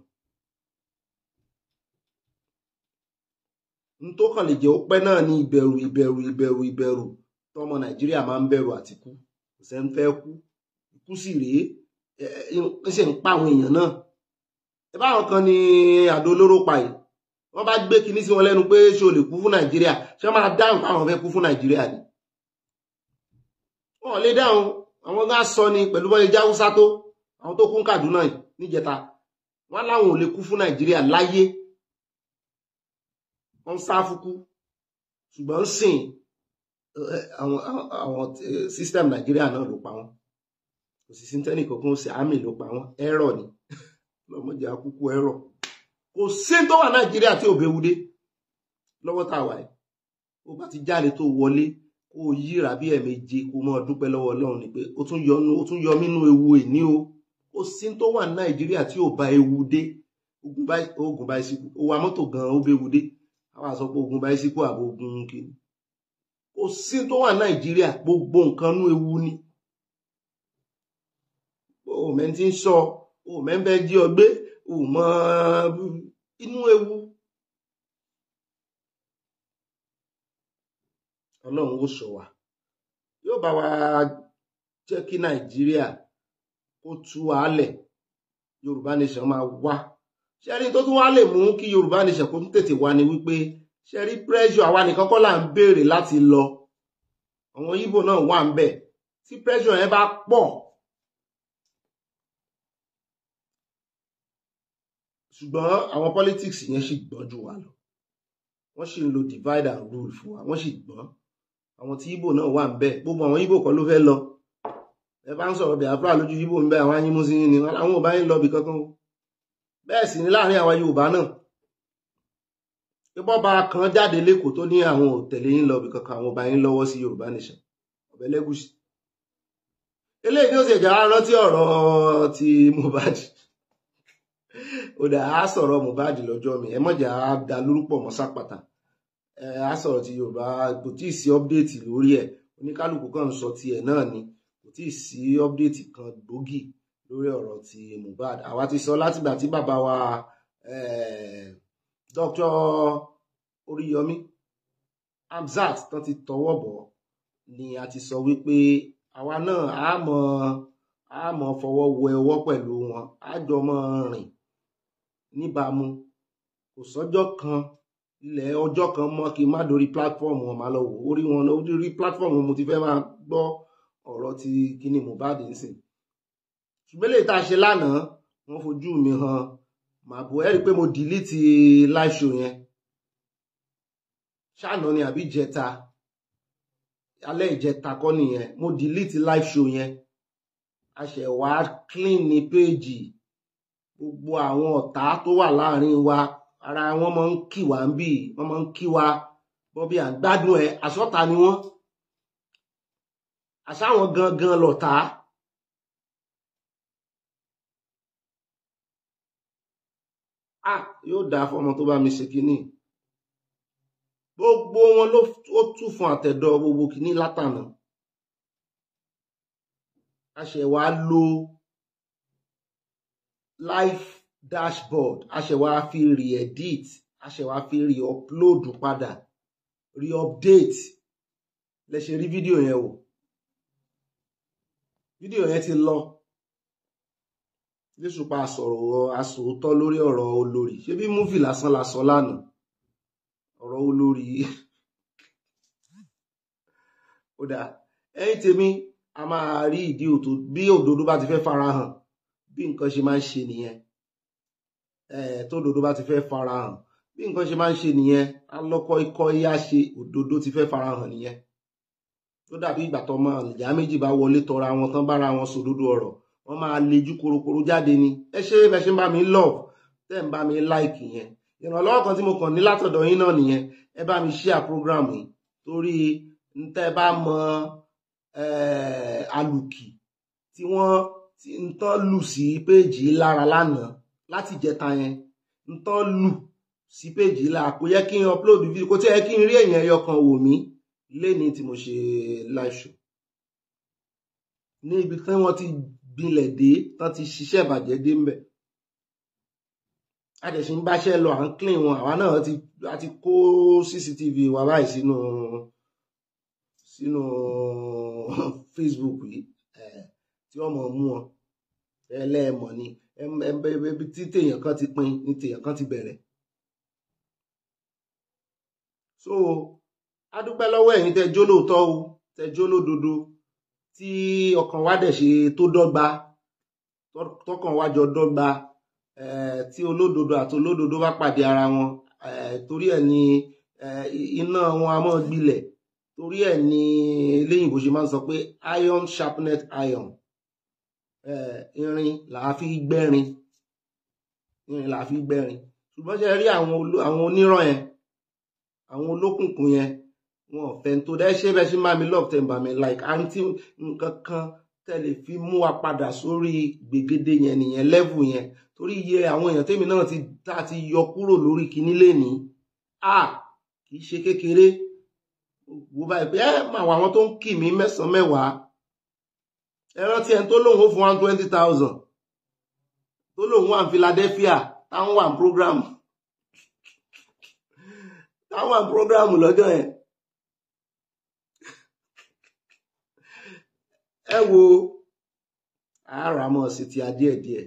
kò sẹ́ ń fẹ́ kú ikú sì rèé ẹ ṣe ń pa àwọn èèyàn náà ẹ báwọn kan ni àdó olóró pa yìí wọ́n bá gbé kinní sí wọn lẹ́nu pé ṣé o lè kú fún nàìjíríà ṣé wọ́n máa dáhùn káwọn fẹ́ kú fún nàìjíríà ni wọ́n lè dáhùn àwọn gá sọ ni pẹ̀lú bọ́lẹ̀ jáwúsá tó àwọn tó kún kàdúnà níjẹta wọ́n láwọn ò lè kú fún nàìjíríà láyé wọ́n ń sáfúkú ṣùgbọ́n sìn àwọn àwọn eh, system nàìjíríà náà ló pa wọn kò sì síntẹ́nì kankan ṣe àmì ló pa wọn ẹ̀rọ ni lọ́mọdé akúkú ẹ̀rọ kò sí tó wà nàìjíríà tí ò bẹ wúdé lọ́wọ́ tá a wà yìí ó bá ti jáde tó wọlé kó o yíra bí ẹ̀ẹ̀mejì kó o mọ dúpẹ́ lọ́wọ́ ọlọ́run ni pé ó tún yọ mínú ewu ìní o kò sí tó wà nàìjíríà tí ò bá ewu dé ogun báyìí ogun báyìí síkú ó wa mọ́tò gan-an ó bẹ ewu dé àwọn àsọpọ̀ ogun báyìí síkú àbò ogun kìíní kò sí tó wà nàìjíríà gbogbo nǹkan nú ewu ni òmẹ ti ń sọ òmẹ ń bẹ jí o mọ inú ewu ọlọ́run ó sọ wá yóò bá wa jẹ́ kí nàìjíríà kó tú àálẹ̀ yorùbá nation máa wá ṣẹ́ni tó tún wá lè mú kí yorùbá nation kó tètè wá ni wípé ṣe rí pressure àwa nìkan kọ́ là ń béèrè láti lọ àwọn Ìgbò náà wà ń bẹ̀ tí pressure yẹn bá pọ̀ ṣùgbọ́n àwọn politics yẹn sì gbọ́n jù wá lọ wọ́n sì ń lo divide and rule fún wa wọ́n sì gbọ́n àwọn tí Ìgbò náà wà ń bẹ̀ gbogbo àwọn Ìgbò kan ló fẹ́ lọ ẹ bá ń sọ̀rọ̀ Biafra lójú Ìgbò ń bẹ àwọn ayé mú sí yín ni àwọn ò bá yín lọ bì kankan bẹ́ẹ̀ sì ni láàrin àwa Yorùbá náà tí bọ́ba kan jáde lẹ́kọ̀ọ́ tó ní àwọn ò yín lọ bí kankan àwọn ọba yín lọ́wọ́ sí Yorùbá nation ọ̀bẹ lẹ́gùsì eléyìí ni ó sì ẹ̀já rántí ọ̀rọ̀ ti Mohbad ó dà á sọ̀rọ̀ Mohbad lọ́jọ́ mi ẹ mọ̀jà á da lórúkọ mọ́ sápàtà ẹ á sọ̀rọ̀ ti Yorùbá kò tí ì sí ọ́pdéètì lórí ẹ̀ oníkálukú kan ń sọ tiẹ̀ náà ni kò tí ì sí ọ́pdéètì kan gbòógì lórí ọ̀rọ̀ ti Mohbad àwa ti sọ látìgbà tí bàbá wa Dr. Oríyọmí Hamzat tán ti tọwọ́ bọ̀ ni a ti sọ wípé àwa náà a mọ a mọ fọwọ́ wọ ẹwọ́ pẹ̀lú wọn a jọ mọ rìn níbàámu kò sọ́jọ́ kan ilẹ̀ ọjọ́ kan mọ́ kí n má dórí platform wọn máa lọ wò orí wọn orí platform mo ti fẹ́ máa gbọ́ ọ̀rọ̀ ti kíní Mohbad nsìn ṣùgbọ́n lè tá a ṣe lánàá wọ́n fojú mi hàn màá bò ẹ́ rí i pé mo delete live yẹn ṣáàná ni àbí jẹta alẹ́ ìjẹta kọ́ nìyẹn mo delete live show yẹn a ṣẹ̀ wá clean ní péèjì gbogbo àwọn ọ̀tá tó wà láàrin wa ara wọn máa ń kì wá ń bì wọn máa ń kì wá bọ́bí à ń gbádùn ẹ àsọ́ta ni wọ́n àsáwọn gangan lọ̀tá. ah yóò dáa fọmọ tó bá mi ṣe kínní gbogbo wọn ló tú fún àtẹ̀dọ̀ gbogbo kìíní látànà a ṣẹ̀ wá lo live dashboard a ṣẹ̀ wá fi re-edit a ṣẹ̀ wá fi re-upload padà re-update lẹ ṣe rí fídíò yẹn o fídíò yẹn ti lọ Léṣùpá sọ̀rọ̀ àsòótọ́ lórí ọ̀rọ̀ olórí ṣebí múfì lásán lásán lánàá ọ̀rọ̀ olórí ó dáa ẹ̀yin tèmi a máa rí ìdí òtò bí òdodo bá ti fẹ́ farahàn bí nǹkan ṣe máa ń ṣe nìyẹn tó òdodo bá ti fẹ́ farahàn bí nǹkan ṣe máa ń ṣe nìyẹn alọ́kọ́ ikọ́ yá ṣe òdodo ti fẹ́ farahàn nìyẹn tó dàbí ìgbà tọmọ ìjà méjì bá wọlé tọra wọn tán bára wọn sòdodo ọ̀rọ̀ wọ́n máa lejú korokoro jáde ni ẹ ṣe bẹ ṣe ń bá mi love tẹ́ ń bá mi like yẹn ìrànlọ́wọ́ kan tí mo kàn ní látọ̀dọ̀ yín náà nìyẹn ẹ bá mi share program yìí torí ń tẹ́ bá mọ alùkì eh, tí wọ́n ń tán lù sí péèjì lára lánàá láti jẹta yẹn ń tán lù sí péèjì lára kò yẹ kí n upload video kò tí yẹ kí n rí èèyàn ẹyọ kan wò mí léni tí mo ṣe live show ní ibi tí wọ́n ti gbilẹ̀ dé tán ti ṣiṣẹ́ ìbàjẹ́ dé ń bẹ̀ a dẹ̀ ṣe ń báṣẹ́ lọ à ń clean wọn àwa náà a ti kó cctv wa báyìí sínú sínú facebook yìí eh, tí wọ́n mọ̀ mú wọn ẹlẹ́ẹ̀mọ̀ ni ẹbí tí tèèyàn kan ti pin ni tèèyàn kan ti bẹ̀rẹ̀ so a dúpẹ́ lọ́wọ́ ẹ̀yin tẹ́ jó lóòótọ́ o tẹ́ jó lódodo tí ọkàn wa dẹ̀ ṣe tó dọ́gba tọkàn wa jọ dọ́gba Eh, tí olódodo àti olódodo bá pàdé ara wọn eh, torí ẹ̀ ni eh, iná wọn a mọ́ gbilẹ̀ torí ẹ̀ ni eléyìnbó ṣe máa ń sọ pé iron sharpened iron irin làá fi gbẹ́rin irin làá fi gbẹ́rin ṣùgbọ́n ṣe rí àwọn oníràn yẹn àwọn olókùnkùn yẹn wọn ò fẹ́ bẹ́ẹ̀ ṣe máa mi love tẹ̀ ń like àǹtí nǹkan kan tẹ̀lé fi mú wa padà sórí gbègede yẹn nìyẹn level yẹn torí iye àwọn èèyàn tèmi náà ti tá ti yọ kúrò lórí kinní lénìí a kì í ṣe kékeré wo báyìí pé ẹ mà wà àwọn tó ń kì mí mẹ́sàn-án mẹ́wàá ẹ rántí ẹni tó lóun ó fún one twenty thousand tó lóun wà ní Philadelphia táwọn wà ní program táwọn wà ní program lọ́jọ́ yẹn ẹ wo àáràmọ̀ sí ti adíẹ̀díẹ̀.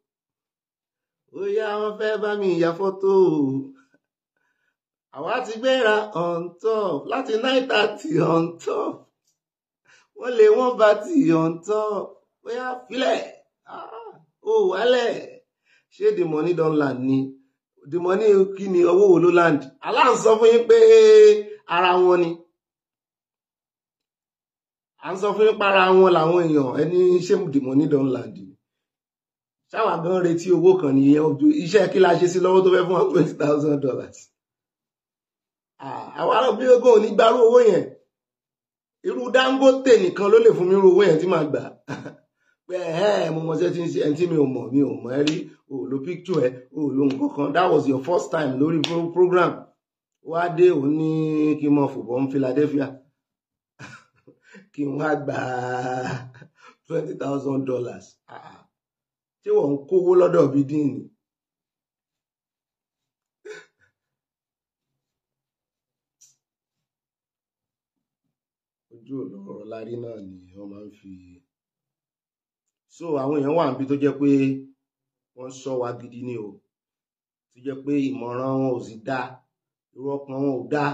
ó yá wọn fẹ́ bá mi ya fọ́tò àwa ti gbéra on top láti nine thirty on top wọ́n lè wọ́n bá ti on top bóyá filẹ̀ ó ah, wálẹ̀ ṣé the money don land ni the money kí ni owó wo ló land aláǹ sọ fún yín pé ara wọn ni à ń sọ fún yín para wọn làwọn èèyàn ẹni ṣé the money don land ni sáwọn gan retí owó kan nìyẹn ojú iṣẹ́ kí la ṣe sí lọ́wọ́ tó fẹ́ fún wa twenty thousand dollars ah, àwọn ará bí ogún òní gbárù owó yẹn irú Dangote nìkan ló lè fún mi irú owó yẹn tí màá gbà pé ẹ̀hẹ́n mo mọ̀ ṣe ti ń ṣe ẹni tí mi ò mọ̀ mi ò mọ̀ ẹ́ rí o ò lo píktù ẹ o ò lo nǹkan kan that was your first time lórí program wá dé òun ní kí n mọ fòbọ̀ ń Philadelphia kí n wá gba twenty thousand dollars. Ah tí wọ́n ń kówó lọ́dọ̀ bí díìnì. ojú ọ̀rọ̀ lárí náà ni wọ́n máa ń fi so àwọn èèyàn wà níbi tó jẹ́ pé wọ́n sọ wá gidi ni o tó jẹ́ pé ìmọ̀ràn wọn ò sì dáa irú ọkàn wọn ò dáa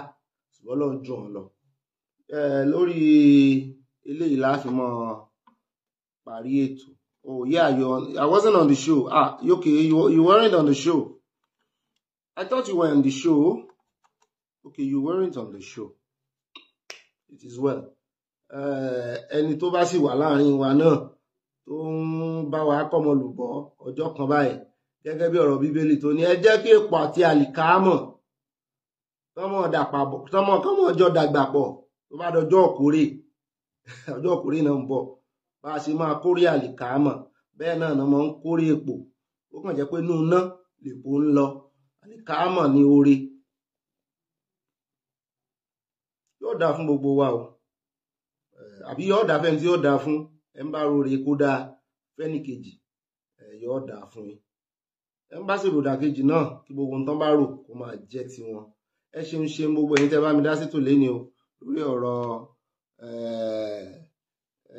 ṣùgbọ́n lọ́n jù wọn lọ lórí eléyìí láàfin mọ́ parí ètò Oh yeah, you on. I wasn't on the show. Ah, okay, you you weren't on the show. I thought you were on the show. Okay, you weren't on the show. It is well. Uh, tó bá sì wà láàrin wa náà tó ń bá wa kọ́mọ lùbọ́ ọjọ́ kan báyìí gẹ́gẹ́ bí ọ̀rọ̀ Bíbélì tó ní ẹ jẹ́ kí èpò ojo àlìkámọ̀ tọmọ dàpapọ̀ tọmọ kọ́mọ ọjọ́ dàgbà pọ̀ tó bá dọjọ́ òkúrè ọjọ́ bá a ṣe máa kórè àlìkámà bẹ́ẹ̀ náà ni wọ́n ń kórè èpò ó kàn jẹ́ pé inú iná lèpo ń lọ àlìkámà ní oore yóò dáa fún gbogbo wa o àbí yóò dáa fẹ́ni tí yóò dáa fún ẹ ń bá rore kó dáa fẹ́ni kejì ẹ yóò dáa fún yín ẹ ń bá sì ròdà kejì náà kí gbogbo ohun tán bá rò kó máa jẹ́ tiwọn ẹ ṣeun ṣeun gbogbo ẹ̀yin tẹ́ bá mi dá sí tòlẹ́ni o lórí ọ̀rọ̀ ẹ̀ẹ́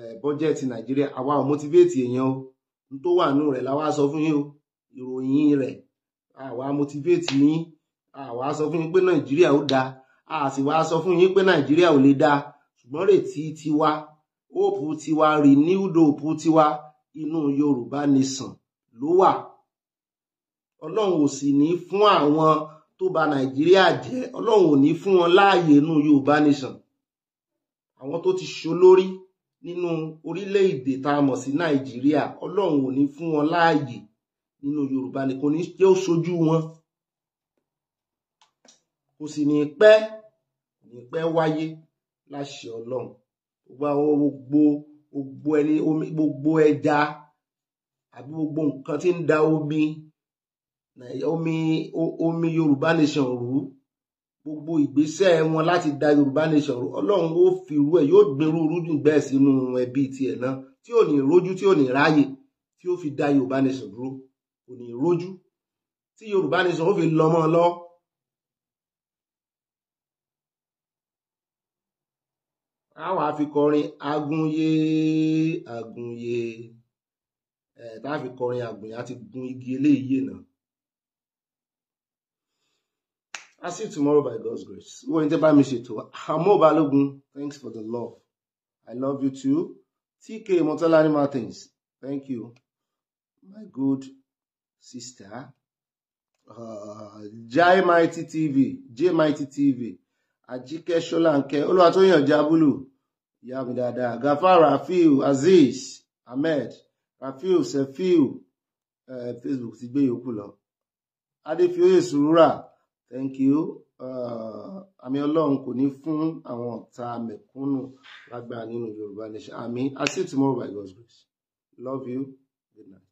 Eh, bọ́jẹ̀tì nàìjíríà àwa ò motivate èèyàn o n tó wà nù rẹ̀ làwa sọ fún yín o ìròyìn rẹ̀ àwa motivate yín àwa sọ fún yín pé nàìjíríà ó dáa a sì wá sọ fún yín pé nàìjíríà ò lè dáa ṣùgbọ́n rètí tiwa hope tiwa renewed hope tiwa inú yorùbá nation ló wà ọlọ́run ò sì ní fún àwọn tó bà nàìjíríà jẹ́ ọlọ́run ò ní fún wọn láàyè inú yorùbá nation àwọn tó ti ṣolórí nínú orílẹ̀-èdè tá a mọ̀ sí nàìjíríà ọlọ́run ò ní fún wọn láàyè nínú yorùbá ni kò ní jẹ́ ó ṣojú wọn kò sì ní pẹ́ ní pẹ́ wáyé láṣẹ ọlọ́run gbogbo àwọn gbogbo gbogbo ẹni omi gbogbo ẹja àbí gbogbo nǹkan tí ń da omi omi yorùbá nation rú gbogbo ìgbésẹ̀ wọn láti da yorùbá nation ro ọlọ́run ó fi irú ẹ̀ yóò gbèrú rúdùn bẹ́ẹ̀ sínú ẹbí tiẹ̀ náà tí ò ní rójú tí ò ní ráàyè tí ó fi da yorùbá nation dúró kò ní rójú tí yorùbá nation ó fi lọ́mọ lọ. àwọn àfikọrin agúnyé agúnyé ẹ tá fi kọrin agúnyé àti gun igi eléyìí náà. I'll see you tomorrow by God's grace. Wọ́n ní tẹ́ bá mi ṣètò. Hamo Balógun, thanks for the love. I love you too. TK Motolani Martins, thank you. My good sister. Uh, Jai Mighty TV, Jai Mighty TV. Ajike Sholanke, Olúwatóyàn Jabulu. Ìyá mi dáadáa. Gafar Rafiu, Aziz, Ahmed, Rafiu, Sefiu. Uh, Facebook ti gbé yòókù lọ. Surura thank you uh, àmì ọlọ́run kò ní fún àwọn ọ̀tá mẹ̀kúnnù lágbára nínú yorùbá nation àmì i see you tomorrow by god's grace love you good night.